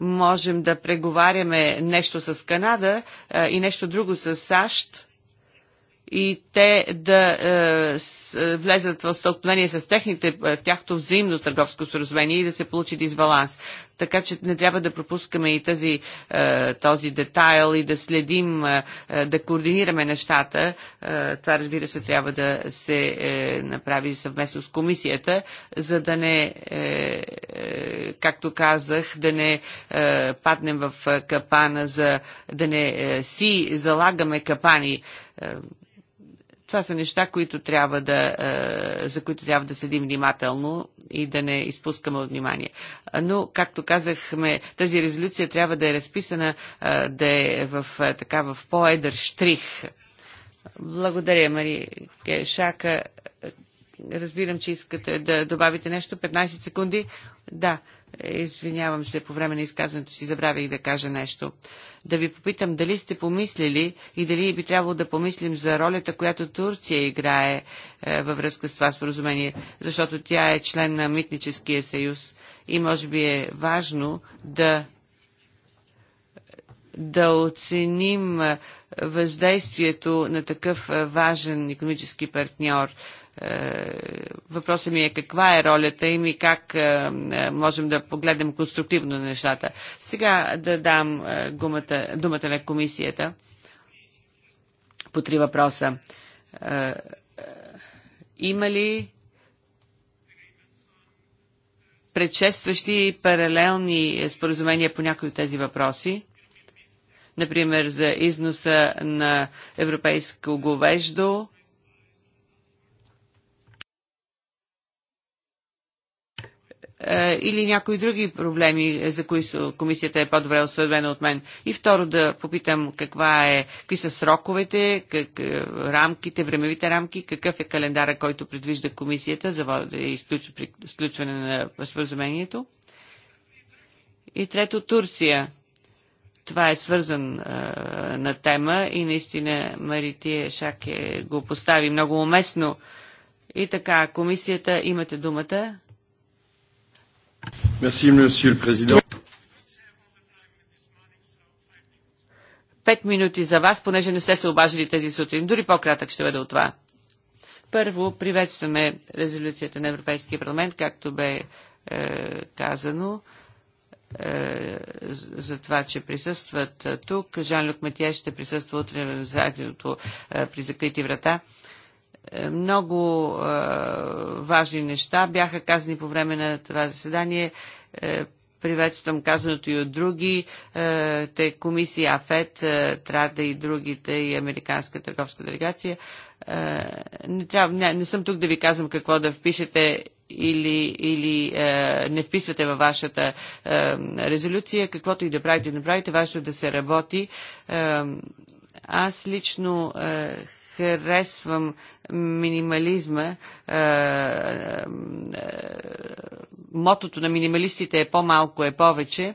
Можем да преговаряме нещо с Канада е, и нещо друго с САЩ и те да е, с, е, влезат в стълкновение с техните, е, тяхто взаимно търговско споразумение и да се получи дисбаланс така че не трябва да пропускаме и тази, е, този детайл и да следим, е, е, да координираме нещата. Това, разбира се, трябва да се направи съвместно с комисията, за да не, както казах, да не паднем в капана, за да не си залагаме капани това са неща, които трябва да, е, за които трябва да следим внимателно и да не изпускаме от внимание. Но, както казахме, тази резолюция трябва да е разписана, е, да е в, е, така, в по-едър штрих. Благодаря, Мари Шака. Разбирам, че искате да добавите нещо. 15 секунди. Да, Извинявам се, по време на изказването си забравих да кажа нещо. Да ви попитам дали сте помислили и дали би трябвало да помислим за ролята, която Турция играе е, във връзка с това споразумение, защото тя е член на Митническия съюз и може би е важно да да оценим е, въздействието на такъв е, важен економически партньор е, въпросът ми е каква е ролята им и как е, е, можем да погледнем конструктивно на нещата. Сега да дам гумата, думата на комисията по три въпроса. Има ли предшестващи паралелни споразумения по някои от тези въпроси? Например, за износа на европейско говеждо Е, или някои други проблеми, е, за които комисията е по-добре осъдвена от мен. И второ да попитам каква е, какви са сроковете, как, е, рамките, времевите рамки, какъв е календара, който предвижда комисията за изключване на споразумението. И трето, Турция. Това е свързан а, на тема и наистина Марития Шаке го постави много уместно. И така, комисията, имате думата. Пет минути за вас, понеже не сте се обажили тези сутрин. Дори по-кратък ще бъде от това. Първо, приветстваме резолюцията на Европейския парламент, както бе е, казано е, за това, че присъстват е, тук. Жан-Люк Метия ще присъства утре на заедното е, при закрити врата. Е, много е, важни неща бяха казани по време на това заседание. Е, приветствам казаното и от други. Те АФЕД, АФЕТ, Трада и другите, и Американска търговска делегация. Не, трябва, не, не съм тук да ви казвам какво да впишете или, или е, не вписвате във вашата е, резолюция, каквото и да правите, направите, вашето да се работи. Е, аз лично е, харесвам минимализма. Мотото на минималистите е по-малко е повече.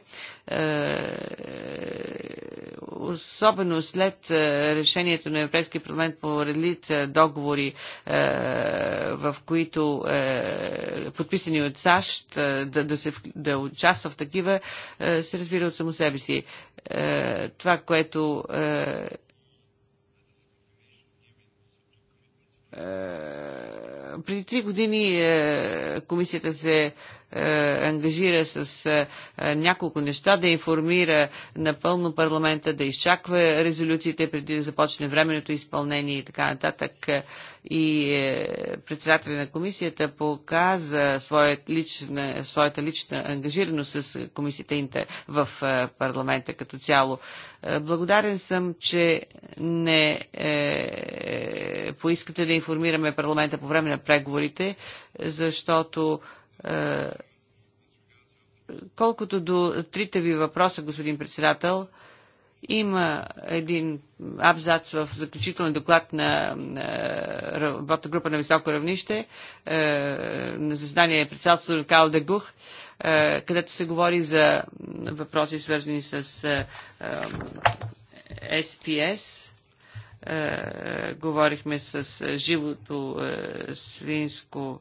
Особено след решението на Европейския парламент по редица договори, в които подписани от САЩ да, да, се, да участва в такива, се разбира от само себе си. Това, което Е, преди три години е, комисията се е, ангажира с няколко неща, да информира напълно парламента, да изчаква резолюциите преди да започне временното изпълнение и така нататък и е, председателя на комисията показа лична, своята лична ангажираност с комисията Интер в е, парламента като цяло. Е, благодарен съм, че не е, поискате да информираме парламента по време на преговорите, защото е, колкото до трите ви въпроса, господин председател, е, има един абзац в заключителен доклад на работна група на високо равнище е, на заседание председателство Кал Дегух, е, където се говори за въпроси свързани с СПС. Е, SPS. Говорихме с живото свинско,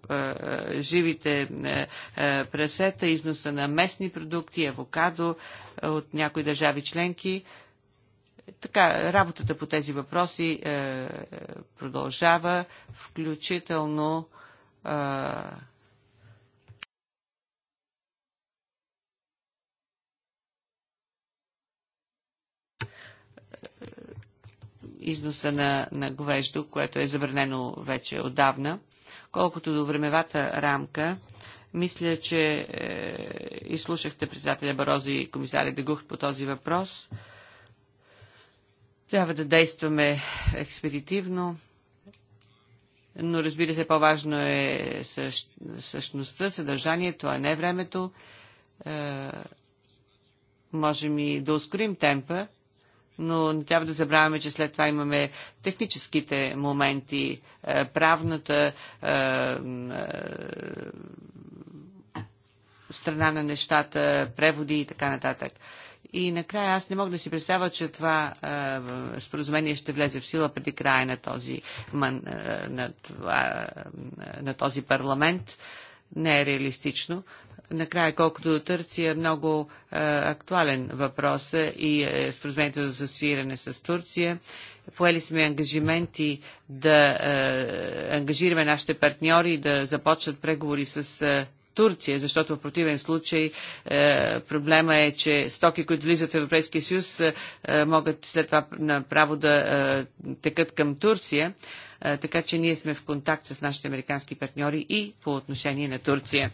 живите пресета, износа на местни продукти, авокадо от някои държави членки така, работата по тези въпроси е, е, продължава, включително е, износа на, на говеждо, което е забранено вече отдавна. Колкото до времевата рамка, мисля, че е, изслушахте председателя Барози и комисаря Дегухт по този въпрос. Трябва да действаме експедитивно, но разбира се, по-важно е същ, същността, съдържанието, а не времето. Е, можем и да ускорим темпа, но не трябва да забравяме, че след това имаме техническите моменти, е, правната е, е, страна на нещата, преводи и така нататък. Е, и накрая аз не мога да си представя, че това е, споразумение ще влезе в сила преди края на този, ман, е, на, това, е, на този парламент. Не е реалистично. Накрая, колкото до Турция, е много е, актуален въпрос е и е, споразумението за асоцииране с Турция поели сме ангажименти да е, ангажираме нашите партньори да започнат преговори с е, Турция, защото в противен случай е, проблема е, че стоки, които влизат в Европейския съюз, е, е, могат след това направо да е, текат към Турция. Е, така че ние сме в контакт с нашите американски партньори и по отношение на Турция.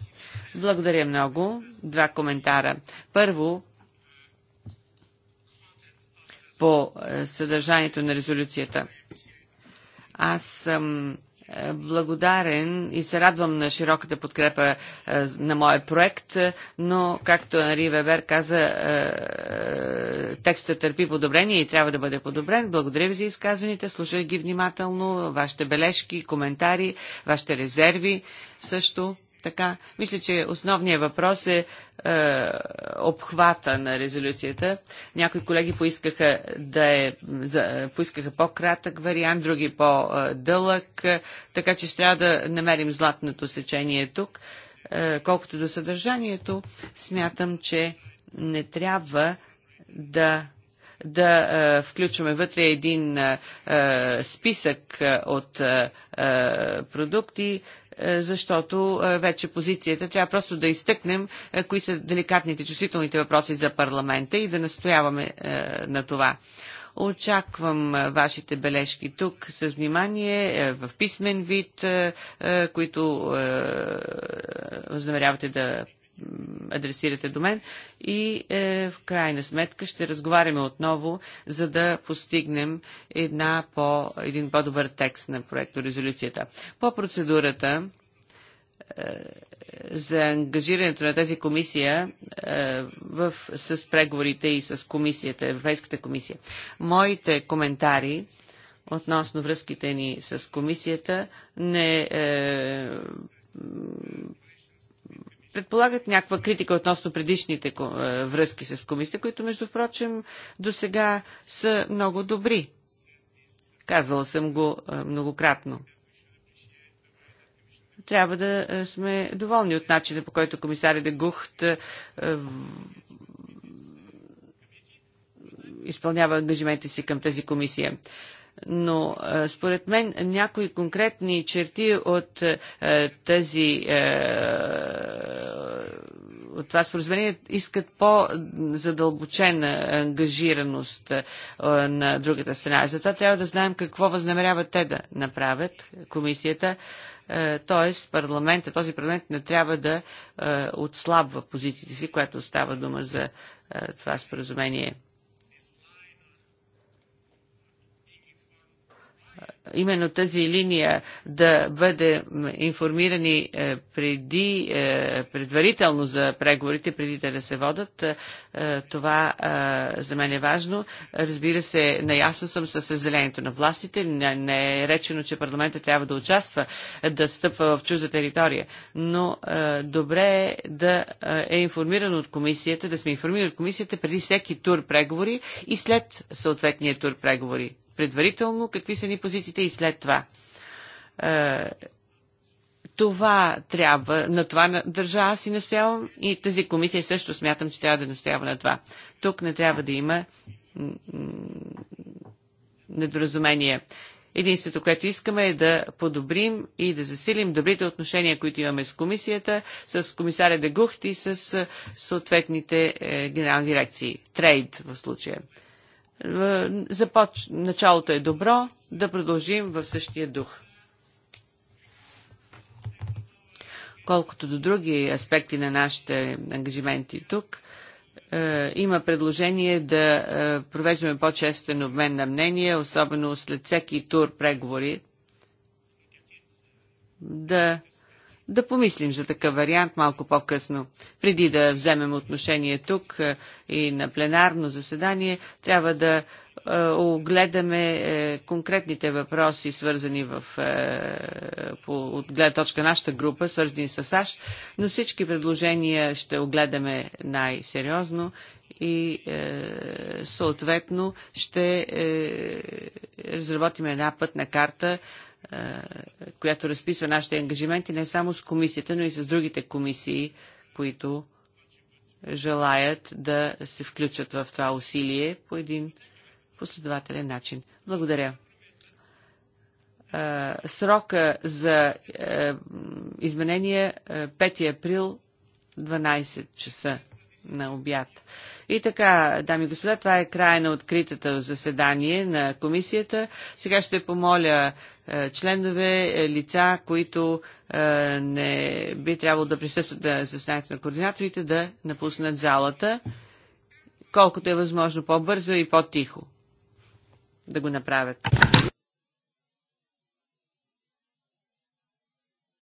Благодаря много. Два коментара. Първо, по е, съдържанието на резолюцията. Аз съм благодарен и се радвам на широката подкрепа е, на моят проект, е, но, както Анри Вебер каза, е, текстът търпи подобрение и трябва да бъде подобрен. Благодаря ви за изказваните, слушах ги внимателно, вашите бележки, коментари, вашите резерви също така, мисля, че основният въпрос е, е обхвата на резолюцията. Някои колеги поискаха да е, за, поискаха по-кратък вариант, други по-дълъг, е, така че ще трябва да намерим златното сечение тук. Е, колкото до съдържанието, смятам, че не трябва да да е, включваме вътре един е, е списък е, от е, продукти, е, защото е, вече позицията трябва просто да изтъкнем е, кои са деликатните, чувствителните въпроси за парламента и да настояваме на това. Очаквам вашите бележки тук с внимание, в писмен вид, които възнамерявате да адресирате до мен и е, в крайна сметка ще разговаряме отново, за да постигнем една по, един по-добър текст на проекто резолюцията. По процедурата е, за ангажирането на тази комисия е, в, с преговорите и с комисията, Европейската комисия. Моите коментари относно връзките ни с комисията не е, предполагат някаква критика относно предишните е, връзки с комисията, които между прочим до сега са много добри. Казала съм го е, многократно. Трябва да е, сме доволни от начина по който де Гухт изпълнява ангажиментите си към тази комисия но е, според мен някои конкретни черти от е, тези е, от това споразумение искат по-задълбочена ангажираност на другата страна. Затова трябва да знаем какво възнамеряват те да направят комисията. Тоест парламента, този парламент не трябва да отслабва позициите си, която става дума за това споразумение. именно тази линия да бъде информирани е, преди, е, предварително за преговорите, преди те да се водат, е, това за мен е важно. Разбира се, наясно съм с разделението на властите. Не е речено, че парламентът трябва да участва, да стъпва в чужда територия. Но добре е да е информиран от комисията, да сме информирани от комисията преди всеки тур преговори и след съответния тур преговори предварително, какви са ни позициите и след това. Е, това трябва, на това държа аз и настоявам и тази комисия също смятам, че трябва да настоява на това. Тук не трябва да има недоразумение. Единството, което искаме е да подобрим и да засилим добрите отношения, които имаме с комисията, с комисаря Дегухт и с е, съответните е, генерални дирекции. Трейд в случая. Е, започ... Началото е добро, да продължим в същия дух. Колкото до други аспекти на нашите ангажименти тук, е, има предложение да е, провеждаме по-честен обмен на мнения, особено след всеки тур преговори, да да помислим за такъв вариант малко по-късно. Преди да вземем отношение тук е, и на пленарно заседание, трябва да е, огледаме е, конкретните въпроси, свързани в, по, от гледна точка нашата група, свързани с САЩ, но всички предложения ще огледаме най-сериозно и е, съответно ще е, разработим една пътна карта, е, която разписва нашите ангажименти не само с комисията, но и с другите комисии, които желаят да се включат в това усилие по един последователен начин. Благодаря е, срока за е, изменение 5 април 12 часа на обяд. И така, дами и господа, това е края на откритата заседание на комисията. Сега ще помоля е, членове, е, лица, които е, не би трябвало да присъстват на заседанието на координаторите, да напуснат залата, колкото е възможно по-бързо и по-тихо да го направят.